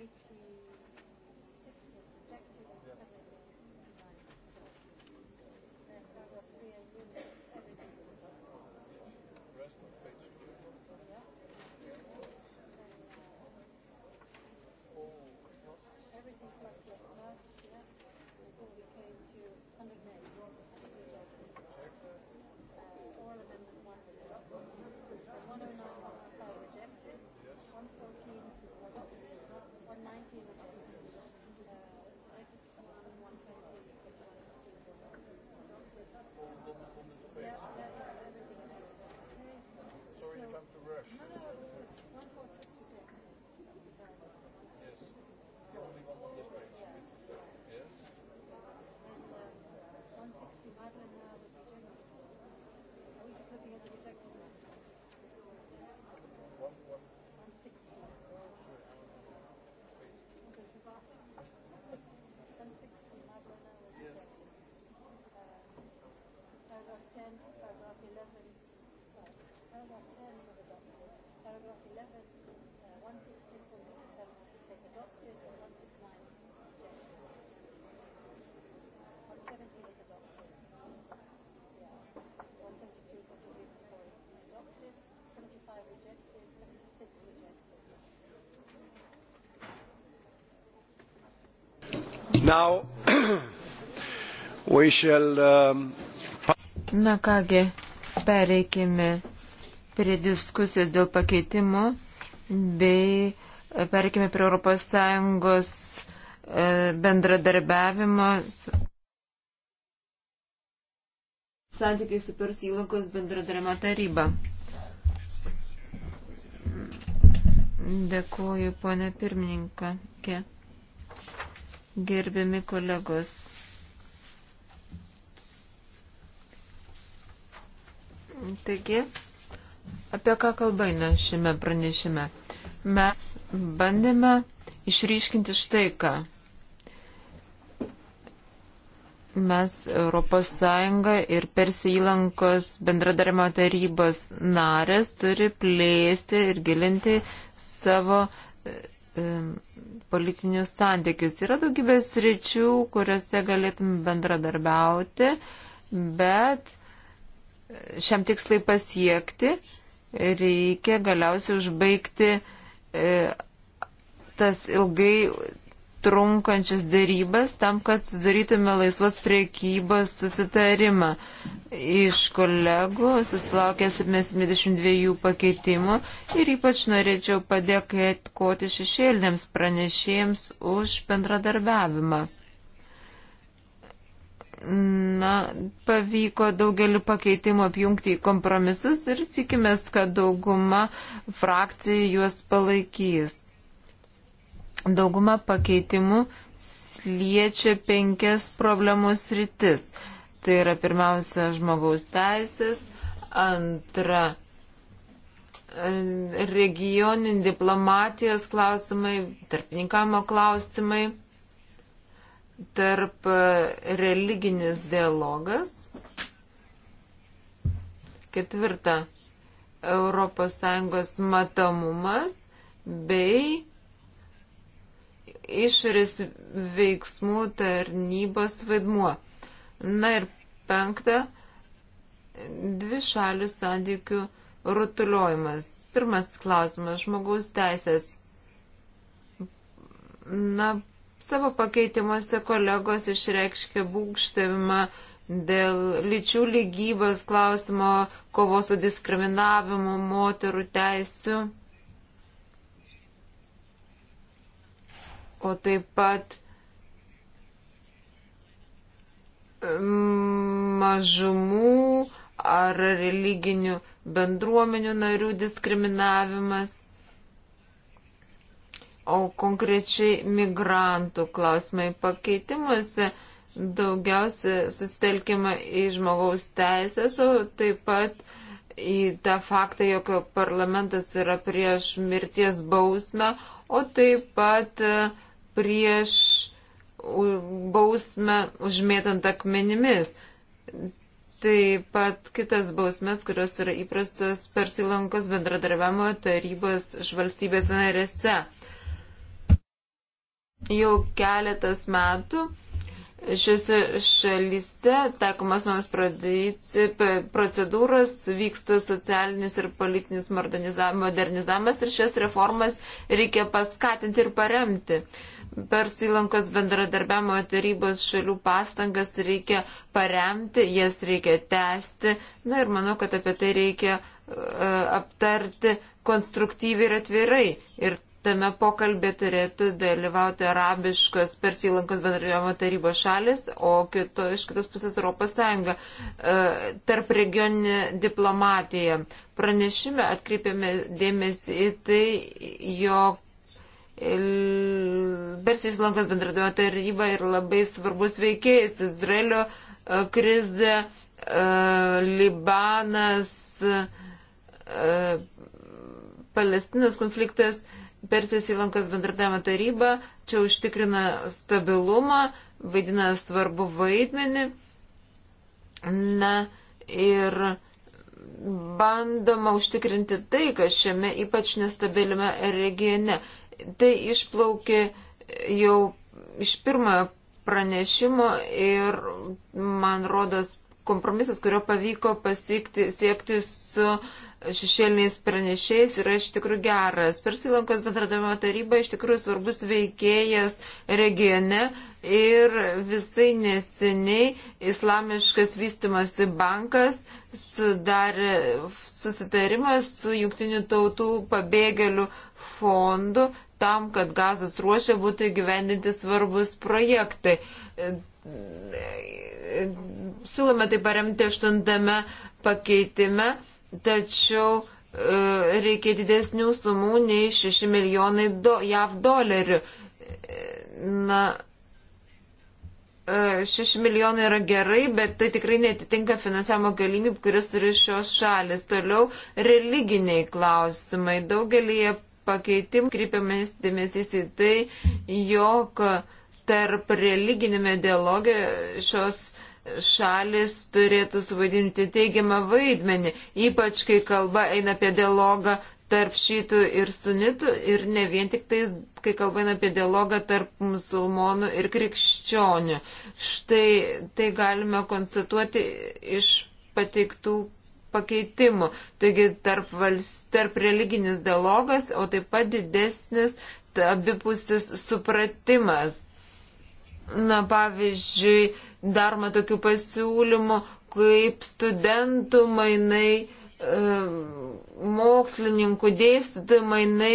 I_T paragraph 10 was adopted, paragraph 11, uh, 166 and 167 says adopted, and 169 rejected. 170 is adopted. Yeah. 172 from the previous story adopted, 75 rejected, 76 rejected. Now, we shall, um... Na kągi, pereikime prie diskusijos dėl pakeitimų bei perkime prie ES e, bendradarbiavimo santykiai su Persų įlankos bendradarbiavimo taryba. Dėkuoju, ponė pirmininkė. Gerbiami kolegos. Taigi, Apie ką kalba eina šiame pranešime? Mes bandėme išryškinti štai ką. Mes ES ir Persijlankos bendradarimo tarybos narės turi plėsti ir gilinti savo e, e, politinius santykius. Yra daugybės ryčių, kuriuose galėtume bendradarbiauti, bet e, šiam tikslai pasiekti reikia galiausiai užbaigti e, tas ilgai trunkančias dėrybas tam, kad sudarytume laisvos priekybos susitarimą. Iš kolegų susilaukė 72 pakeitimų ir ypač norėčiau padėkoti šešėliniams pranešėjams už bendradarbiavimą pavyko daugelį pakeitimų apjungti į kompromisus ir tikimės, kad dauguma frakcijų juos palaikys. Dauguma pakeitimų liečia penkias problemos rytis. Tai yra pirmiausia žmogaus teisės, antra regioninį diplomatijos klausimai, tarpininkamo klausimai tarp e, religinis dialogas. Ketvirta, ES matomumas bei išorės veiksmų tarnybos vaidmuo. Na ir penkta, dvi šalių santykių rutuliojimas. Pirmas klausimas - žmogaus teisės. Na, Savo pakeitimuose kolegos išreikškė būkštavimą dėl lyčių lygybės klausimo, kovos su diskriminavimu, moterų teisių. O taip pat mm, mažumų ar religinių bendruomenių narių diskriminavimas. O konkrečiai migrantų klausimai pakeitimuose daugiausia sustelkima į žmogaus teisės, o taip pat į tą faktą, jog parlamentas yra prieš mirties bausmę, o taip pat e, prieš bausmę užmėtant akmenimis. Taip pat kitas bausmės, kurios yra įprastos Persilankos bendradarbiavimo tarybos žvalstybės narėse. Jau keletas metų šiuose šalyse taikomas naujas procedūros, vyksta socialinis ir politinis modernizavimas ir šias reformas reikia paskatinti ir paremti. Per Silankos bendradarbiavimo tarybos šalių pastangas reikia paremti, jas reikia tęsti. Na ir manau, kad apie tai reikia uh, aptarti konstruktyviai ir atvirai. Ir Tame pokalbė turėtų dalyvauti arabiškos Persijų lankos bendradarbiavimo tarybos šalis, o kito, iš kitos pusės Europos Sąjunga. E, tarp regioninė diplomatija. Pranešime atkreipėme dėmesį į tai, jog Persijos lankos bendradarbiavimo taryba yra labai svarbus veikėjas Izraelio e, krizė, e, Libanas. E, Palestinos konfliktas Persijos įlankos bendradavimo taryba čia užtikrina stabilumą, vaidina svarbu vaidmenį. Na ir bandoma užtikrinti tai, kas šiame ypač nestabilime regione. Tai išplaukė jau iš pirmojo pranešimo ir, man rodos, kompromisas, kurio pavyko pasiekti, siekti su uh, šešėliniais pranešėjais yra iš tikrųjų geras. Persilankos bendradavimo taryba iš tikrųjų svarbus veikėjas regione ir visai neseniai islamiškas vystimasi bankas sudarė susitarimą su jungtinių tautų pabėgėlių fondu tam, kad gazos ruošia būtų įgyvendinti svarbus projektai. Siūlome tai paremti aštuntame pakeitime tačiau e, reikia didesnių sumų nei 6 milijonai do, JAV dolerių. Na, 6 e, milijonai yra gerai, bet tai tikrai netitinka finansavimo galimybių, kuris turi šios šalis. Toliau religiniai klausimai. Daugelį pakeitim kreipiamės dėmesys į tai, jog tarp religinėme dialoge šios uh, šalis turėtų suvaidinti teigiamą vaidmenį, ypač kai kalba eina apie dialogą tarp šitų ir sunitų ir ne vien tik tais, kai kalba eina apie dialogą tarp musulmonų ir krikščionių. Štai tai galime konstatuoti iš pateiktų pakeitimų. Taigi tarp, valst, tarp religinis dialogas, o taip pat didesnis abipusis supratimas. Na, pavyzdžiui, daroma tokių pasiūlymų, kaip studentų mainai, e, mokslininkų dėstytojų mainai,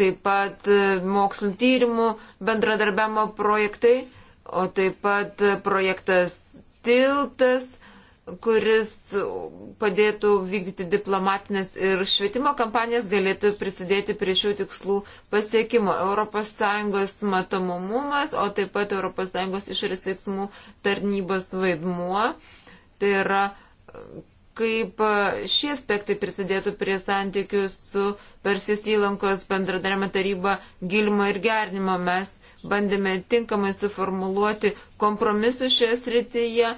taip pat e, mokslinų tyrimų bendradarbiamo projektai, o taip pat e, projektas Tiltas kuris padėtų vykdyti diplomatinės ir švietimo kampanijas, galėtų prisidėti prie šių tikslų pasiekimo. ES matomumas, o taip pat ES išorės veiksmų tarnybos vaidmuo. Tai yra, kaip šie aspektai prisidėtų prie santykių su Persijos įlankos bendradarėme taryba gilimo ir gernimo. Mes bandėme tinkamai suformuluoti kompromisus šioje srityje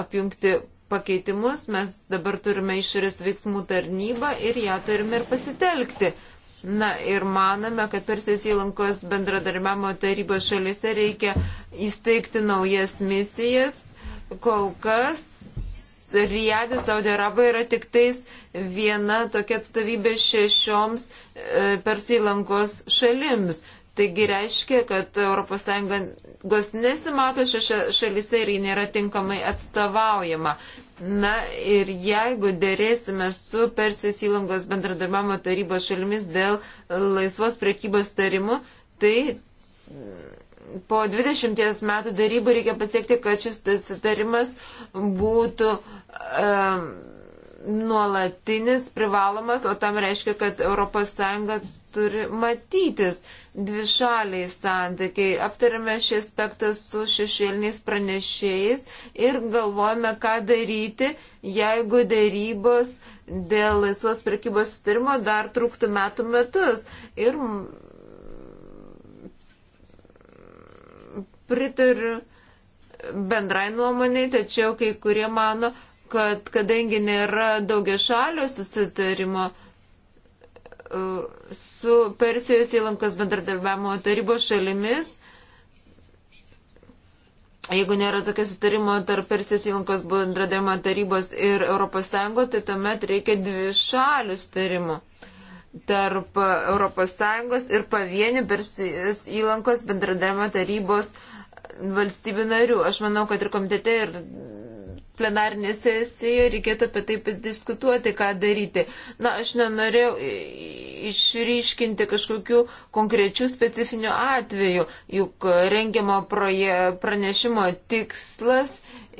apjungti pakeitimus, mes dabar turime išorės veiksmų tarnybą ir ją turime ir pasitelkti. Na ir manome, kad Persijos įlankos bendradarbiavimo tarybos šalise reikia įsteigti naujas misijas. Kol kas Rijadis Saudė Arabai yra tik tais viena tokia atstovybė šešioms e, Persijos įlankos šalims. Taigi reiškia, kad ES nesimato šiose šalise ir ji nėra tinkamai atstovaujama. Na ir jeigu dėrėsime su Persijos įlangos bendradarbiavimo tarybos šalimis dėl laisvos priekybos tarimų, tai po 20 metų darybų reikia pasiekti, kad šis sutarimas būtų e, nuolatinis, privalomas, o tam reiškia, kad ES turi matytis dvišaliai santykiai. Aptarėme šį aspektą su šešėliniais pranešėjais ir galvojame, ką daryti, jeigu darybos dėl laisvos prekybos sutarimo dar truktų metų metus. Ir pritariu bendrai nuomonai, tačiau kai kurie mano, kad kadangi nėra daugia šalio susitarimo, E, su Persijos įlankos bendradarbiavimo tarybos šalimis. Jeigu nėra tokio sustarimo tarp Persijos įlankos bendradarbiavimo tarybos ir ES, tai tuomet reikia dvi šalių sustarimų tarp ES ir pavienių Persijos įlankos bendradarbiavimo tarybos valstybių narių. Aš manau, kad ir komitete, ir plenarinė sesija, reikėtų apie tai diskutuoti, ką daryti. Na, aš nenorėjau išryškinti kažkokių konkrečių specifinių atvejų, juk rengiamo proje, pranešimo tikslas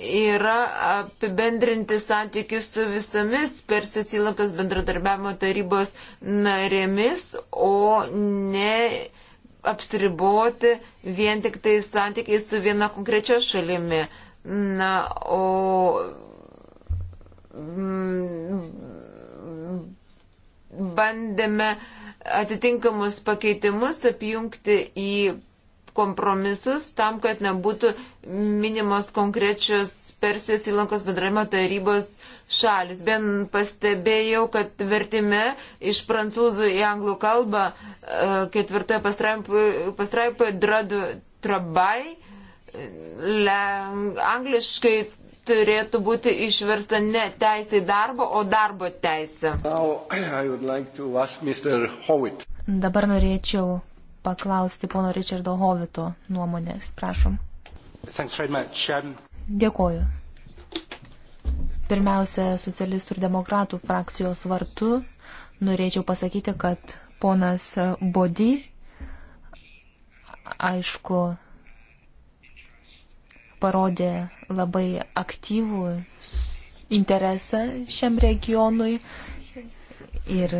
yra apibendrinti santykius su visomis Persijos įlankos bendradarbiavimo tarybos narėmis, o ne apsiriboti vien tik tai santykiai su viena konkrečia šalimi. Na, o mm, bandėme atitinkamus pakeitimus apjungti į kompromisus tam, kad nebūtų minimos konkrečios Persijos įlankos bendravimo tarybos šalis. Ben pastebėjau, kad vertime iš prancūzų į anglų kalbą e, ketvirtoje pastraipoje dradu trabai leng, angliškai turėtų būti išversta ne teisė į darbą, o darbo teisė. Like Dabar norėčiau paklausti pono Richardo Hovito nuomonės, prašom. Um... Dėkoju. Pirmiausia, socialistų ir demokratų frakcijos vartų norėčiau pasakyti, kad ponas Bodi, aišku, parodė labai aktyvų interesą šiam regionui ir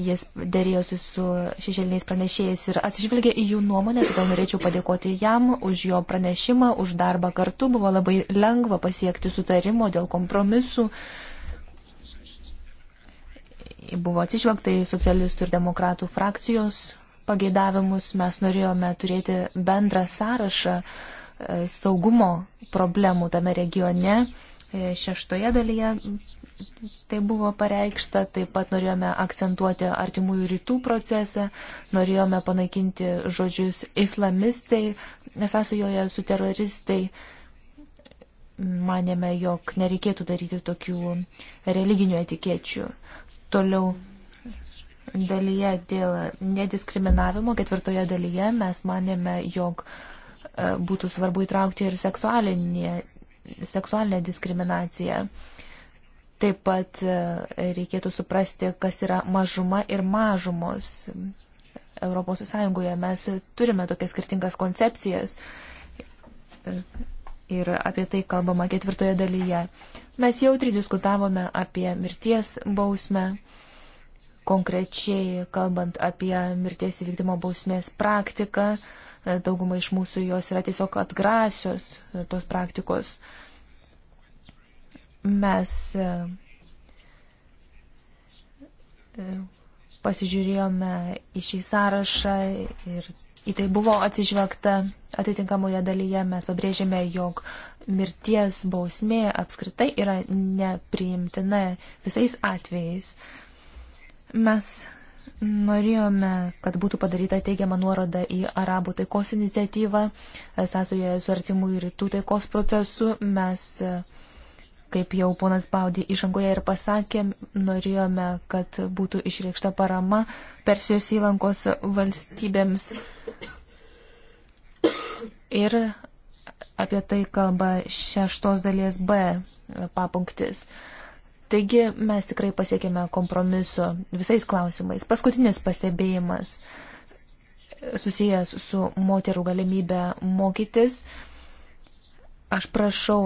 jis dėrėjosi su šešėliniais pranešėjais ir atsižvelgė į jų nuomonę, todėl norėčiau padėkoti jam už jo pranešimą, už darbą kartu. Buvo labai lengva pasiekti sutarimo dėl kompromisų. Buvo atsižvelgta į socialistų ir demokratų frakcijos pageidavimus, mes norėjome turėti bendrą sąrašą e, saugumo problemų tame regione. E, šeštoje dalyje tai buvo pareikšta, taip pat norėjome akcentuoti artimųjų rytų procesą, norėjome panaikinti žodžius islamistai, sąsajoje su teroristai manėme, jog nereikėtų daryti tokių religinių etikečių. Toliau dalyje dėl nediskriminavimo, ketvirtoje dalyje mes manėme, jog e, būtų svarbu įtraukti ir seksualinė, seksualinę diskriminaciją. Taip pat e, reikėtų suprasti, kas yra mažuma ir mažumos. Europos Sąjungoje mes turime tokias skirtingas koncepcijas e, ir apie tai kalbama ketvirtoje dalyje. Mes jautriai diskutavome apie mirties bausmę Konkrečiai kalbant apie mirties įvykdymo bausmės praktiką, e, dauguma iš mūsų jos yra tiesiog atgrasios e, tos praktikos. Mes e, pasižiūrėjome į šį sąrašą ir į tai buvo atsižvelgta atitinkamoje dalyje. Mes pabrėžėme, jog mirties bausmė apskritai yra nepriimtina visais atvejais. Uh, Mes norėjome, kad būtų padaryta teigiama nuoroda į Arabų taikos iniciatyvą, sąsoje su artimųjų rytų taikos procesu. Mes, kaip jau ponas Baudį išangoje ir pasakė, norėjome, kad būtų išreikšta parama Persijos įlankos valstybėms. Ir apie tai kalba šeštos dalies B papunktis. Taigi mes tikrai pasiekėme kompromisu visais klausimais. Paskutinis pastebėjimas susijęs su moterų galimybė mokytis. Aš prašau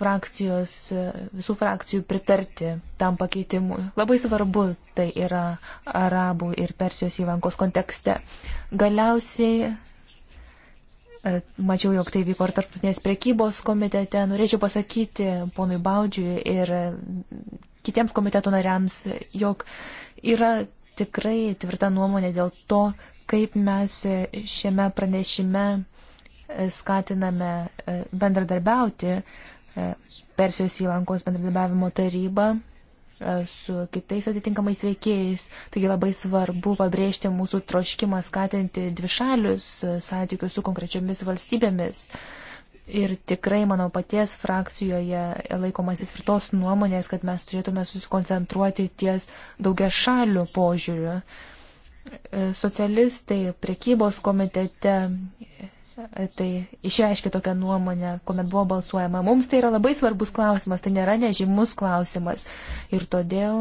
frakcijos, visų frakcijų pritarti tam pakeitimui. Labai svarbu tai yra arabų ir Persijos įvankos kontekste. Galiausiai E, mačiau, jog tai vyko ir tarptautinės priekybos komitete. Norėčiau pasakyti ponui Baudžiui ir kitiems komiteto nariams, jog yra tikrai tvirta nuomonė dėl to, kaip mes šiame pranešime e, skatiname e, bendradarbiauti Persijos įlankos bendradarbiavimo tarybą E, su kitais atitinkamais veikėjais. Taigi labai svarbu pabrėžti mūsų troškimą skatinti dvišalius e, santykius su konkrečiomis valstybėmis. Ir tikrai mano paties frakcijoje laikomas įtvirtos nuomonės, kad mes turėtume susikoncentruoti ties daugia šalių požiūriu. E, socialistai priekybos komitete E, tai išreiškė tokią nuomonę, kuomet buvo balsuojama. Mums tai yra labai svarbus klausimas, tai nėra nežymus klausimas. Ir todėl,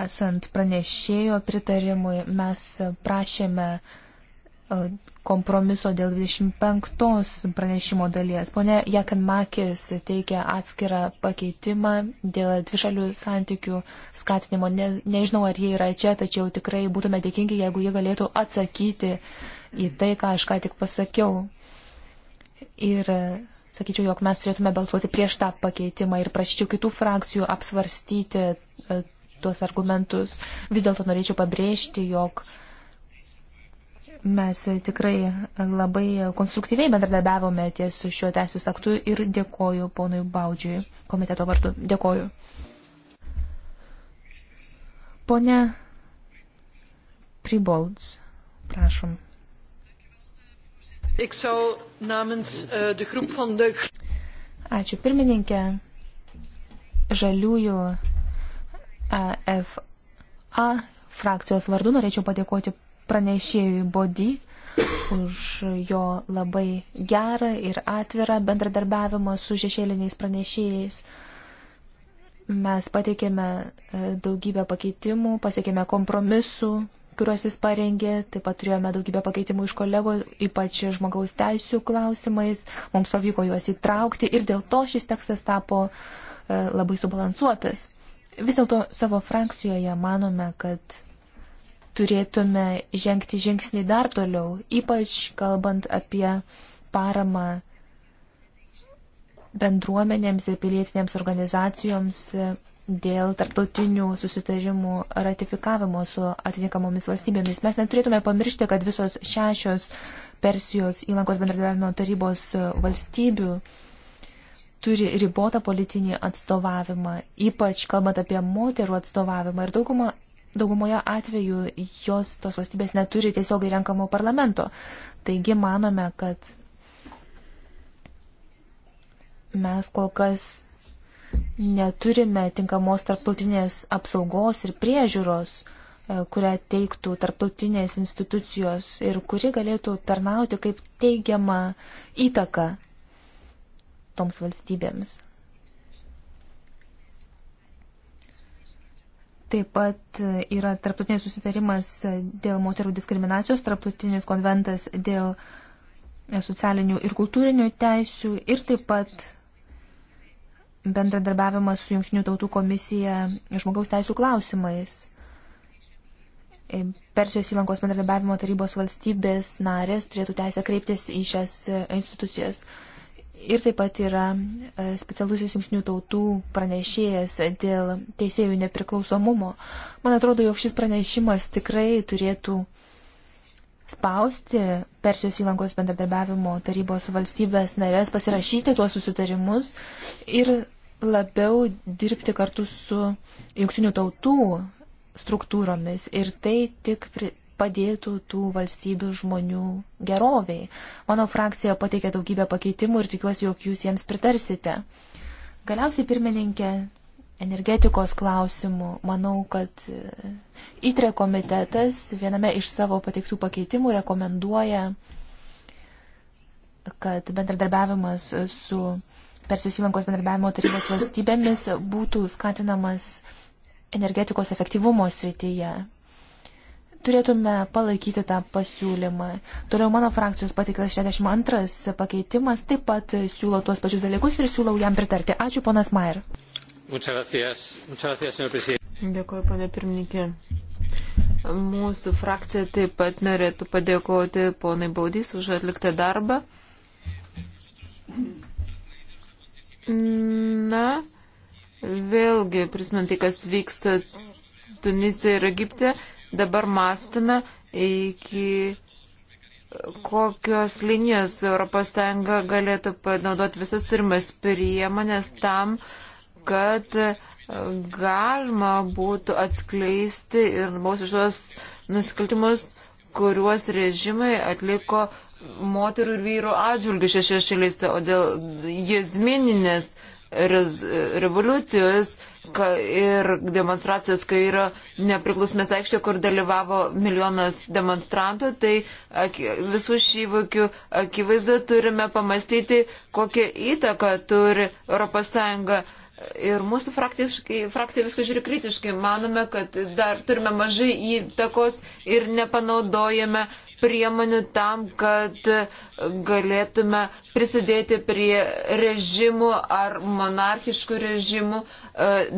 esant pranešėjo pritarimui, mes prašėme e, kompromiso dėl 25 pranešimo dalies. Pone Jakanmakis teikia atskirą pakeitimą dėl dvišalių santykių skatinimo. Ne, nežinau, ar jie yra čia, tačiau tikrai būtume dėkingi, jeigu jie galėtų atsakyti į tai, ką aš ką tik pasakiau. Ir sakyčiau, jog mes turėtume balsuoti prieš tą pakeitimą ir prašyčiau kitų frakcijų apsvarstyti e, tuos argumentus. Vis dėlto norėčiau pabrėžti, jog uh, Mes tikrai labai konstruktyviai bendradarbiavome ties šiuo teisės aktu ir dėkoju ponui Baudžiui komiteto vardu. Dėkoju. Pone Pribolds, prašom. Ik zou namens uh, de groep van de. Ačiū pirmininkė. Žaliųjų AFA eh, frakcijos vardu norėčiau padėkoti pranešėjui Bodį už jo labai gerą ir atvirą bendradarbiavimą su šešėliniais pranešėjais. Mes pateikėme e, daugybę pakeitimų, pasiekėme kompromisų, kuriuos jis parengė, taip pat turėjome daugybę pakeitimų iš kolego, ypač žmogaus teisų klausimais, mums pavyko juos įtraukti ir dėl to šis tekstas tapo e, labai subalansuotas. Vis dėlto savo frakcijoje manome, kad turėtume žengti žingsnį dar toliau, ypač kalbant apie paramą bendruomenėms ir pilietinėms organizacijoms dėl tarptautinių susitarimų ratifikavimo su atitinkamomis valstybėmis. Mes neturėtume pamiršti, kad visos šešios Persijos įlankos bendradarbiavimo tarybos valstybių turi ribotą politinį atstovavimą, ypač kalbant apie moterų atstovavimą. Ir dauguma daugumoje atvejų jos tos valstybės neturi tiesiogiai renkamo parlamento. Taigi manome, kad mes kol kas neturime tinkamos tarptautinės apsaugos ir priežiūros, e, kurią teiktų tarptautinės institucijos ir kuri galėtų tarnauti kaip teigiama įtaka toms valstybėms. Taip pat yra tarptautinis susitarimas dėl moterų diskriminacijos, tarptautinis konventas dėl socialinių ir kultūrinių teisių ir taip pat bendradarbiavimas su Junktinių tautų komisija žmogaus teisų klausimais. Persijos įlankos bendradarbiavimo tarybos valstybės narės turėtų teisę kreiptis į šias institucijas. Uh, Ir taip pat yra e, specialusis jungtinių tautų pranešėjas dėl teisėjų nepriklausomumo. Man atrodo, jog šis pranešimas tikrai turėtų spausti Persijos įlankos bendradarbiavimo tarybos valstybės narės pasirašyti tuos susitarimus ir labiau dirbti kartu su jungtinių tautų struktūromis. Ir tai tik pri padėtų tų valstybių žmonių geroviai. Mano frakcija pateikė daugybę pakeitimų ir tikiuosi, jog jūs jiems pritarsite. Galiausiai, pirmininkė, energetikos klausimų, manau, kad e, ITRE komitetas viename iš savo pateiktų pakeitimų rekomenduoja, kad bendradarbiavimas su Persijos įlankos bendradarbiavimo tarybos valstybėmis būtų skatinamas energetikos efektyvumo srityje turėtume palaikyti tą pasiūlymą. Toliau mano frakcijos patiktas 62 pakeitimas taip pat siūlo tuos pačius dalykus ir siūlau jam pritarti. Ačiū, ponas Mair. Dėkuoju, ponė pirmininkė. Mūsų frakcija taip pat norėtų padėkoti ponai Baudys už atliktą darbą. Na, vėlgi, prisimint tai, kas vyksta Tunise ir Egipte, dabar mąstame, iki kokios linijos ES galėtų panaudoti visas turimas priemonės tam, kad galima būtų atskleisti ir mūsų šios nusikaltimus, kuriuos režimai atliko moterų ir vyrų atžvilgių šešiose šalyse, o dėl jėzmininės revoliucijos ir demonstracijos, kai yra nepriklausomės aikštė, kur dalyvavo milijonas demonstrantų, tai visų šį įvykių akivaizdu turime pamastyti, kokią įtaką turi ES. Ir mūsų frakcija viską žiūri kritiškai. Manome, kad dar turime mažai įtakos ir nepanaudojame priemonių tam, kad galėtume prisidėti prie režimų ar monarchiškų režimų e,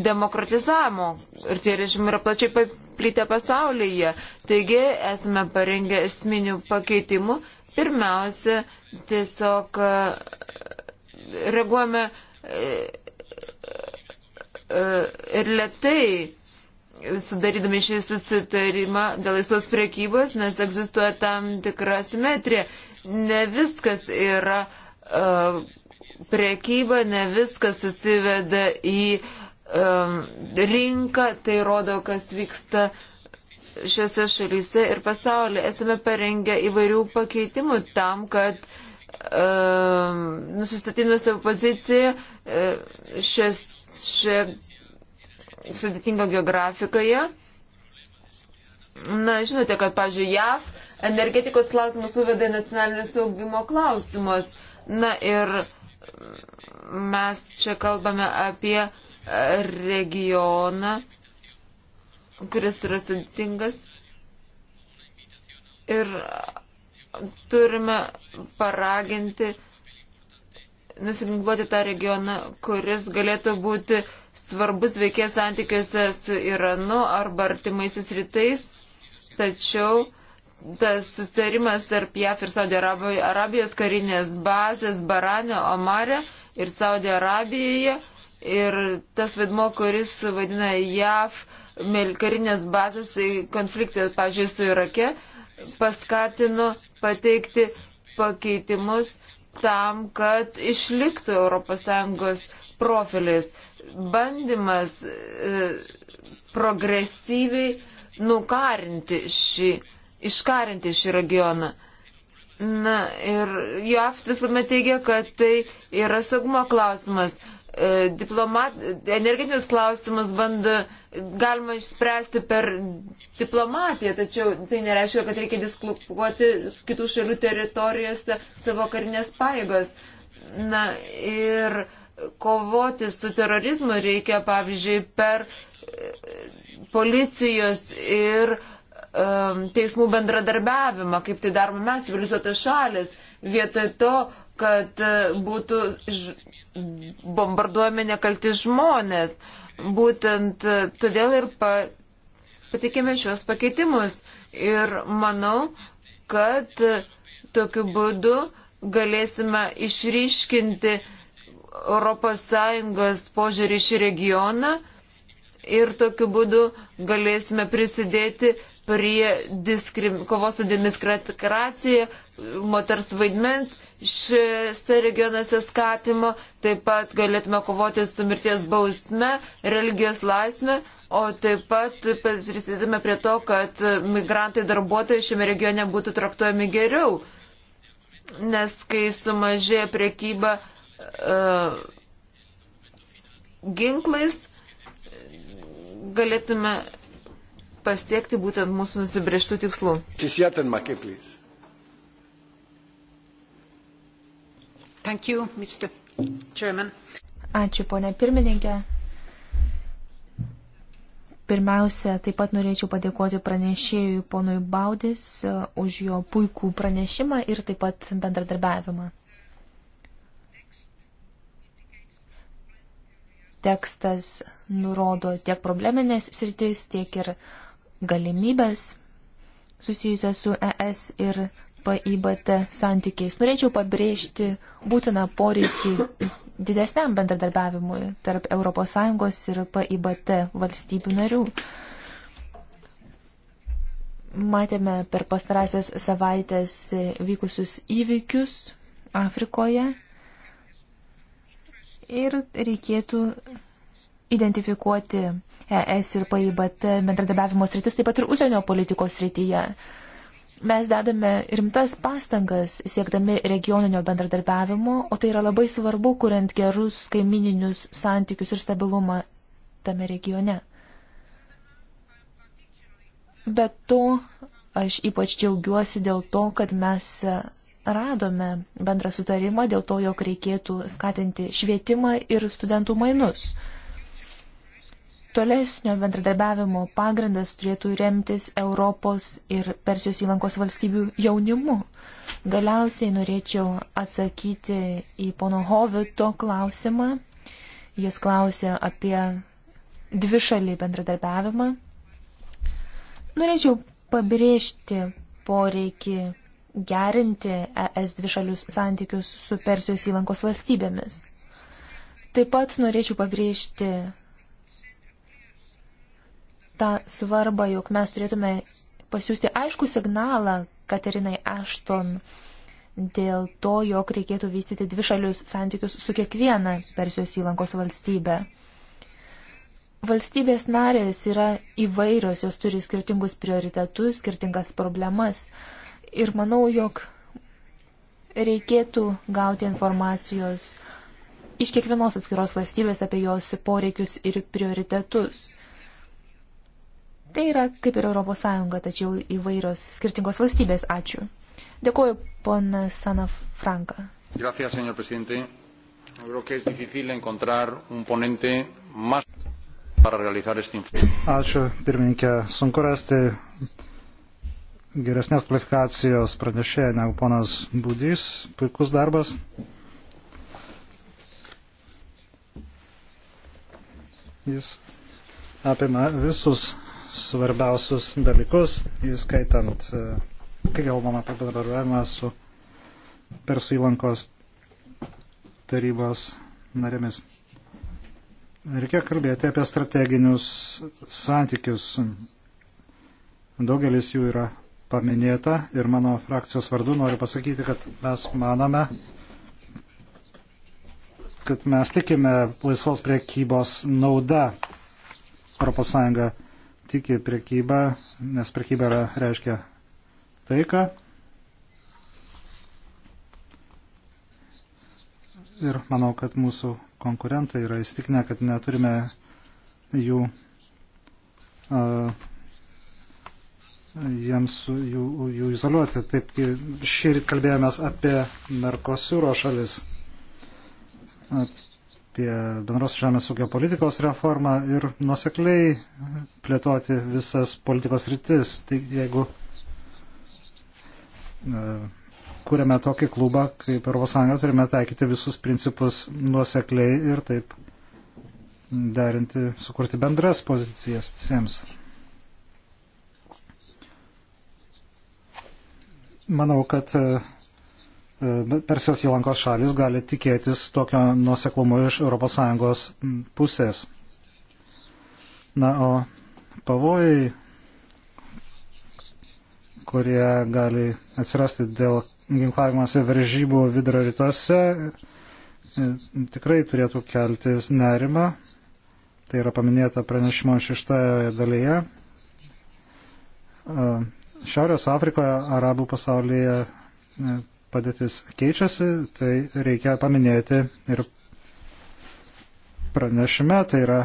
demokratizavimo. Ir tie režimai yra plačiai paplitę pasaulyje. Taigi esame parengę esminių pakeitimų. Pirmiausia, tiesiog e, reaguojame e, ir lietai sudarydami šį susitarimą dėl laisvos priekybos, nes egzistuoja tam tikra simetrija. Ne viskas yra uh, priekyba, ne viskas susiveda į um, rinką, tai rodo, kas vyksta šiuose šalyse ir pasaulyje. Esame parengę įvairių pakeitimų tam, kad um, e, nusistatytume savo poziciją uh, šias, šioje sudėtingo geografikoje. Na, žinote, kad, pavyzdžiui, JAV energetikos klausimus suveda į nacionalinio saugimo klausimus. Na ir mes čia kalbame apie e, regioną, kuris yra sudėtingas. Ir turime paraginti nusiginkluoti tą regioną, kuris galėtų būti uh, svarbus veikės santykiuose su Iranu arba artimaisiais rytais, tačiau tas sustarimas tarp JAF ir Saudo Arabijos karinės bazės Baranio, Omare ir Saudo Arabijoje ir tas vaidmo, kuris vadina JAF karinės bazės konfliktas, pavyzdžiui, su Irake, paskatino pateikti pakeitimus tam, kad išliktų ES profilis bandymas e, progresyviai nukarinti šį, iškarinti šį regioną. Na ir JAF visuomet teigia, kad tai yra saugumo klausimas. E, diplomat, energetinius klausimus bando galima išspręsti per diplomatiją, tačiau tai nereiškia, kad reikia diskutuoti kitų šalių teritorijose savo karinės paėgos. Na ir uh, kovoti su terorizmu reikia, pavyzdžiui, per e, policijos ir um, teismų bendradarbiavimą, kaip tai darome mes, civilizuotas šalis, vietoj to, kad e, būtų bombarduojami nekalti žmonės. Būtent todėl ir pa patikėme šios pakeitimus. Ir manau, kad tokiu būdu galėsime išryškinti uh, ES požiūrį šį regioną ir tokiu būdu galėsime prisidėti prie diskrim, kovos su diskriminacija, moters vaidmens šiuose regionuose skatimo, taip pat galėtume kovoti su mirties bausme, religijos laisvė, o taip pat prisidėtume prie to, kad migrantai darbuotojai šiame regione būtų traktuojami geriau, nes kai sumažėja priekyba uh, ginklais galėtume pasiekti būtent mūsų nusibrieštų tikslų. Thank you, Mr. Chairman. Ačiū, ponė pirmininkė. Pirmiausia, taip pat norėčiau padėkoti pranešėjui ponui Baudis e, už jo puikų pranešimą ir taip pat bendradarbiavimą. tekstas nurodo tiek probleminės sritis, tiek ir galimybės susijusias su ES ir PIBT santykiais. Norėčiau pabrėžti būtiną poreikį didesniam bendradarbiavimui tarp ES ir PIBT valstybių narių. Matėme per pastarąsias savaitės vykusius įvykius Afrikoje ir reikėtų identifikuoti ES ir PAIBT bendradarbiavimo sritis, taip pat ir užsienio politikos srityje. Mes dedame rimtas pastangas siekdami regioninio bendradarbiavimo, o tai yra labai svarbu, kuriant gerus kaimininius santykius ir stabilumą tame regione. Bet to aš ypač džiaugiuosi dėl to, kad mes radome bendrą sutarimą dėl to, jog reikėtų skatinti švietimą ir studentų mainus. Tolesnio bendradarbiavimo pagrindas turėtų remtis Europos ir Persijos įlankos valstybių jaunimu. Galiausiai norėčiau atsakyti į pono Hovito klausimą. Jis klausė apie dvišalį bendradarbiavimą. Norėčiau pabrėžti poreikį gerinti ES dvišalius santykius su Persijos įlankos valstybėmis. Taip pat norėčiau pabrėžti tą svarbą, jog mes turėtume pasiūsti aišku signalą Katerinai Ashton dėl to, jog reikėtų vystyti dvišalius santykius su kiekviena Persijos įlankos valstybė. Valstybės narės yra įvairios, jos turi skirtingus prioritetus, skirtingas problemas. Ir manau, jog reikėtų gauti informacijos iš kiekvienos atskiros valstybės apie jos poreikius ir prioritetus. Tai yra kaip ir ES, tačiau įvairios skirtingos valstybės. Ačiū. Dėkuoju, pon Sana Franka. Gracias, señor presidente. Creo que es difícil encontrar un ponente más para realizar este informe. Ačiū, pirmininkė. Sunku rasti geresnės kvalifikacijos pranešėja negu ponas Būdys. Puikus darbas. Jis apima visus svarbiausius dalykus, įskaitant, e, kai galvom apie bendradarbiavimą su Persų įlankos tarybos narėmis. Reikia kalbėti apie strateginius santykius. Daugelis jų yra paminėta ir mano frakcijos vardu noriu pasakyti, kad mes manome, kad mes tikime laisvos priekybos nauda. ES tiki priekybą, nes priekyba yra, reiškia taiką. Ir manau, kad mūsų konkurentai yra įstikinę, kad neturime jų uh, jiems jų, jų izoliuoti. Taip, šį rytą kalbėjomės apie Merkosiūro šalis, apie bendros žemės ūkio politikos reformą ir nusekliai plėtoti visas politikos rytis. Tai jeigu e, kuriame tokį klubą, kaip Europos Sąjunga, turime taikyti visus principus nuosekliai ir taip derinti, sukurti bendras pozicijas visiems. manau, kad e, e, Persijos įlankos šalis gali tikėtis tokio nuoseklumo iš ES pusės. Na, o pavojai, kurie gali atsirasti dėl ginklavimas ir varžybų vidurio rytuose, e, tikrai turėtų kelti nerimą. Tai yra paminėta pranešimo šeštoje dalyje Šiaurės Afrikoje, arabų pasaulyje e, padėtis keičiasi, tai reikia paminėti ir pranešime, tai yra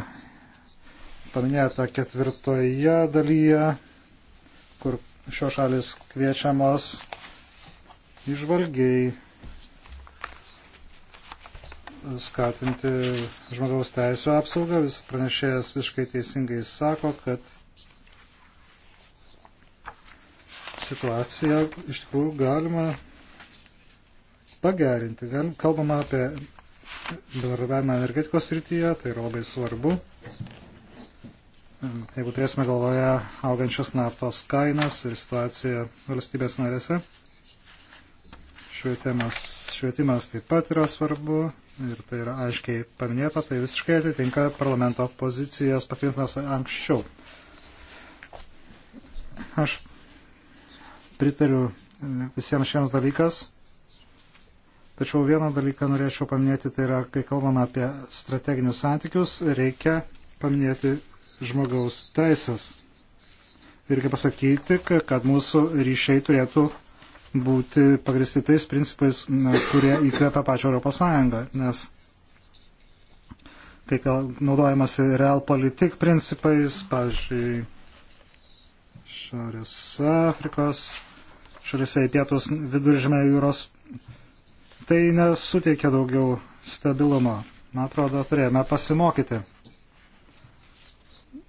paminėta ketvirtoje dalyje, kur šios šalis kviečiamos išvalgiai skatinti žmogaus teisų apsaugą. Vis pranešėjas visiškai teisingai sako, kad situaciją iš tikrųjų galima pagerinti. Galim, kalbama apie bendradarbiavimą energetikos srityje, tai yra labai svarbu. Jeigu turėsime galvoje augančias naftos kainas ir situaciją valstybės narėse, švietimas, švietimas taip pat yra svarbu ir tai yra aiškiai paminėta, tai visiškai atitinka parlamento pozicijas patvirtintas anksčiau. Aš pritariu e, visiems šiems dalykas. Tačiau vieną dalyką norėčiau paminėti, tai yra, kai kalbame apie strateginius santykius, reikia paminėti žmogaus teisės. Reikia pasakyti, kad mūsų ryšiai turėtų būti pagristi tais principais, kurie įkvėpia pačią Europos Sąjungą, nes kai naudojamasi realpolitik principais, pavyzdžiui, Šiaurės Afrikos šalise į pietus viduržėme jūros, tai nesuteikia daugiau stabilumo. Man atrodo, turėjome pasimokyti.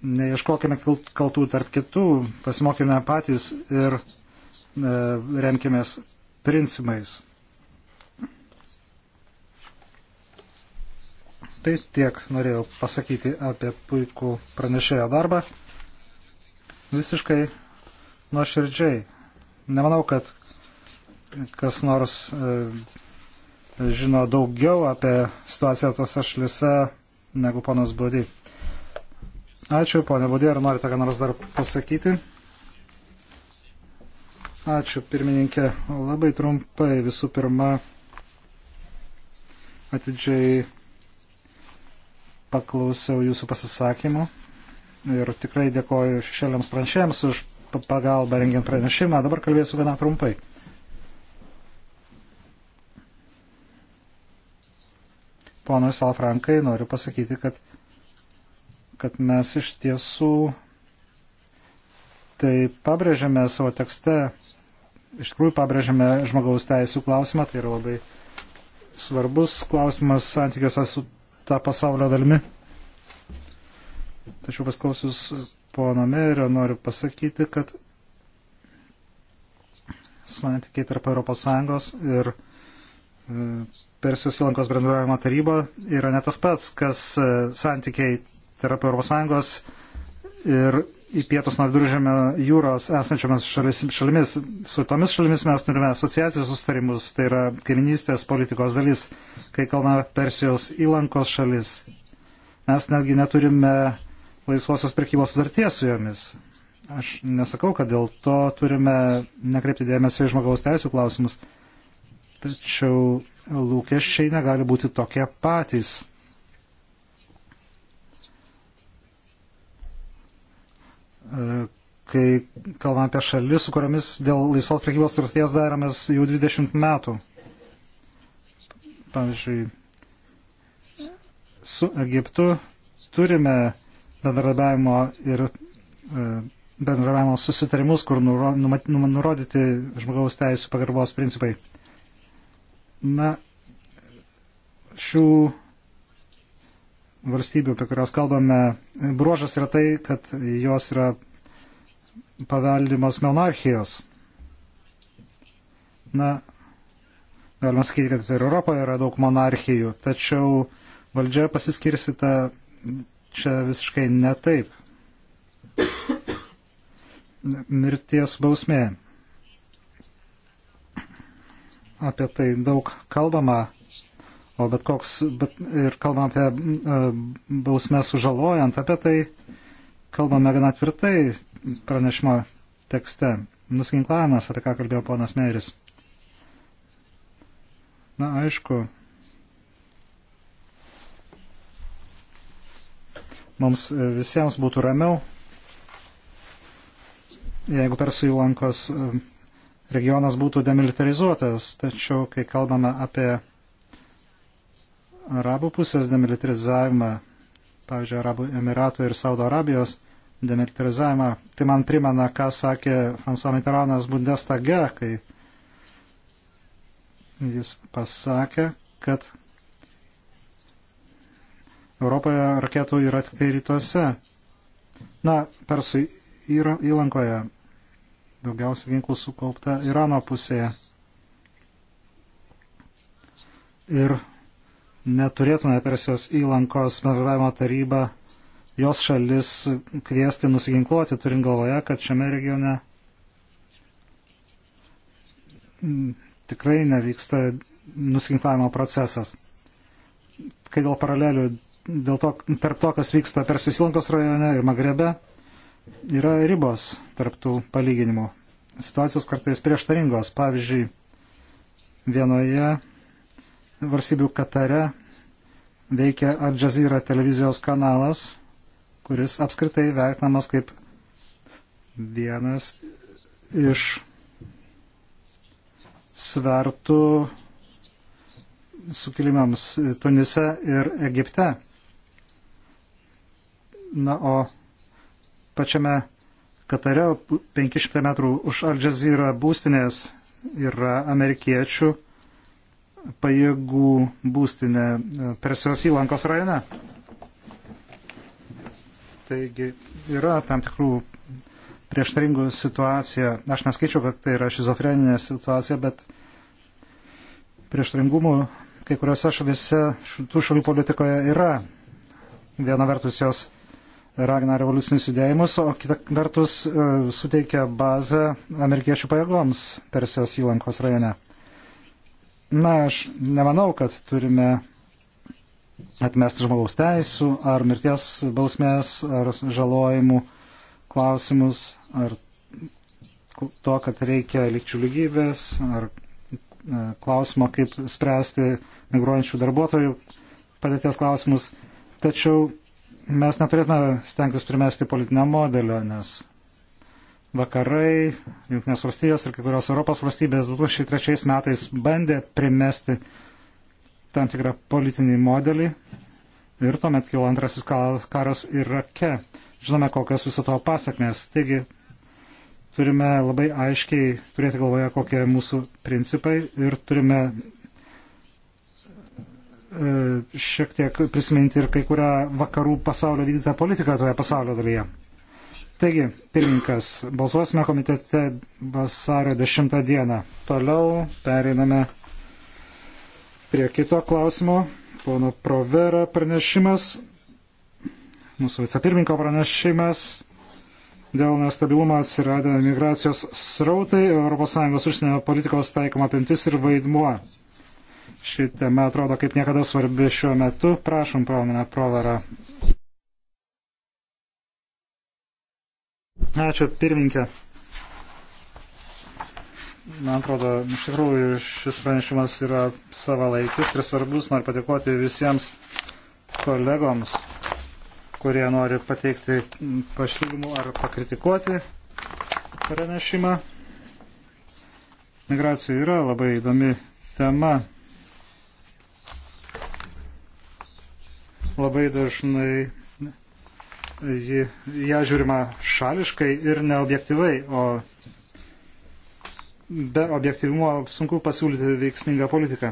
Neieškokime kaltų tarp kitų, pasimokime patys ir e, remkimės principais. Tai tiek norėjau pasakyti apie puikų pranešėjo darbą. Visiškai nuoširdžiai Nemanau, kad kas nors e, žino daugiau apie situaciją tose šalise negu ponas Budį. Ačiū, ponė Budė, ar norite ką nors dar pasakyti? Ačiū, pirmininkė. Labai trumpai visų pirma atidžiai paklausiau jūsų pasisakymų ir tikrai dėkoju šešėliams pranšėjams už pagalbą rengiant pranešimą. Dabar kalbėsiu gana trumpai. Ponui Salfrankai noriu pasakyti, kad, kad mes iš tiesų tai pabrėžiame savo tekste, iš tikrųjų pabrėžiame žmogaus teisų klausimą, tai yra labai svarbus klausimas santykiuose su tą pasaulio dalimi. Tačiau pasklausius pono Merio noriu pasakyti, kad santykiai tarp ES ir e, Persijos įlankos bendravimo taryba yra ne tas pats, kas e, santykiai tarp ES ir į pietus nuo viduržėmio jūros esančiamis šalis, šalimis. Su tomis šalimis mes turime asociacijos sustarimus, tai yra kaiminystės politikos dalis, kai kalbame Persijos įlankos šalis. Mes netgi neturime uh, laisvosios prekybos sutarties su jomis. Aš nesakau, kad dėl to turime nekreipti dėmesio į žmogaus teisų klausimus, tačiau lūkesčiai negali būti tokie patys. E, kai kalbame apie šalis, su kuriamis dėl laisvos prekybos sutarties daromės jau 20 metų. Pavyzdžiui, su Egiptu turime bendradarbiavimo ir e, bendradarbiavimo susitarimus, kur nurodyti žmogaus teisų pagarbos principai. Na, šių valstybių, apie kurias kalbame, bruožas yra tai, kad jos yra paveldimos monarchijos. Na, galima sakyti, kad ir Europoje yra daug monarchijų, tačiau valdžia pasiskirstyta čia visiškai netaip. Mirties bausmė. Apie tai daug kalbama, o bet koks, bet ir kalbam apie e, bausmę sužalojant, apie tai kalbame gana tvirtai pranešimo tekste. Nusiginklavimas, apie ką kalbėjo ponas Meiris. Na, aišku, mums e, visiems būtų ramiau, jeigu Persų įlankos e, regionas būtų demilitarizuotas. Tačiau, kai kalbame apie arabų pusės demilitarizavimą, pavyzdžiui, Arabų Emiratų ir Saudo Arabijos demilitarizavimą, tai man primena, ką sakė François Mitterrandas Bundestage, kai jis pasakė, kad Europoje raketų yra tik tai rytuose. Na, persų įlankoje daugiausia ginklų sukaupta Irano pusėje. Ir neturėtume Persijos įlankos bendravimo tarybą jos šalis kviesti nusiginkluoti, turint galvoje, kad šiame regione mm, tikrai nevyksta nusiginklavimo procesas. Kai dėl paralelių dėl to, tarp to, kas vyksta Persijos įlankos rajone ir Magrebe, yra ribos tarptų palyginimų. Situacijos kartais prieštaringos. Pavyzdžiui, vienoje varsybių Katare veikia Al Jazeera televizijos kanalas, kuris apskritai vertinamas kaip vienas iš svertų sukilimams Tunise ir Egipte. Na, o pačiame Katare, 500 metrų už Al Jazeera būstinės, yra amerikiečių pajėgų būstinė e, Persijos įlankos rajone. Taigi yra tam tikrų prieštaringų situacijų. Aš neskaičiau, kad tai yra šizofreninė situacija, bet prieštaringumų kai kuriuose šalise, tų šalių politikoje yra. Viena vertus jos ragina revoliucinius judėjimus, o kitą vertus e, suteikia bazę amerikiečių pajėgoms Persijos įlankos rajone. Na, aš nemanau, kad turime atmesti žmogaus teisų ar mirties bausmės ar žalojimų klausimus ar to, kad reikia lygčių lygybės ar e, klausimo, kaip spręsti migruojančių darbuotojų padėties klausimus. Tačiau Mes neturėtume stengtis primesti politinio modelio, nes vakarai, Junktinės valstijos ir kai kurios Europos valstybės 2003 metais bandė primesti tam tikrą politinį modelį ir tuomet kilo antrasis karas Irake. Žinome, kokios viso to pasakmės. Taigi turime labai aiškiai turėti galvoje, kokie mūsų principai ir turime E, šiek tiek prisiminti ir kai kurią vakarų pasaulio vykdytą politiką toje pasaulio dalyje. Taigi, pirmininkas, balsuosime komitete vasario 10 dieną. Toliau pereiname prie kito klausimo. Pono Provera pranešimas, mūsų vicepirmininko pranešimas dėl nestabilumo atsiradę migracijos srautai, ES užsienio politikos taikoma apimtis ir vaidmuo ši tema atrodo kaip niekada svarbi šiuo metu. Prašom, Promena Provara. Ačiū, pirminkė. Man atrodo, iš tikrųjų šis pranešimas yra savalaikis ir svarbus. Noriu padėkoti visiems kolegoms, kurie nori pateikti pasiūlymų ar pakritikuoti pranešimą. Migracija yra labai įdomi tema. labai dažnai ji, ją žiūrima šališkai ir neobjektyvai, o be objektyvumo sunku pasiūlyti veiksmingą politiką.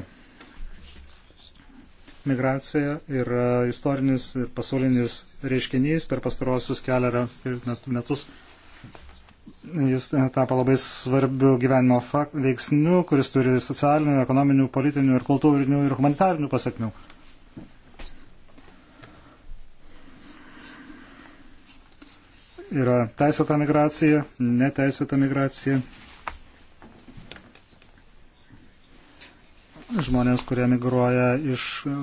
Migracija yra istorinis ir pasaulinis reiškinys per pastarosius keliarą metus. Jis tapo labai svarbiu gyvenimo veiksniu, kuris turi socialinių, ekonominių, politinių ir kultūrinių ir humanitarinių pasiekmių. yra teisėta migracija, neteisėta migracija. Žmonės, kurie migruoja iš e,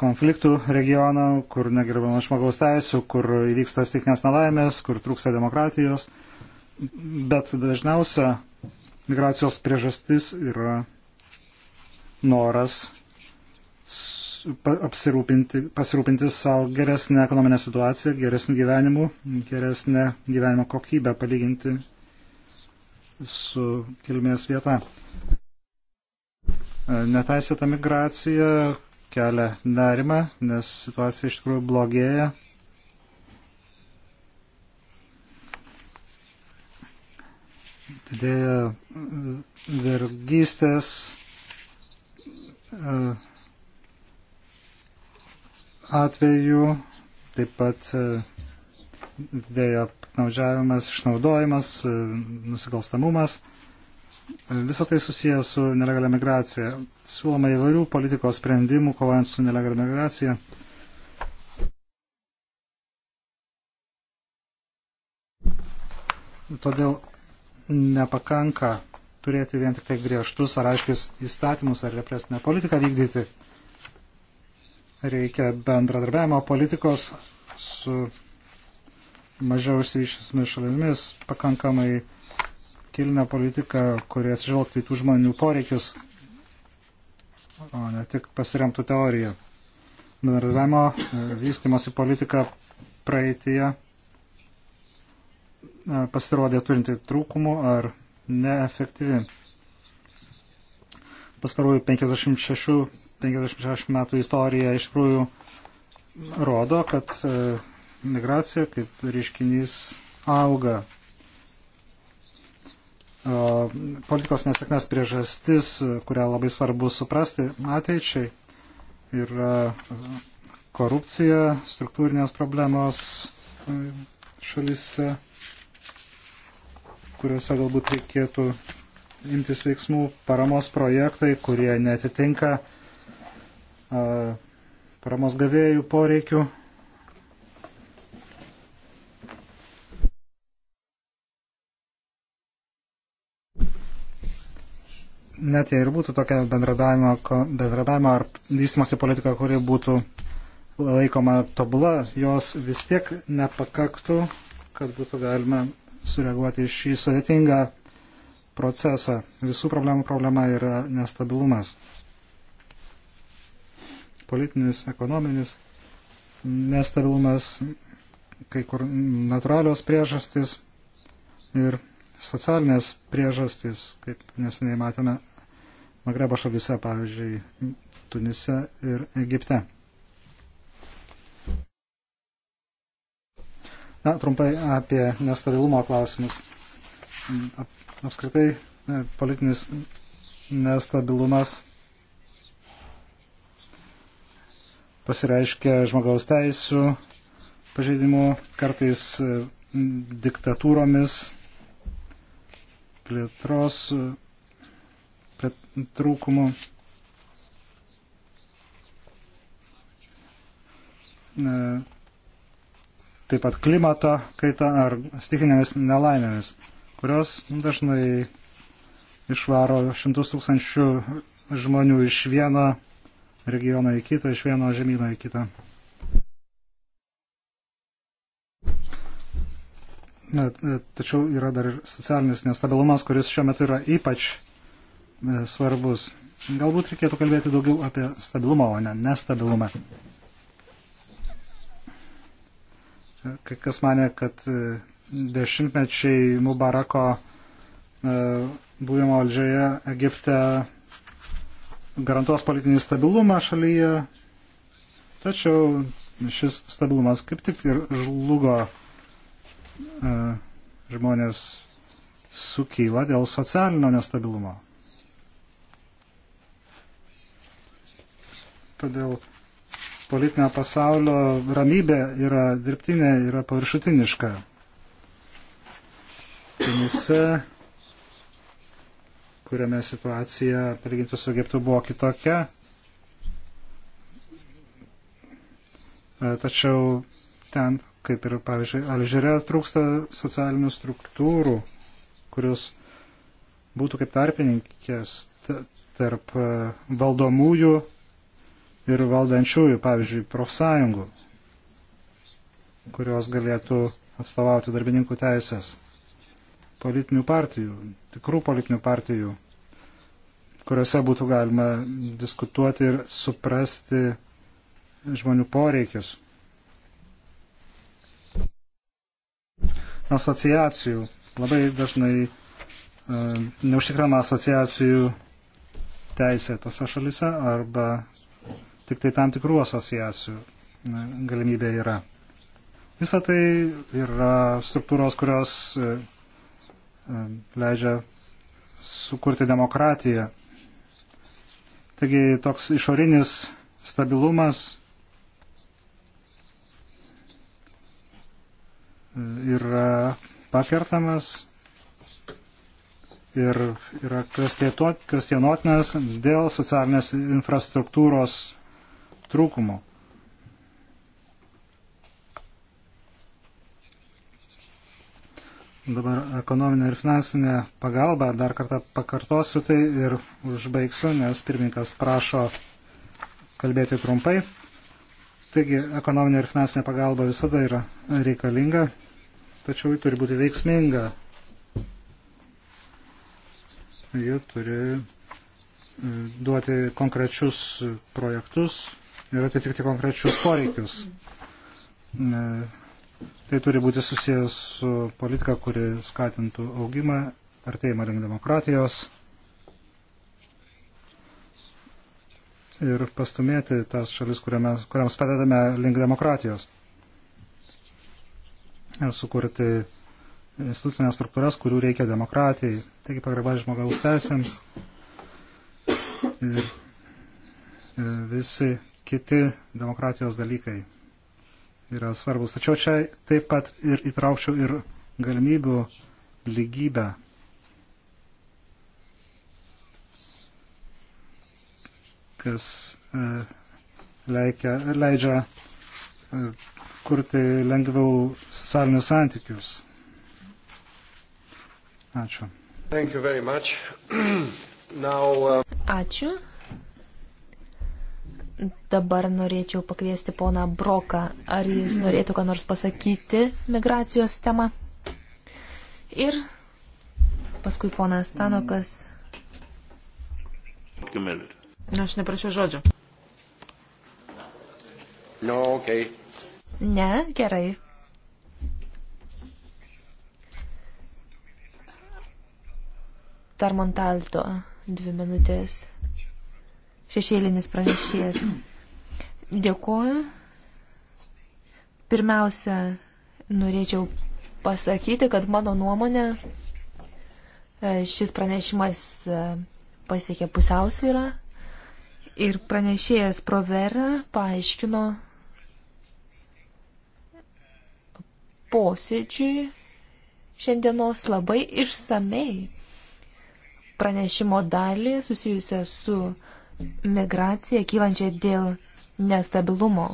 konfliktų regionų, kur negerbama žmogaus teisų, kur įvyksta stiknės nelaimės, kur trūksta demokratijos. Bet dažniausia migracijos priežastis yra noras pasirūpinti savo geresnę ekonominę situaciją, geresnių gyvenimų, geresnę gyvenimo kokybę palyginti su kilmės vieta. E, neteisėta migracija kelia nerimą, nes situacija iš tikrųjų blogėja. Didėja e, vergystės. Uh, atvejų, taip pat e, dėja naudžiavimas, išnaudojimas, e, nusikalstamumas. E, Visą tai susiję su nelegalia migracija. Siūloma įvairių politikos sprendimų kovojant su nelegalia migracija. Todėl nepakanka turėti vien tik tai griežtus ar aiškius įstatymus ar represinę politiką vykdyti reikia bendradarbiavimo politikos su mažiau išsivyščiusiamis šalimis, pakankamai kilnę politiką, kurie atsižvelgtų į tų žmonių poreikius, o ne tik pasiremtų teoriją. Bendradarbiavimo e, vystimosi politika praeitie e, pasirodė turinti trūkumų ar neefektyvi. Pastarųjų 56 56 metų istorija iš tikrųjų rodo, kad e, migracija kaip reiškinys auga. Politikos nesėkmės priežastis, kurią labai svarbu suprasti ateičiai, yra korupcija, struktūrinės problemos e, šalise, kuriuose galbūt reikėtų imtis veiksmų, paramos projektai, kurie netitinka paramos gavėjų poreikių. Net jei ir būtų tokia bendradavimo, bendradavimo ar vystimosi politika, kuri būtų laikoma tobula, jos vis tiek nepakaktų, kad būtų galima sureaguoti iš šį sudėtingą procesą. Visų problemų problema yra nestabilumas politinis, ekonominis nestabilumas, kai kur natūralios priežastys ir socialinės priežastys, kaip neseniai matėme Magrebo šalyse, pavyzdžiui, Tunise ir Egipte. Na, trumpai apie nestabilumo klausimus. Apskritai, e, politinis nestabilumas pasireiškia žmogaus teisų pažeidimų, kartais e, diktatūromis, plėtros e, trūkumu. E, taip pat klimato kaita ar stikinėmis nelaimėmis, kurios dažnai išvaro šimtus tūkstančių žmonių iš vieno regioną į kitą, iš vieno žemyną į kitą. Na, e, tačiau yra dar ir socialinis nestabilumas, kuris šiuo metu yra ypač e, svarbus. Galbūt reikėtų kalbėti daugiau apie stabilumą, o ne nestabilumą. E, kai kas mane, kad dešimtmečiai Mubarako buvimo valdžioje Egipte garantuos politinį stabilumą šalyje, tačiau šis stabilumas kaip tik ir žlugo e, žmonės sukyla dėl socialinio nestabilumo. Todėl politinio pasaulio ramybė yra dirbtinė, yra paviršutiniška. Tunise kuriame situacija, palyginti su Egiptu, buvo kitokia. E, tačiau ten, kaip ir, pavyzdžiui, Alžyre trūksta socialinių struktūrų, kurios būtų kaip tarpininkės tarp e, valdomųjų ir valdančiųjų, pavyzdžiui, profsąjungų, kurios galėtų atstovauti darbininkų teisės politinių partijų, tikrų politinių partijų, kuriuose būtų galima diskutuoti ir suprasti žmonių poreikius. Asociacijų. Labai dažnai e, neužtikrama asociacijų teisė tose šalise arba tik tai tam tikrų asociacijų galimybė yra. Visą tai yra struktūros, kurios e, leidžia sukurti demokratiją. Taigi toks išorinis stabilumas yra pakertamas ir yra kvestionuotinas dėl socialinės infrastruktūros trūkumo. Dabar ekonominė ir finansinė pagalba, dar kartą pakartosiu tai ir užbaigsiu, nes pirmininkas prašo kalbėti trumpai. Taigi, ekonominė ir finansinė pagalba visada yra reikalinga, tačiau ji turi būti veiksminga. Ji turi e, duoti konkrečius projektus ir atitikti konkrečius poreikius. Tai turi būti susijęs su politika, kuri skatintų augimą, artėjimą link demokratijos ir pastumėti tas šalis, kuriame, kuriams padedame link demokratijos ir sukurti institucinės struktūras, kurių reikia demokratijai. Taigi pagarba žmogaus teisėms ir visi kiti demokratijos dalykai yra svarbus. Tačiau čia taip pat ir įtraukčiau ir galimybių lygybę. kas e, leikia, leidžia e, kurti lengviau socialinius santykius. Ačiū. Now, uh... Ačiū. Dabar norėčiau pakviesti poną Broką, ar jis norėtų ką nors pasakyti migracijos tema. Ir paskui ponas Stanokas. Aš neprašiau žodžio. No, okay. Ne, gerai. Tarmontalto, dvi minutės šešėlinis pranešėjas. Dėkuoju. Pirmiausia, norėčiau pasakyti, kad mano nuomonė e, šis pranešimas e, pasiekė pusiausvyrą ir pranešėjas Provera paaiškino posėdžiui šiandienos labai išsamei pranešimo dalį susijusią su uh, migraciją kylančią dėl nestabilumo.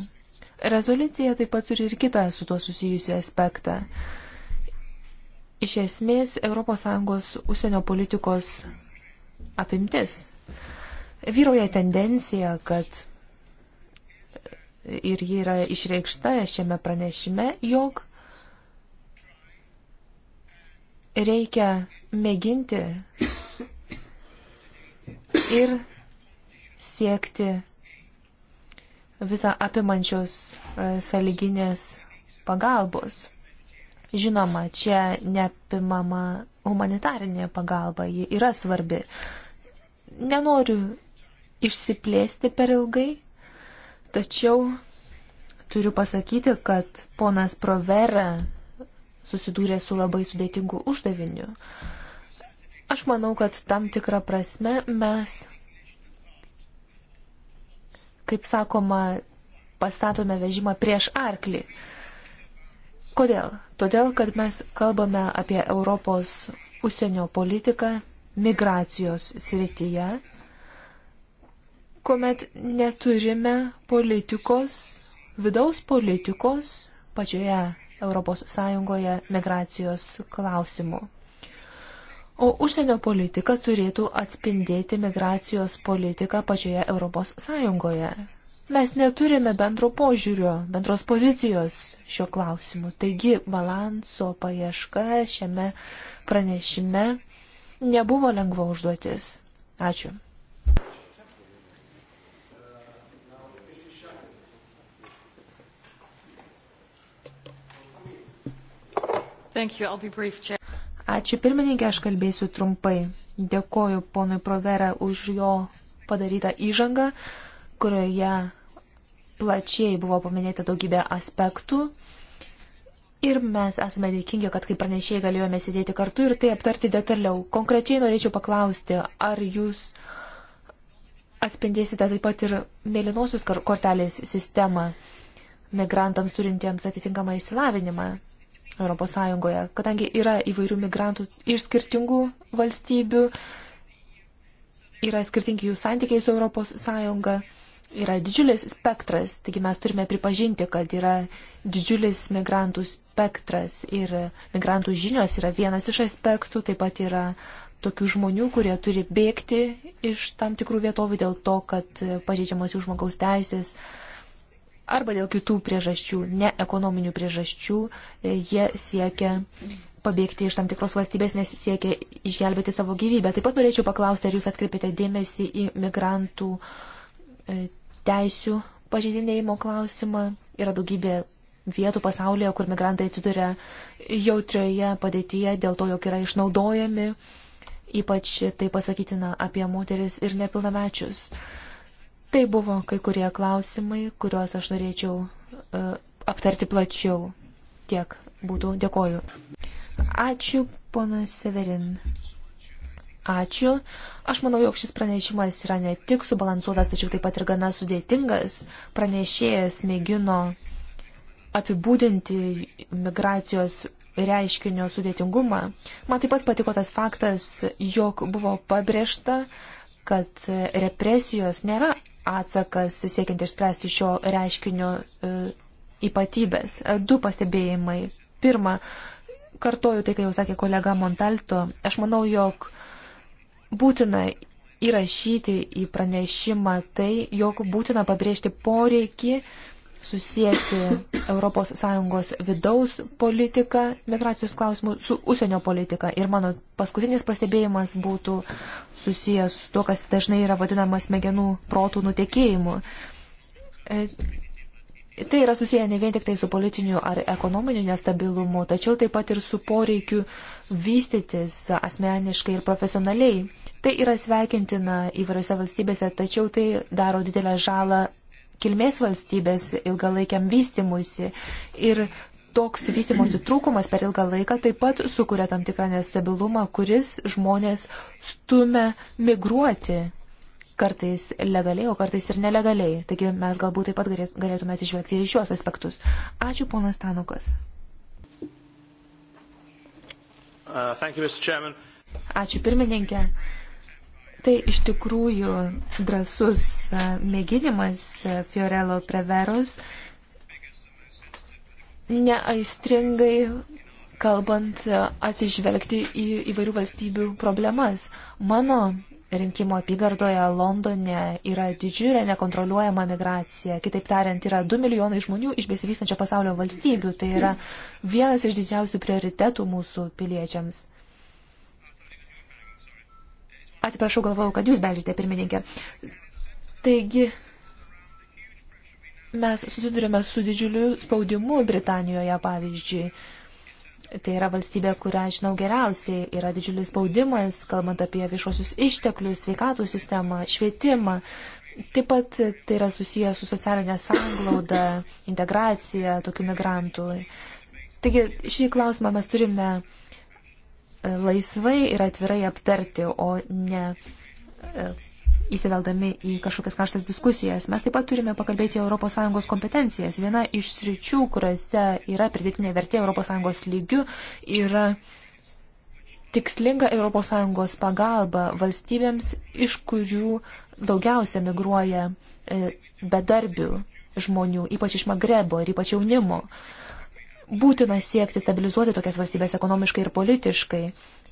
Rezoliucija taip pat turi ir kitą su tuo susijusią aspektą. Iš esmės, ES užsienio politikos apimtis. Vyroja tendencija, kad ir ji yra išreikšta šiame pranešime, jog reikia mėginti ir siekti visą apimančios e, saliginės pagalbos. Žinoma, čia neapimama humanitarinė pagalba, ji yra svarbi. Nenoriu išsiplėsti per ilgai, tačiau turiu pasakyti, kad ponas Provera susidūrė su labai sudėtingu uždaviniu. Aš manau, kad tam tikrą prasme mes kaip sakoma, pastatome vežimą prieš arklį. Kodėl? Todėl, kad mes kalbame apie Europos užsienio politiką migracijos srityje, kuomet neturime politikos, vidaus politikos pačioje ES migracijos klausimų. O užsienio politika turėtų atspindėti migracijos politiką pačioje Europos Sąjungoje. Mes neturime bendro požiūrio, bendros pozicijos šiuo klausimu. Taigi balanso paieška šiame pranešime nebuvo lengva užduotis. Ačiū. Thank you. I'll be brief, Chair. Ačiū pirmininkė, aš kalbėsiu trumpai. Dėkoju ponui Provera už jo padarytą įžangą, kurioje plačiai buvo paminėta daugybė aspektų. Ir mes esame dėkingi, kad kaip pranešėjai galėjome sėdėti kartu ir tai aptarti detaliau. Konkrečiai norėčiau paklausti, ar jūs atspindėsite taip pat ir mėlynosios kortelės sistemą migrantams turintiems atitinkamą išsilavinimą. ES, kadangi yra įvairių migrantų iš skirtingų valstybių, yra skirtingi jų santykiai su ES, yra didžiulis spektras, taigi mes turime pripažinti, kad yra didžiulis migrantų spektras ir migrantų žinios yra vienas iš aspektų, taip pat yra tokių žmonių, kurie turi bėgti iš tam tikrų vietovių dėl to, kad pažeidžiamos jų žmogaus teisės, arba dėl kitų priežasčių, ne ekonominių priežasčių, e, jie siekia pabėgti iš tam tikros valstybės, nes siekia išgelbėti savo gyvybę. Taip pat norėčiau paklausti, ar jūs atkreipėte dėmesį į migrantų e, teisių pažydinėjimo klausimą. Yra daugybė vietų pasaulyje, kur migrantai atsiduria jautrioje padėtyje dėl to, jog yra išnaudojami. Ypač tai pasakytina apie moteris ir nepilnamečius. Uh, Tai buvo kai kurie klausimai, kuriuos aš norėčiau uh, aptarti plačiau. Tiek būtų. Dėkoju. Ačiū, ponas Severin. Ačiū. Aš manau, jog šis pranešimas yra ne tik subalansuotas, tačiau taip pat ir gana sudėtingas. Pranešėjas mėgino apibūdinti migracijos reiškinio sudėtingumą. Man taip pat patiko tas faktas, jog buvo pabrėžta, kad represijos nėra atsakas siekiant išspręsti šio reiškinio e, ypatybės. E, du pastebėjimai. Pirma, kartoju tai, ką jau sakė kolega Montalto, aš manau, jog būtina įrašyti į pranešimą tai, jog būtina pabrėžti poreikį uh, susijęti ES vidaus politiką migracijos klausimų su užsienio politika. Ir mano paskutinis pastebėjimas būtų susijęs su to, kas dažnai yra vadinamas smegenų protų nutekėjimu. E, tai yra susiję ne vien tik tai su politiniu ar ekonominiu nestabilumu, tačiau taip pat ir su poreikiu vystytis asmeniškai ir profesionaliai. Tai yra sveikintina įvairiose valstybėse, tačiau tai daro didelę žalą kilmės valstybės ilgalaikiam vystimuisi. Ir toks vystimosi trūkumas per ilgą laiką taip pat sukuria tam tikrą nestabilumą, kuris žmonės stumia migruoti kartais legaliai, o kartais ir nelegaliai. Taigi mes galbūt taip pat galėtume atsižvelgti ir šios aspektus. Ačiū, ponas Tanukas. Uh, you, Ačiū, pirmininkė. Tai iš tikrųjų drasus e, mėginimas e, Fiorello Preveros, neaistringai kalbant, e, atsižvelgti į įvairių valstybių problemas. Mano rinkimo apygardoje Londone yra didžiulė nekontroliuojama migracija. Kitaip tariant, yra 2 milijonai žmonių iš besivystančio pasaulio valstybių. Tai yra vienas iš didžiausių prioritetų mūsų piliečiams. Atsiprašau, galvojau, kad jūs beldžiate pirmininkė. Taigi, mes susidurime su didžiuliu spaudimu Britanijoje, pavyzdžiui. Tai yra valstybė, kurią žinau geriausiai. Yra didžiulis spaudimas, kalbant apie viešuosius išteklius, sveikatų sistemą, švietimą. Taip pat tai yra susijęs su socialinė sanglauda, integracija tokių migrantų. Taigi šį klausimą mes turime E, laisvai ir atvirai aptarti, o ne e, įsiveldami į kažkokias karštas diskusijas. Mes taip pat turime pakalbėti ES kompetencijas. Viena iš sričių, kuriuose yra pridėtinė vertė ES lygių, yra tikslinga ES pagalba valstybėms, iš kurių daugiausia migruoja e, bedarbių žmonių, ypač iš Magrebo ir ypač jaunimo. Uh, būtina siekti stabilizuoti tokias valstybės ekonomiškai ir politiškai.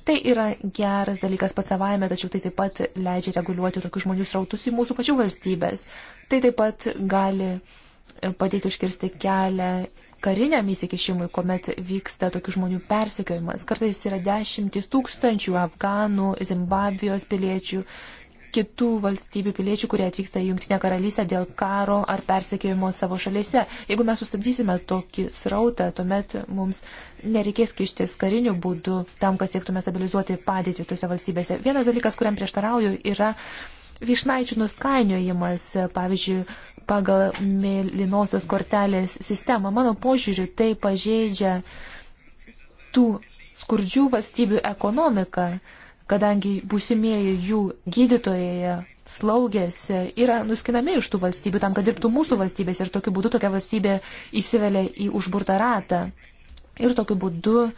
Tai yra geras dalykas pats savaime, tačiau tai taip pat leidžia reguliuoti tokių žmonių srautus į mūsų pačių valstybės. Tai taip pat gali e, padėti užkirsti kelią kariniam įsikišimui, kuomet vyksta tokių žmonių persekiojimas. Kartais yra dešimtis tūkstančių afganų, Zimbabvijos piliečių, kitų valstybių piliečių, kurie atvyksta į Junktinę karalystę dėl karo ar persekiojimo savo šalyse. Jeigu mes sustabdysime tokį srautą, tuomet mums nereikės kištis kariniu būdu tam, kad siektume stabilizuoti padėtį tose valstybėse. Vienas dalykas, kuriam prieštarauju, yra vyšnaičių nuskainiojimas, pavyzdžiui, pagal mėlynosios kortelės sistemą. Mano požiūriu, tai pažeidžia tų skurdžių valstybių ekonomiką kadangi būsimieji jų gydytojai, slaugės yra nuskinami iš tų valstybių tam, kad dirbtų mūsų valstybės ir tokiu būdu tokia valstybė įsivelia į užburtą ratą. Ir tokiu būdu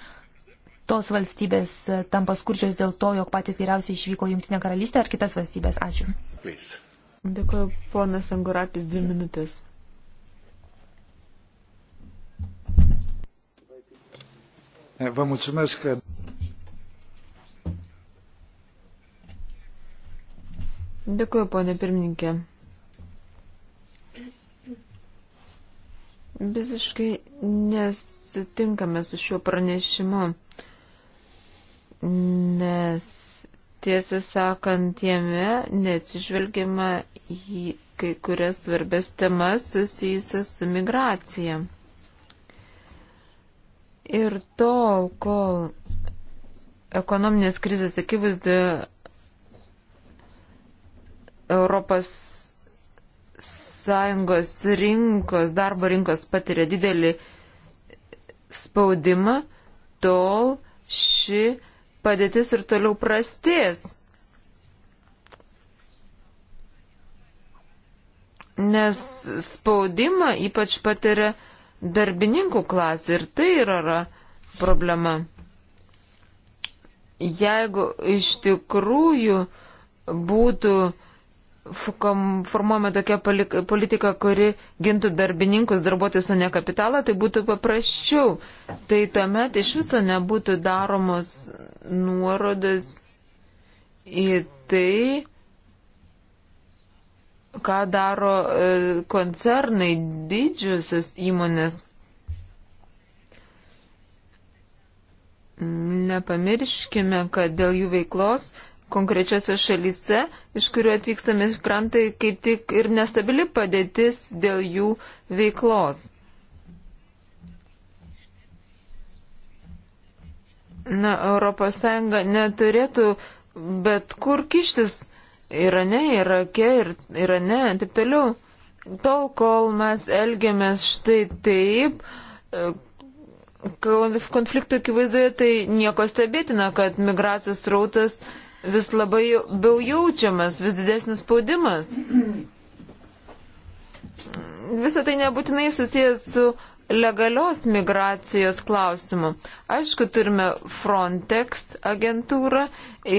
tos valstybės tampa skurdžios dėl to, jog patys geriausiai išvyko Junktinę karalystę ar kitas valstybės. Ačiū. Please. Dėkuoju, ponas Anguratis, dvi minutės. Vă mulțumesc, Dėkuoju, ponė pirmininkė. Visiškai nesutinkame su šiuo pranešimu, nes tiesą sakant, jame neatsižvelgiama į kai kurias svarbės temas susijusias su migracija. Ir tol, kol ekonominės krizės akivaizdoje Europos Sąjungos rinkos, darbo rinkos patiria didelį spaudimą, tol ši padėtis ir toliau prastės. Nes spaudimą ypač patiria darbininkų klasė ir tai yra problema. Jeigu iš tikrųjų būtų uh, formuojame tokią politiką, kuri gintų darbininkus, darbuotojus, o ne kapitalą, tai būtų paprasčiau. Tai tuomet iš viso nebūtų daromos nuorodas į tai, ką daro e, koncernai, didžiosios įmonės. Nepamirškime, kad dėl jų veiklos konkrečiose šalyse, iš kurių atvyksta migrantai, kaip tik ir nestabili padėtis dėl jų veiklos. Na, ES neturėtų bet kur kištis Irane, Irake ir Irane, taip toliau. Tol, kol mes elgiamės štai taip, e, konflikto akivaizdoje, tai nieko stebėtina, kad migracijos rautas uh, vis labai jau jaučiamas, vis didesnis spaudimas. Visą tai nebūtinai susijęs su legalios migracijos klausimu. Aišku, turime Frontex agentūrą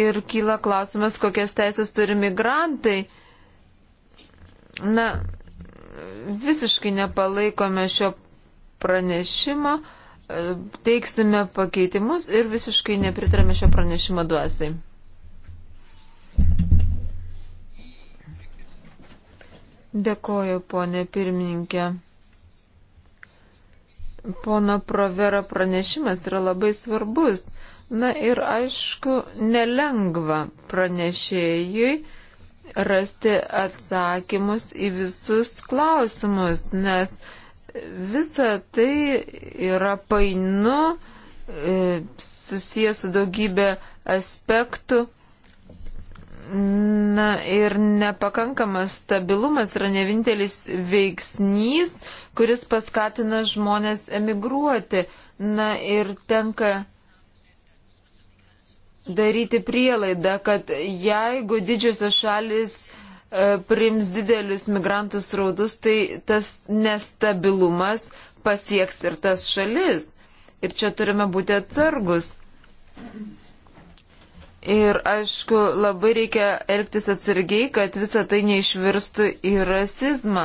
ir kyla klausimas, kokias teisės turi migrantai. Na, visiškai nepalaikome šio pranešimo, teiksime pakeitimus ir visiškai nepritarėme šio pranešimo duosiai. Dėkoju, ponė pirmininkė. Pono Provera pranešimas yra labai svarbus. Na ir aišku, nelengva pranešėjui rasti atsakymus į visus klausimus, nes visa tai yra painu, e, susijęs su daugybė aspektų Na ir nepakankamas stabilumas yra ne vienintelis veiksnys, kuris paskatina žmonės emigruoti. Na ir tenka daryti prielaidą, kad jeigu didžiosios šalis e, priims didelius migrantus raudus, tai tas nestabilumas pasieks ir tas šalis. Ir čia turime būti atsargus. Ir aišku, labai reikia elgtis atsargiai, kad visa tai neišvirstų į rasizmą.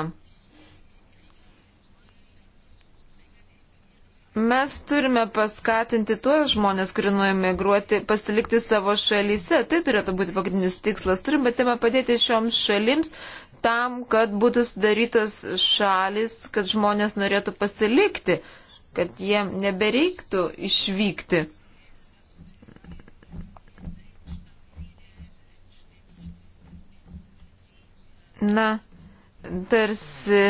Mes turime paskatinti tuos žmonės, kurie nuėmė migruoti, pasilikti savo šalyse. Tai turėtų būti pagrindinis tikslas. Turime temą padėti šioms šalims tam, kad būtų sudarytos šalis, kad žmonės norėtų pasilikti, kad jiem nebereiktų išvykti. na, tarsi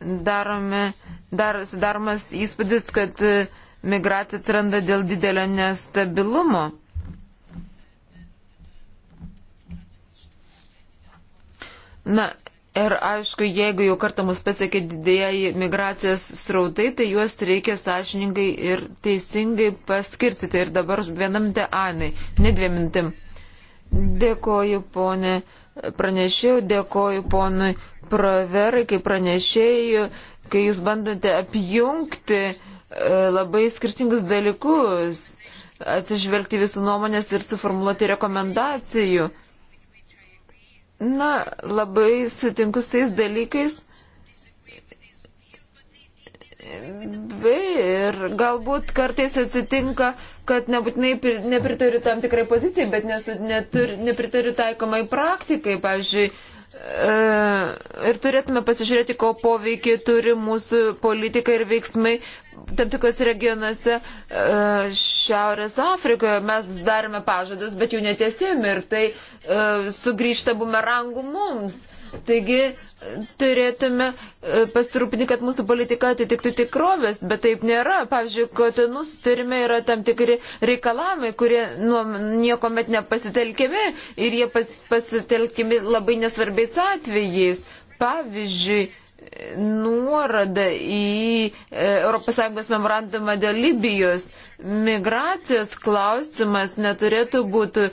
darome, dar, sudaromas įspūdis, kad e, migracija atsiranda dėl didelio nestabilumo. Na, ir aišku, jeigu jau kartą mus pasiekė didėjai migracijos srautai, tai juos reikia sąžiningai ir teisingai paskirstyti. Ir dabar vienam te Anai, ne dviem mintim. Dėkoju, ponė pranešėjų, dėkoju ponui Praverai, kaip pranešėjų, kai jūs bandote apjungti e, labai skirtingus dalykus, atsižvelgti visų nuomonės ir suformuoluoti rekomendacijų. Na, labai sutinku su tais dalykais, ir galbūt kartais atsitinka, kad nebūtinai nepritariu tam tikrai pozicijai, bet nesu, netur, nepritariu taikomai praktikai, pavyzdžiui. E, ir turėtume pasižiūrėti, ko poveikiai turi mūsų politika ir veiksmai tam tikrose regionuose e, Šiaurės Afrikoje. Mes darėme pažadus, bet jų netiesėm ir tai e, sugrįžta bumerangų mums. Taigi turėtume e, pasirūpinti, kad mūsų politika atitiktų tikrovės, bet taip nėra. Pavyzdžiui, kotinų sutarime yra tam tikri reikalavimai, kurie nu, nieko met nepasitelkiami ir jie pas, pasitelkiami labai nesvarbiais atvejais. Pavyzdžiui, nuorada į ES memorandumą dėl Libijos. E, migracijos klausimas neturėtų būti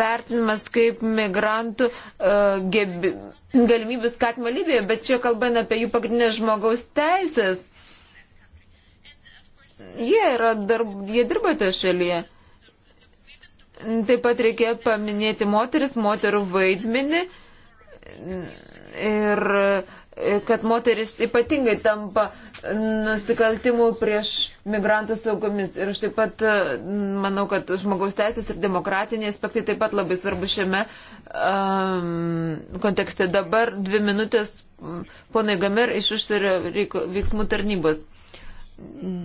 vertinamas kaip migrantų uh, gebi, galimybių skatimą Libijoje, bet čia kalbame apie jų pagrindinės žmogaus teisės. Jie, yra, darb, jie dirba toje šalyje. Taip pat reikia paminėti moteris, moterų vaidmenį. Uh, ir kad moteris ypatingai tampa nusikaltimų prieš migrantus saugomis. Ir aš taip pat manau, kad žmogaus teisės ir demokratiniai aspektai taip pat labai svarbu šiame um, kontekste. Dabar dvi minutės ponai Gamer iš užsienio veiksmų tarnybos.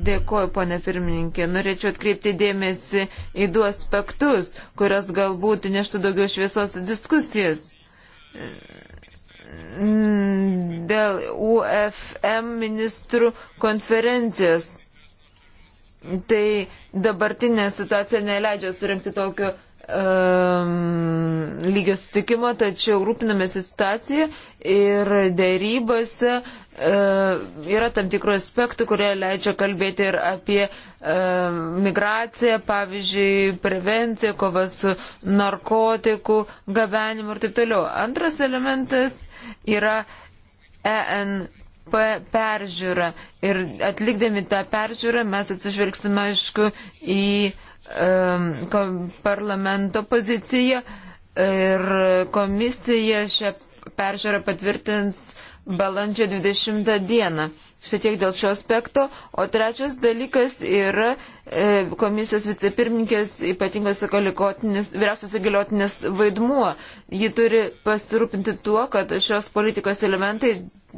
Dėkuoju, ponė pirmininkė. Norėčiau atkreipti dėmesį į du aspektus, kurios galbūt neštų daugiau šviesos diskusijas dėl UFM ministrų konferencijos. Tai dabartinė situacija neleidžia surinkti tokio um, lygio sutikimo, tačiau rūpinamės situaciją ir dėrybose uh, E, yra tam tikrų aspektų, kurie leidžia kalbėti ir apie e, migraciją, pavyzdžiui, prevenciją, kovą su narkotikų gabenimu ir taip toliau. Antras elementas yra ENP peržiūra. Ir atlikdami tą peržiūrą mes atsižvelgsime, aišku, į e, parlamento poziciją ir komisija šią peržiūrą patvirtins balandžio 20 dieną. Štai tiek dėl šio aspekto. O trečias dalykas yra e, komisijos vicepirmininkės ypatingos vyriausios įgaliotinės vaidmuo. Ji turi pasirūpinti tuo, kad šios politikos elementai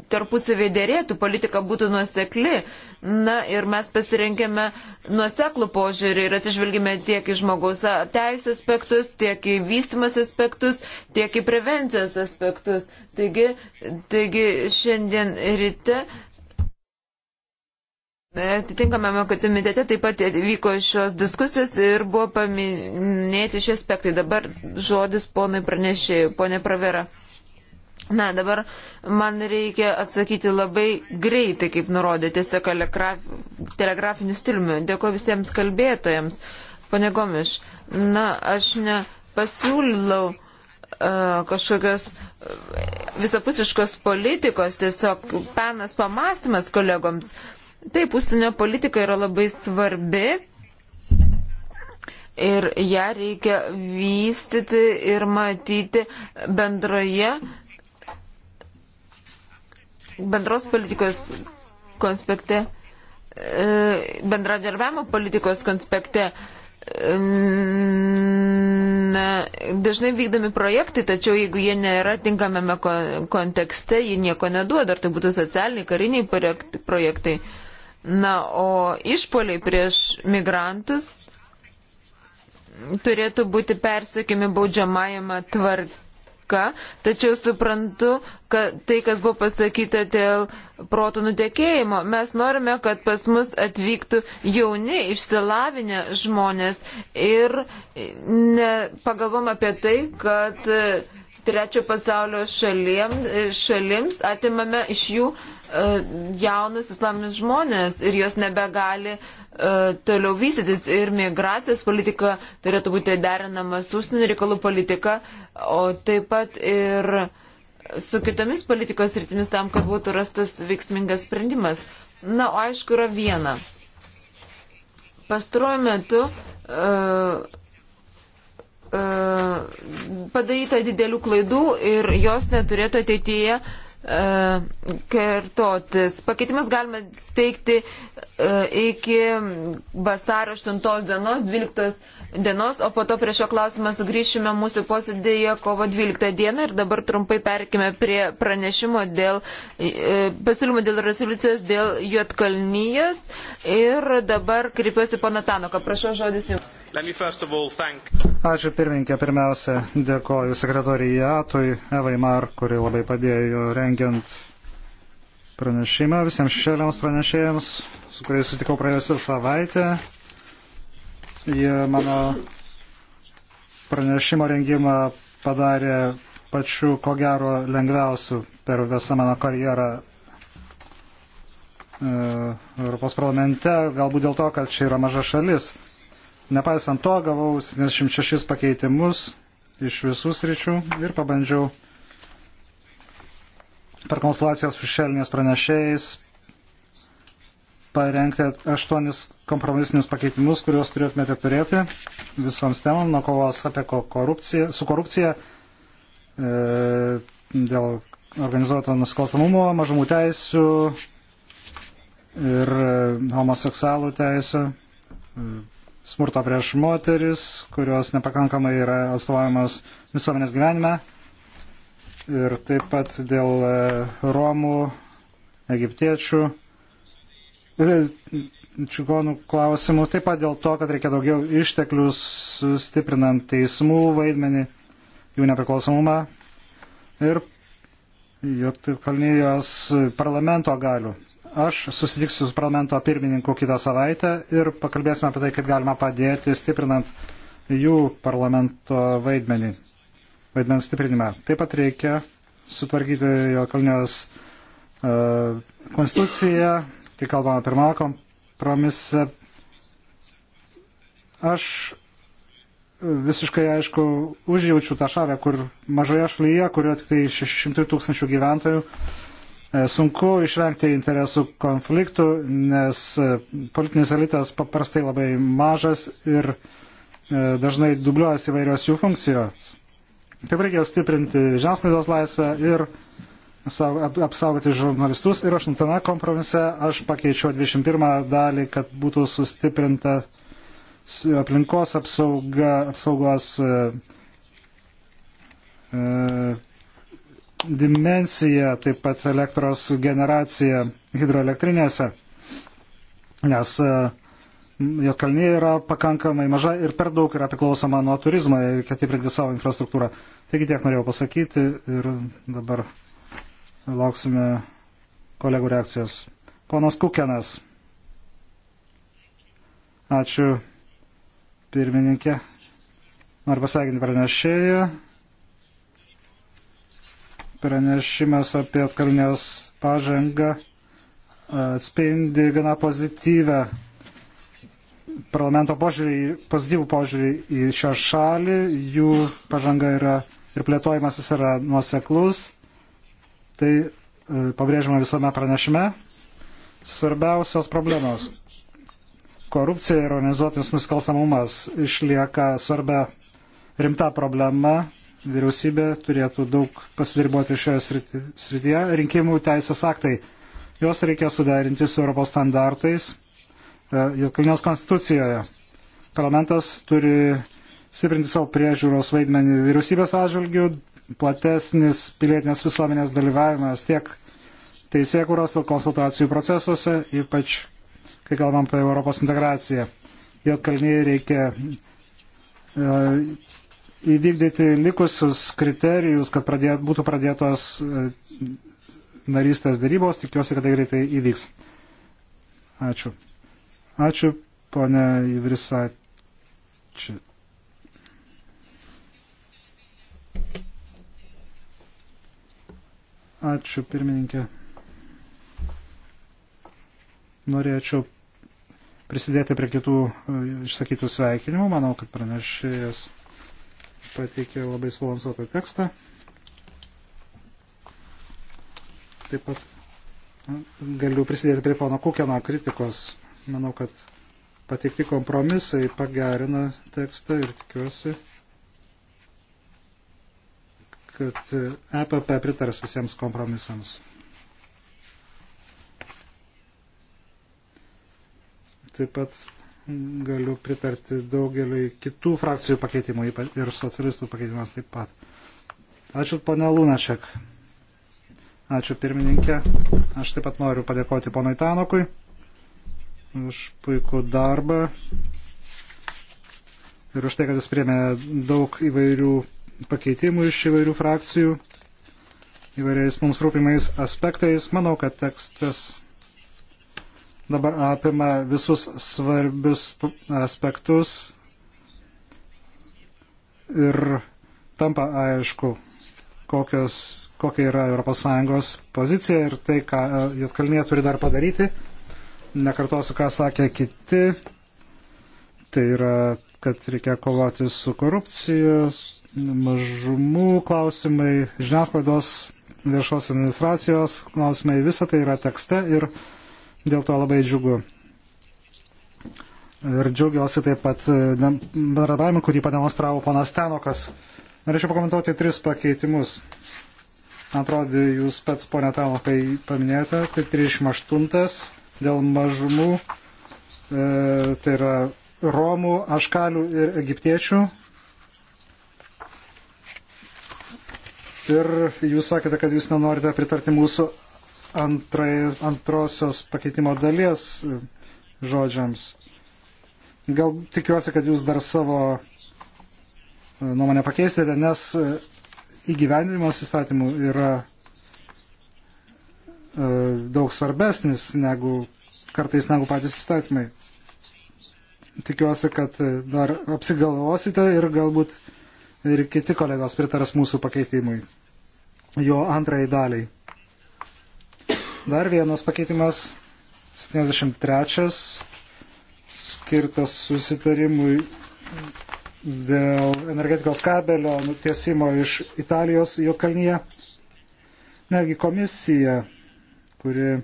tarpusavį dėrėtų, politika būtų nuosekli. Na ir mes pasirenkėme nuoseklų požiūrį ir atsižvelgime tiek į žmogaus teisų aspektus, tiek į vystimas aspektus, tiek į prevencijos aspektus. Taigi, taigi šiandien ryte. Atitinkamame komitete taip pat vyko šios diskusijos ir buvo paminėti šie aspektai. Dabar žodis ponui pranešėjui, ponė Pravera. Na, dabar man reikia atsakyti labai greitai, kaip nurodė, tiesiog telegrafiniu stiliumi. Dėkuoju visiems kalbėtojams. Pane Gomiš, na, aš nepasiūlau e, kažkokios e, visapusiškos politikos, tiesiog penas pamastymas kolegoms. Taip, užsienio politika yra labai svarbi ir ją reikia vystyti ir matyti bendroje bendros politikos konspekte, e, bendradarbiavimo politikos konspekte dažnai vykdami projektai, tačiau jeigu jie nėra tinkamame kontekste, jie nieko neduoda, ar tai būtų socialiniai, kariniai projektai. Na, o išpoliai prieš migrantus turėtų būti persekiami baudžiamajame tvarka tvarka, tačiau suprantu, kad tai, kas buvo pasakyta dėl proto nutekėjimo, mes norime, kad pas mus atvyktų jauni, išsilavinę žmonės ir pagalvom apie tai, kad trečio pasaulio šalim, šalims atimame iš jų E, jaunus islamius žmonės ir jos nebegali e, toliau vystytis ir migracijos politika turėtų būti derinama su užsienio reikalų politika, o taip pat ir su kitomis politikos rytimis tam, kad būtų rastas veiksmingas sprendimas. Na, o aišku, yra viena. Pastaruoju metu uh, uh, padaryta didelių klaidų ir jos neturėtų ateityje uh, E, kertotis. Pakeitimus galima steigti e, iki vasaro 8 dienos, 12 dienos, o po to prie šio klausimą sugrįšime mūsų posėdėje kovo 12 dieną ir dabar trumpai perkime prie pranešimo dėl e, pasiūlymo dėl rezoliucijos dėl Juotkalnyjas ir dabar kreipiuosi pana Tanoką. Prašau žodis jums. Ačiū pirmininkė. Pirmiausia, dėkoju sekretorijatui Evai Mar, kuri labai padėjo rengiant pranešimą visiems šešėliams pranešėjams, su kuriais sutikau praėjusią savaitę. Jie mano pranešimo rengimą padarė pačiu, ko gero, lengviausiu per visą mano karjerą e, Europos parlamente, galbūt dėl to, kad čia yra maža šalis. Nepaisant to, gavau 76 pakeitimus iš visų sričių ir pabandžiau per konsultaciją su šelnės pranešėjais parengti aštuonis kompromisinius pakeitimus, kuriuos turėtumėte turėti visoms temam, nuo kovos apie korupciją, su korupcija, e, dėl organizuoto nusikalstamumo, mažumų teisų ir e, homoseksualų teisų, mm smurto prieš moteris, kurios nepakankamai yra atstovavimas visuomenės gyvenime. Ir taip pat dėl e, Romų, egiptiečių, e, čigonų klausimų. Taip pat dėl to, kad reikia daugiau išteklių stiprinant teismų vaidmenį, jų nepriklausomumą ir Jotkalnyjos parlamento galių. Aš susitiksiu su parlamento pirmininku kitą savaitę ir pakalbėsime apie tai, kaip galima padėti stiprinant jų parlamento vaidmenį, vaidmens stiprinimą. Taip pat reikia sutvarkyti jo kalnijos uh, konstituciją, kai kalbame pirmą kompromisą. Aš visiškai aišku užjaučiu tą šalį, kur mažoje šalyje, kurio tik tai 600 tūkstančių gyventojų, uh, E, sunku išvengti interesų konfliktų, nes e, politinis elitas paprastai labai mažas ir e, dažnai dubliuojasi įvairios jų funkcijos. Taip reikia stiprinti žiniasklaidos laisvę ir apsaugoti žurnalistus. Ir aštuntame kompromise aš pakeičiau 21 dalį, kad būtų sustiprinta aplinkos apsauga, apsaugos e, dimensija, taip pat elektros generacija hidroelektrinėse, nes e, Jotkalnyje yra pakankamai maža ir per daug yra priklausoma nuo turizmo, reikia stiprinti savo infrastruktūrą. Taigi tiek norėjau pasakyti ir dabar lauksime kolegų reakcijos. Ponas Kukenas. Ačiū pirmininkė. Noriu pasveikinti pranešėją pranešimas apie atkalnės pažangą atspindi gana pozityvę parlamento požiūrį, pozityvų požiūrį į šią šalį, jų pažanga yra ir plėtojimasis yra nuoseklus. Tai e, pabrėžiama visame pranešime. Svarbiausios problemos. Korupcija ir organizuotinis nusikalstamumas išlieka svarbia rimta problema vyriausybė turėtų daug pasidarboti šioje srityje. Rinkimų teisės aktai, juos reikia suderinti su Europos standartais e, Jotkalnės konstitucijoje. Parlamentas turi stiprinti savo priežiūros vaidmenį vyriausybės atžvilgių, platesnis pilietinės visuomenės dalyvavimas tiek teisėkuros ir konsultacijų procesuose, ypač kai kalbam apie Europos integraciją. Jotkalnyje reikia e, įvykdyti likusius kriterijus, kad pradėt, būtų pradėtos e, narystės darybos. Tikiuosi, kad tai greitai įvyks. Ačiū. Ačiū, ponė Ivrisa. Čia. Ačiū, pirmininkė. Norėčiau prisidėti prie kitų e, išsakytų sveikinimų. Manau, kad pranešėjas pateikė labai subalansuotą tekstą. Taip pat galiu prisidėti prie pono Kukeno kritikos. Manau, kad pateikti kompromisai pagerina tekstą ir tikiuosi, kad EPP pritars visiems kompromisams. Taip pat galiu pritarti daugeliui kitų frakcijų pakeitimų ir socialistų pakeitimas taip pat. Ačiū pane Lunačiak. Ačiū pirmininkė. Aš taip pat noriu padėkoti ponui Tanokui už puikų darbą ir už tai, kad jis priemė daug įvairių pakeitimų iš įvairių frakcijų įvairiais mums rūpimais aspektais. Manau, kad tekstas dabar apima visus svarbius aspektus ir tampa aišku, kokios, kokia yra ES pozicija ir tai, ką e, Jotkalnie turi dar padaryti. Nekartosiu, ką sakė kiti. Tai yra, kad reikia kovoti su korupcijos, mažumų klausimai, žiniasklaidos, viešos administracijos klausimai. Visa tai yra tekste ir Dėl to labai džiugu. Ir džiaugiuosi taip pat e, bendradavimu, kurį pademonstravo ponas Tenokas. Norėčiau pakomentuoti tris pakeitimus. Atrodo, jūs pats, ponė Tenokai, paminėjote. Tai 38 dėl mažumų, e, tai yra Romų, Aškalių ir Egiptiečių. Ir jūs sakėte, kad jūs nenorite pritarti mūsų antrai, antrosios pakeitimo dalies e, žodžiams. Gal tikiuosi, kad jūs dar savo e, nuomonę pakeistėte, nes e, įgyvendinimas įstatymų yra daug svarbesnis negu kartais negu patys įstatymai. Tikiuosi, kad dar apsigalvosite ir galbūt ir kiti kolegos pritars mūsų pakeitimui, jo antrai daliai. Dar vienas pakeitimas, 73, skirtas susitarimui dėl energetikos kabelio nutiesimo iš Italijos į Jotkalnyje. Netgi komisija, kuri e,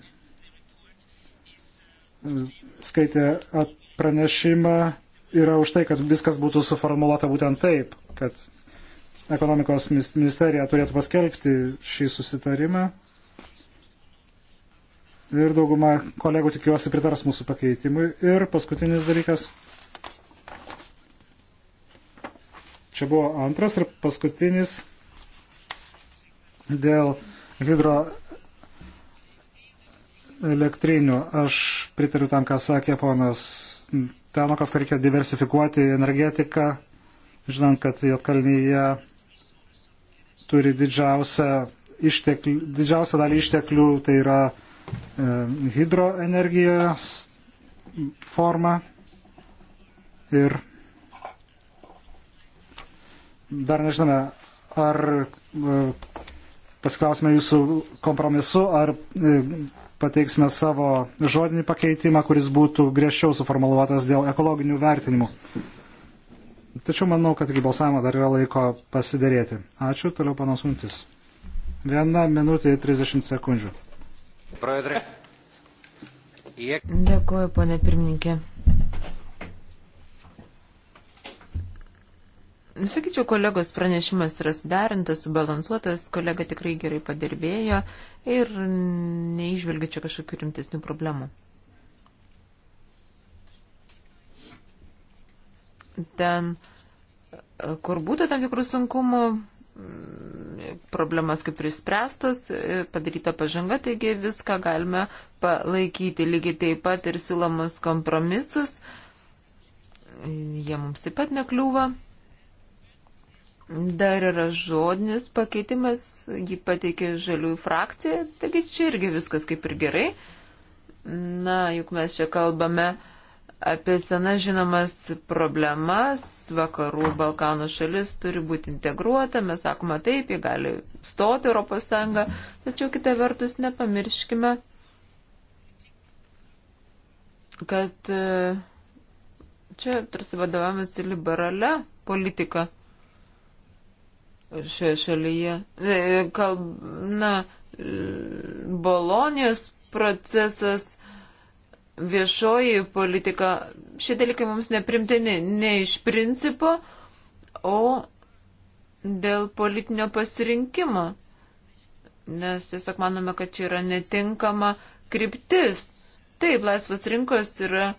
skaitė pranešimą, yra už tai, kad viskas būtų suformuoluota būtent taip, kad ekonomikos ministerija turėtų paskelbti šį susitarimą ir dauguma kolegų tikiuosi pritars mūsų pakeitimui. Ir paskutinis dalykas. Čia buvo antras ir paskutinis dėl hidro elektrinių. Aš pritariu tam, ką sakė ponas Tenokas, kad reikia diversifikuoti energetiką, žinant, kad Jotkalnyje turi didžiausią, išteklių, didžiausią dalį išteklių, tai yra E, hidroenergijos formą ir dar nežinome, ar e, pasiklausime jūsų kompromisu, ar e, pateiksime savo žodinį pakeitimą, kuris būtų griežčiau suformuluotas dėl ekologinių vertinimų. Tačiau manau, kad iki balsavimo dar yra laiko pasidarėti. Ačiū, toliau panas Untis. Viena minutė 30 sekundžių. Pradre. Dėkuoju, ponė pirmininkė. Sakyčiau, kolegos pranešimas yra sudarintas, subalansuotas, kolega tikrai gerai padirbėjo ir neižvelgia čia kažkokių rimtesnių problemų. Ten, kur būtų tam tikrų sunkumų, Mm, problemas kaip ir išspręstos, e, padaryta pažanga, taigi viską galime palaikyti. Lygiai taip pat ir siūlomus kompromisus, jie mums taip pat nekliūva. Dar yra žodinis pakeitimas, jį pateikė žaliųjų frakcija, taigi čia irgi viskas kaip ir gerai. Na, juk mes čia kalbame uh, apie senas žinomas problemas, vakarų Balkanų šalis turi būti integruota, mes sakome taip, jie gali stoti Europos Sąjungą, tačiau kitą vertus nepamirškime, kad e, čia tarsi vadovavimas į liberalią politiką šioje šalyje. E, e, Kalb, na, Bolonijos procesas viešoji politika, šie dalykai mums neprimtini ne iš principo, o dėl politinio pasirinkimo. Nes tiesiog manome, kad čia yra netinkama kryptis. Taip, laisvas rinkos yra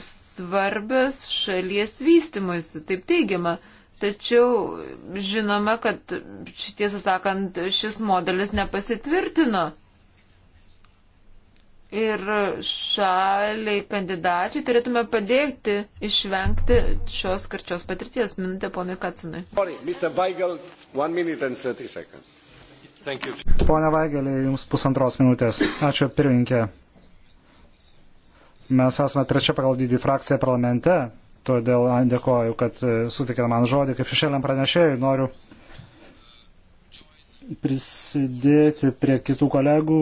svarbios šalies vystimuisi, taip teigiama. Tačiau žinome, kad, tiesą sakant, šis modelis nepasitvirtino ir šaliai kandidačiai turėtume padėti išvengti šios karčios patirties. Minutė ponui Katsinui. Pone Vaigelė, jums pusantros minutės. Ačiū pirmininkė. Mes esame trečia pagal dydį frakcija parlamente, todėl dėkoju, kad e, sutikė man žodį. Kaip šešėliam pranešėjai, noriu prisidėti prie kitų kolegų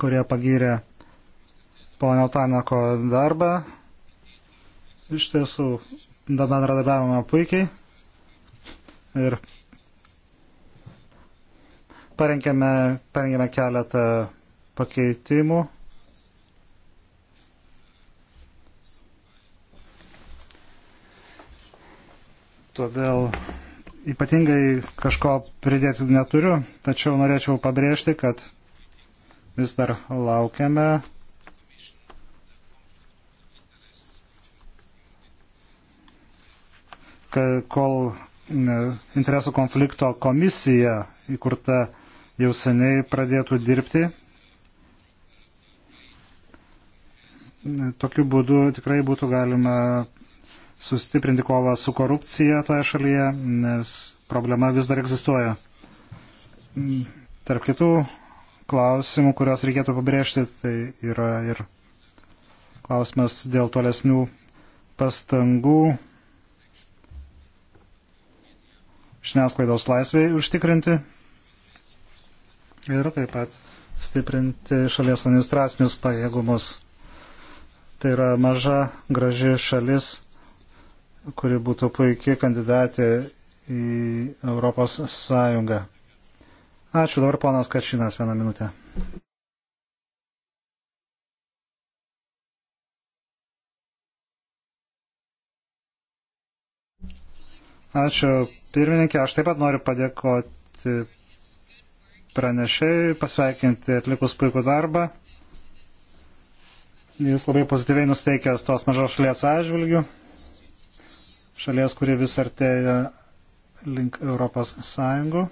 kurie pagyrė pono Tanako darbą. Iš tiesų, bendradarbiavome puikiai ir parengėme, parengėme keletą pakeitimų. Todėl ypatingai kažko pridėti neturiu, tačiau norėčiau pabrėžti, kad vis dar laukiame. kol interesų konflikto komisija įkurta jau seniai pradėtų dirbti. Tokiu būdu tikrai būtų galima sustiprinti kovą su korupcija toje šalyje, nes problema vis dar egzistuoja. Mm, tarp kitų klausimų, kuriuos reikėtų pabrėžti, tai yra ir klausimas dėl tolesnių pastangų žiniasklaidos laisvėje užtikrinti ir taip pat stiprinti šalies administracinius pajėgumus. Tai yra maža, graži šalis, kuri būtų puikiai kandidatė į Europos Sąjungą. Ačiū dabar ponas Kačinas vieną minutę. Ačiū pirmininkė, aš taip pat noriu padėkoti pranešėjai, pasveikinti atlikus puikų darbą. Jis labai pozityviai nusteikęs tos mažos šalies atžvilgių, šalies, kuri vis artėja link Europos Sąjungų.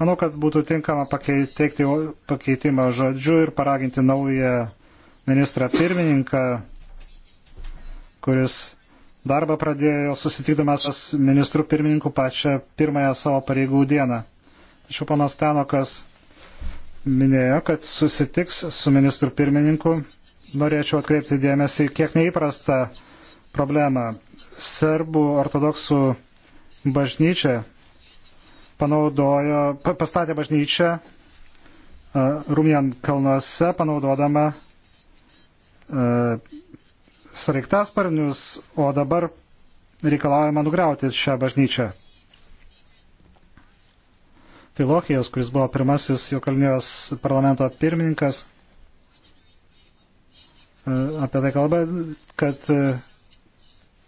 Manau, kad būtų tinkama teikti pakeitimą žodžiu ir paraginti naują ministrą pirmininką, kuris darbą pradėjo susitikdamas su ministru pirmininku pačią pirmąją savo pareigų dieną. Tačiau panas Tenokas minėjo, kad susitiks su ministru pirmininku. Norėčiau atkreipti dėmesį, kiek neįprasta problema. Serbų ortodoksų bažnyčia panaudojo, pastatė bažnyčią e, Rumijan kalnuose, panaudodama e, sraigtasparnius, o dabar reikalaujama nugriauti šią bažnyčią. Filokijos, kuris buvo pirmasis Jokalnijos parlamento pirmininkas, e, apie tai kalba, kad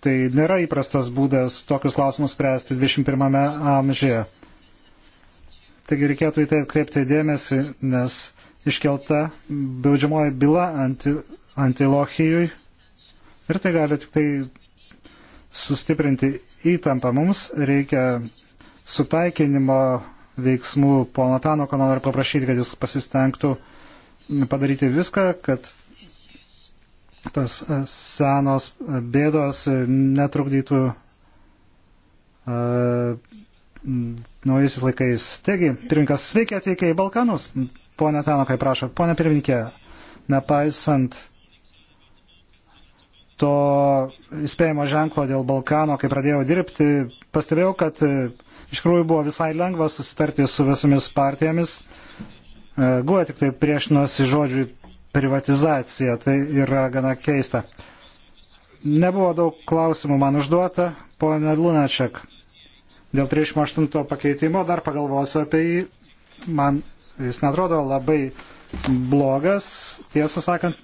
tai nėra įprastas būdas tokius klausimus spręsti 21 amžiuje. Taigi reikėtų į tai atkreipti dėmesį, nes iškelta baudžiamoji byla anti, antilochijui ir tai gali tik tai sustiprinti įtampą. Mums reikia sutaikinimo veiksmų. Pono Tano, ko noriu paprašyti, kad jis pasistengtų padaryti viską, kad tas senos bėdos netrukdytų uh, naujaisiais laikais. Taigi, pirmininkas, sveiki atvykę į Balkanus. Pone Tanokai, prašau. Pone pirmininkė, nepaisant to įspėjimo ženklo dėl Balkano, kai pradėjau dirbti, pastebėjau, kad e, iš tikrųjų buvo visai lengva susitarti su visomis partijomis. E, guoja tik tai priešinosi žodžiui privatizacija, tai yra gana keista. Nebuvo daug klausimų man užduota, ponė Lunačiak. Dėl 38 pakeitimo dar pagalvosiu apie jį. Man jis netrodo labai blogas. Tiesą sakant,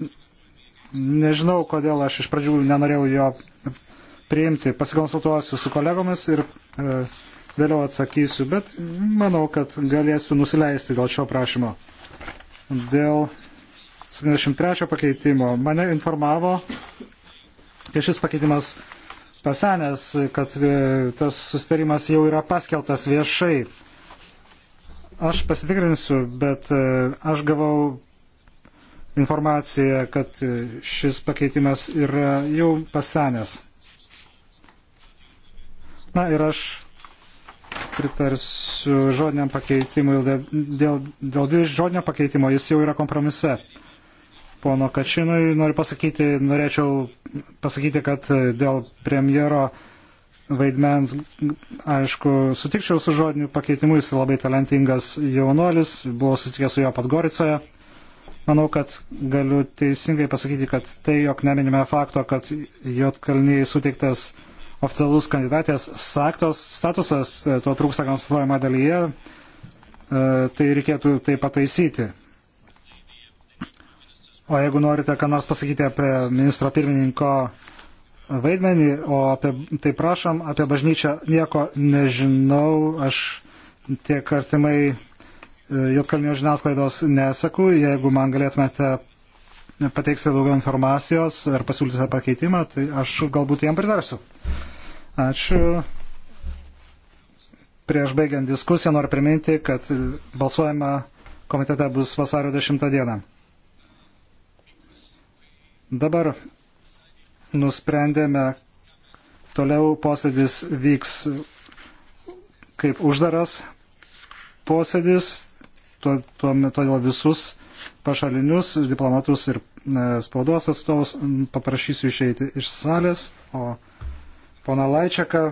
nežinau, kodėl aš iš pradžių nenorėjau jo priimti. Pasikonsultuosiu su kolegomis ir e, vėliau atsakysiu, bet manau, kad galėsiu nusileisti dėl šio prašymo. Dėl 73 pakeitimo mane informavo, kad šis pakeitimas pasenęs, kad e, tas sustarimas jau yra paskeltas viešai. Aš pasitikrinsiu, bet e, aš gavau informaciją, kad e, šis pakeitimas yra jau pasenęs. Na ir aš pritarsiu žodiniam pakeitimui, dėl, dėl, dėl žodinio pakeitimo jis jau yra kompromise. Pono Kačinui noriu pasakyti, norėčiau pasakyti, kad e, dėl premjero vaidmens, aišku, sutikčiau su žodiniu pakeitimu, jis labai talentingas jaunuolis, buvau susitikęs su jo Podgoricoje. Manau, kad galiu teisingai pasakyti, kad tai, jog neminime fakto, kad Jotkalniai suteiktas oficialus kandidatės saktos statusas, e, to trūksta konstatuojama dalyje, e, tai reikėtų tai pataisyti. O jeigu norite ką nors pasakyti apie ministro pirmininko vaidmenį, o apie, tai prašom, apie bažnyčią nieko nežinau, aš tiek artimai e, Jotkalnio žiniasklaidos nesaku, jeigu man galėtumėte pateiksite daugiau informacijos ar pasiūlysite pakeitimą, tai aš galbūt jam pritarsiu. Ačiū. Prieš baigiant diskusiją noriu priminti, kad balsuojama komitete bus vasario 10 dieną. Dabar nusprendėme, toliau posėdis vyks kaip uždaras posėdis, tuo, tuo, todėl visus pašalinius diplomatus ir e, spaudos atstovus paprašysiu išeiti iš salės, o pona Laičiaką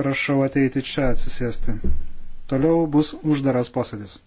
prašau ateiti čia atsisėsti. Toliau bus uždaras posėdis.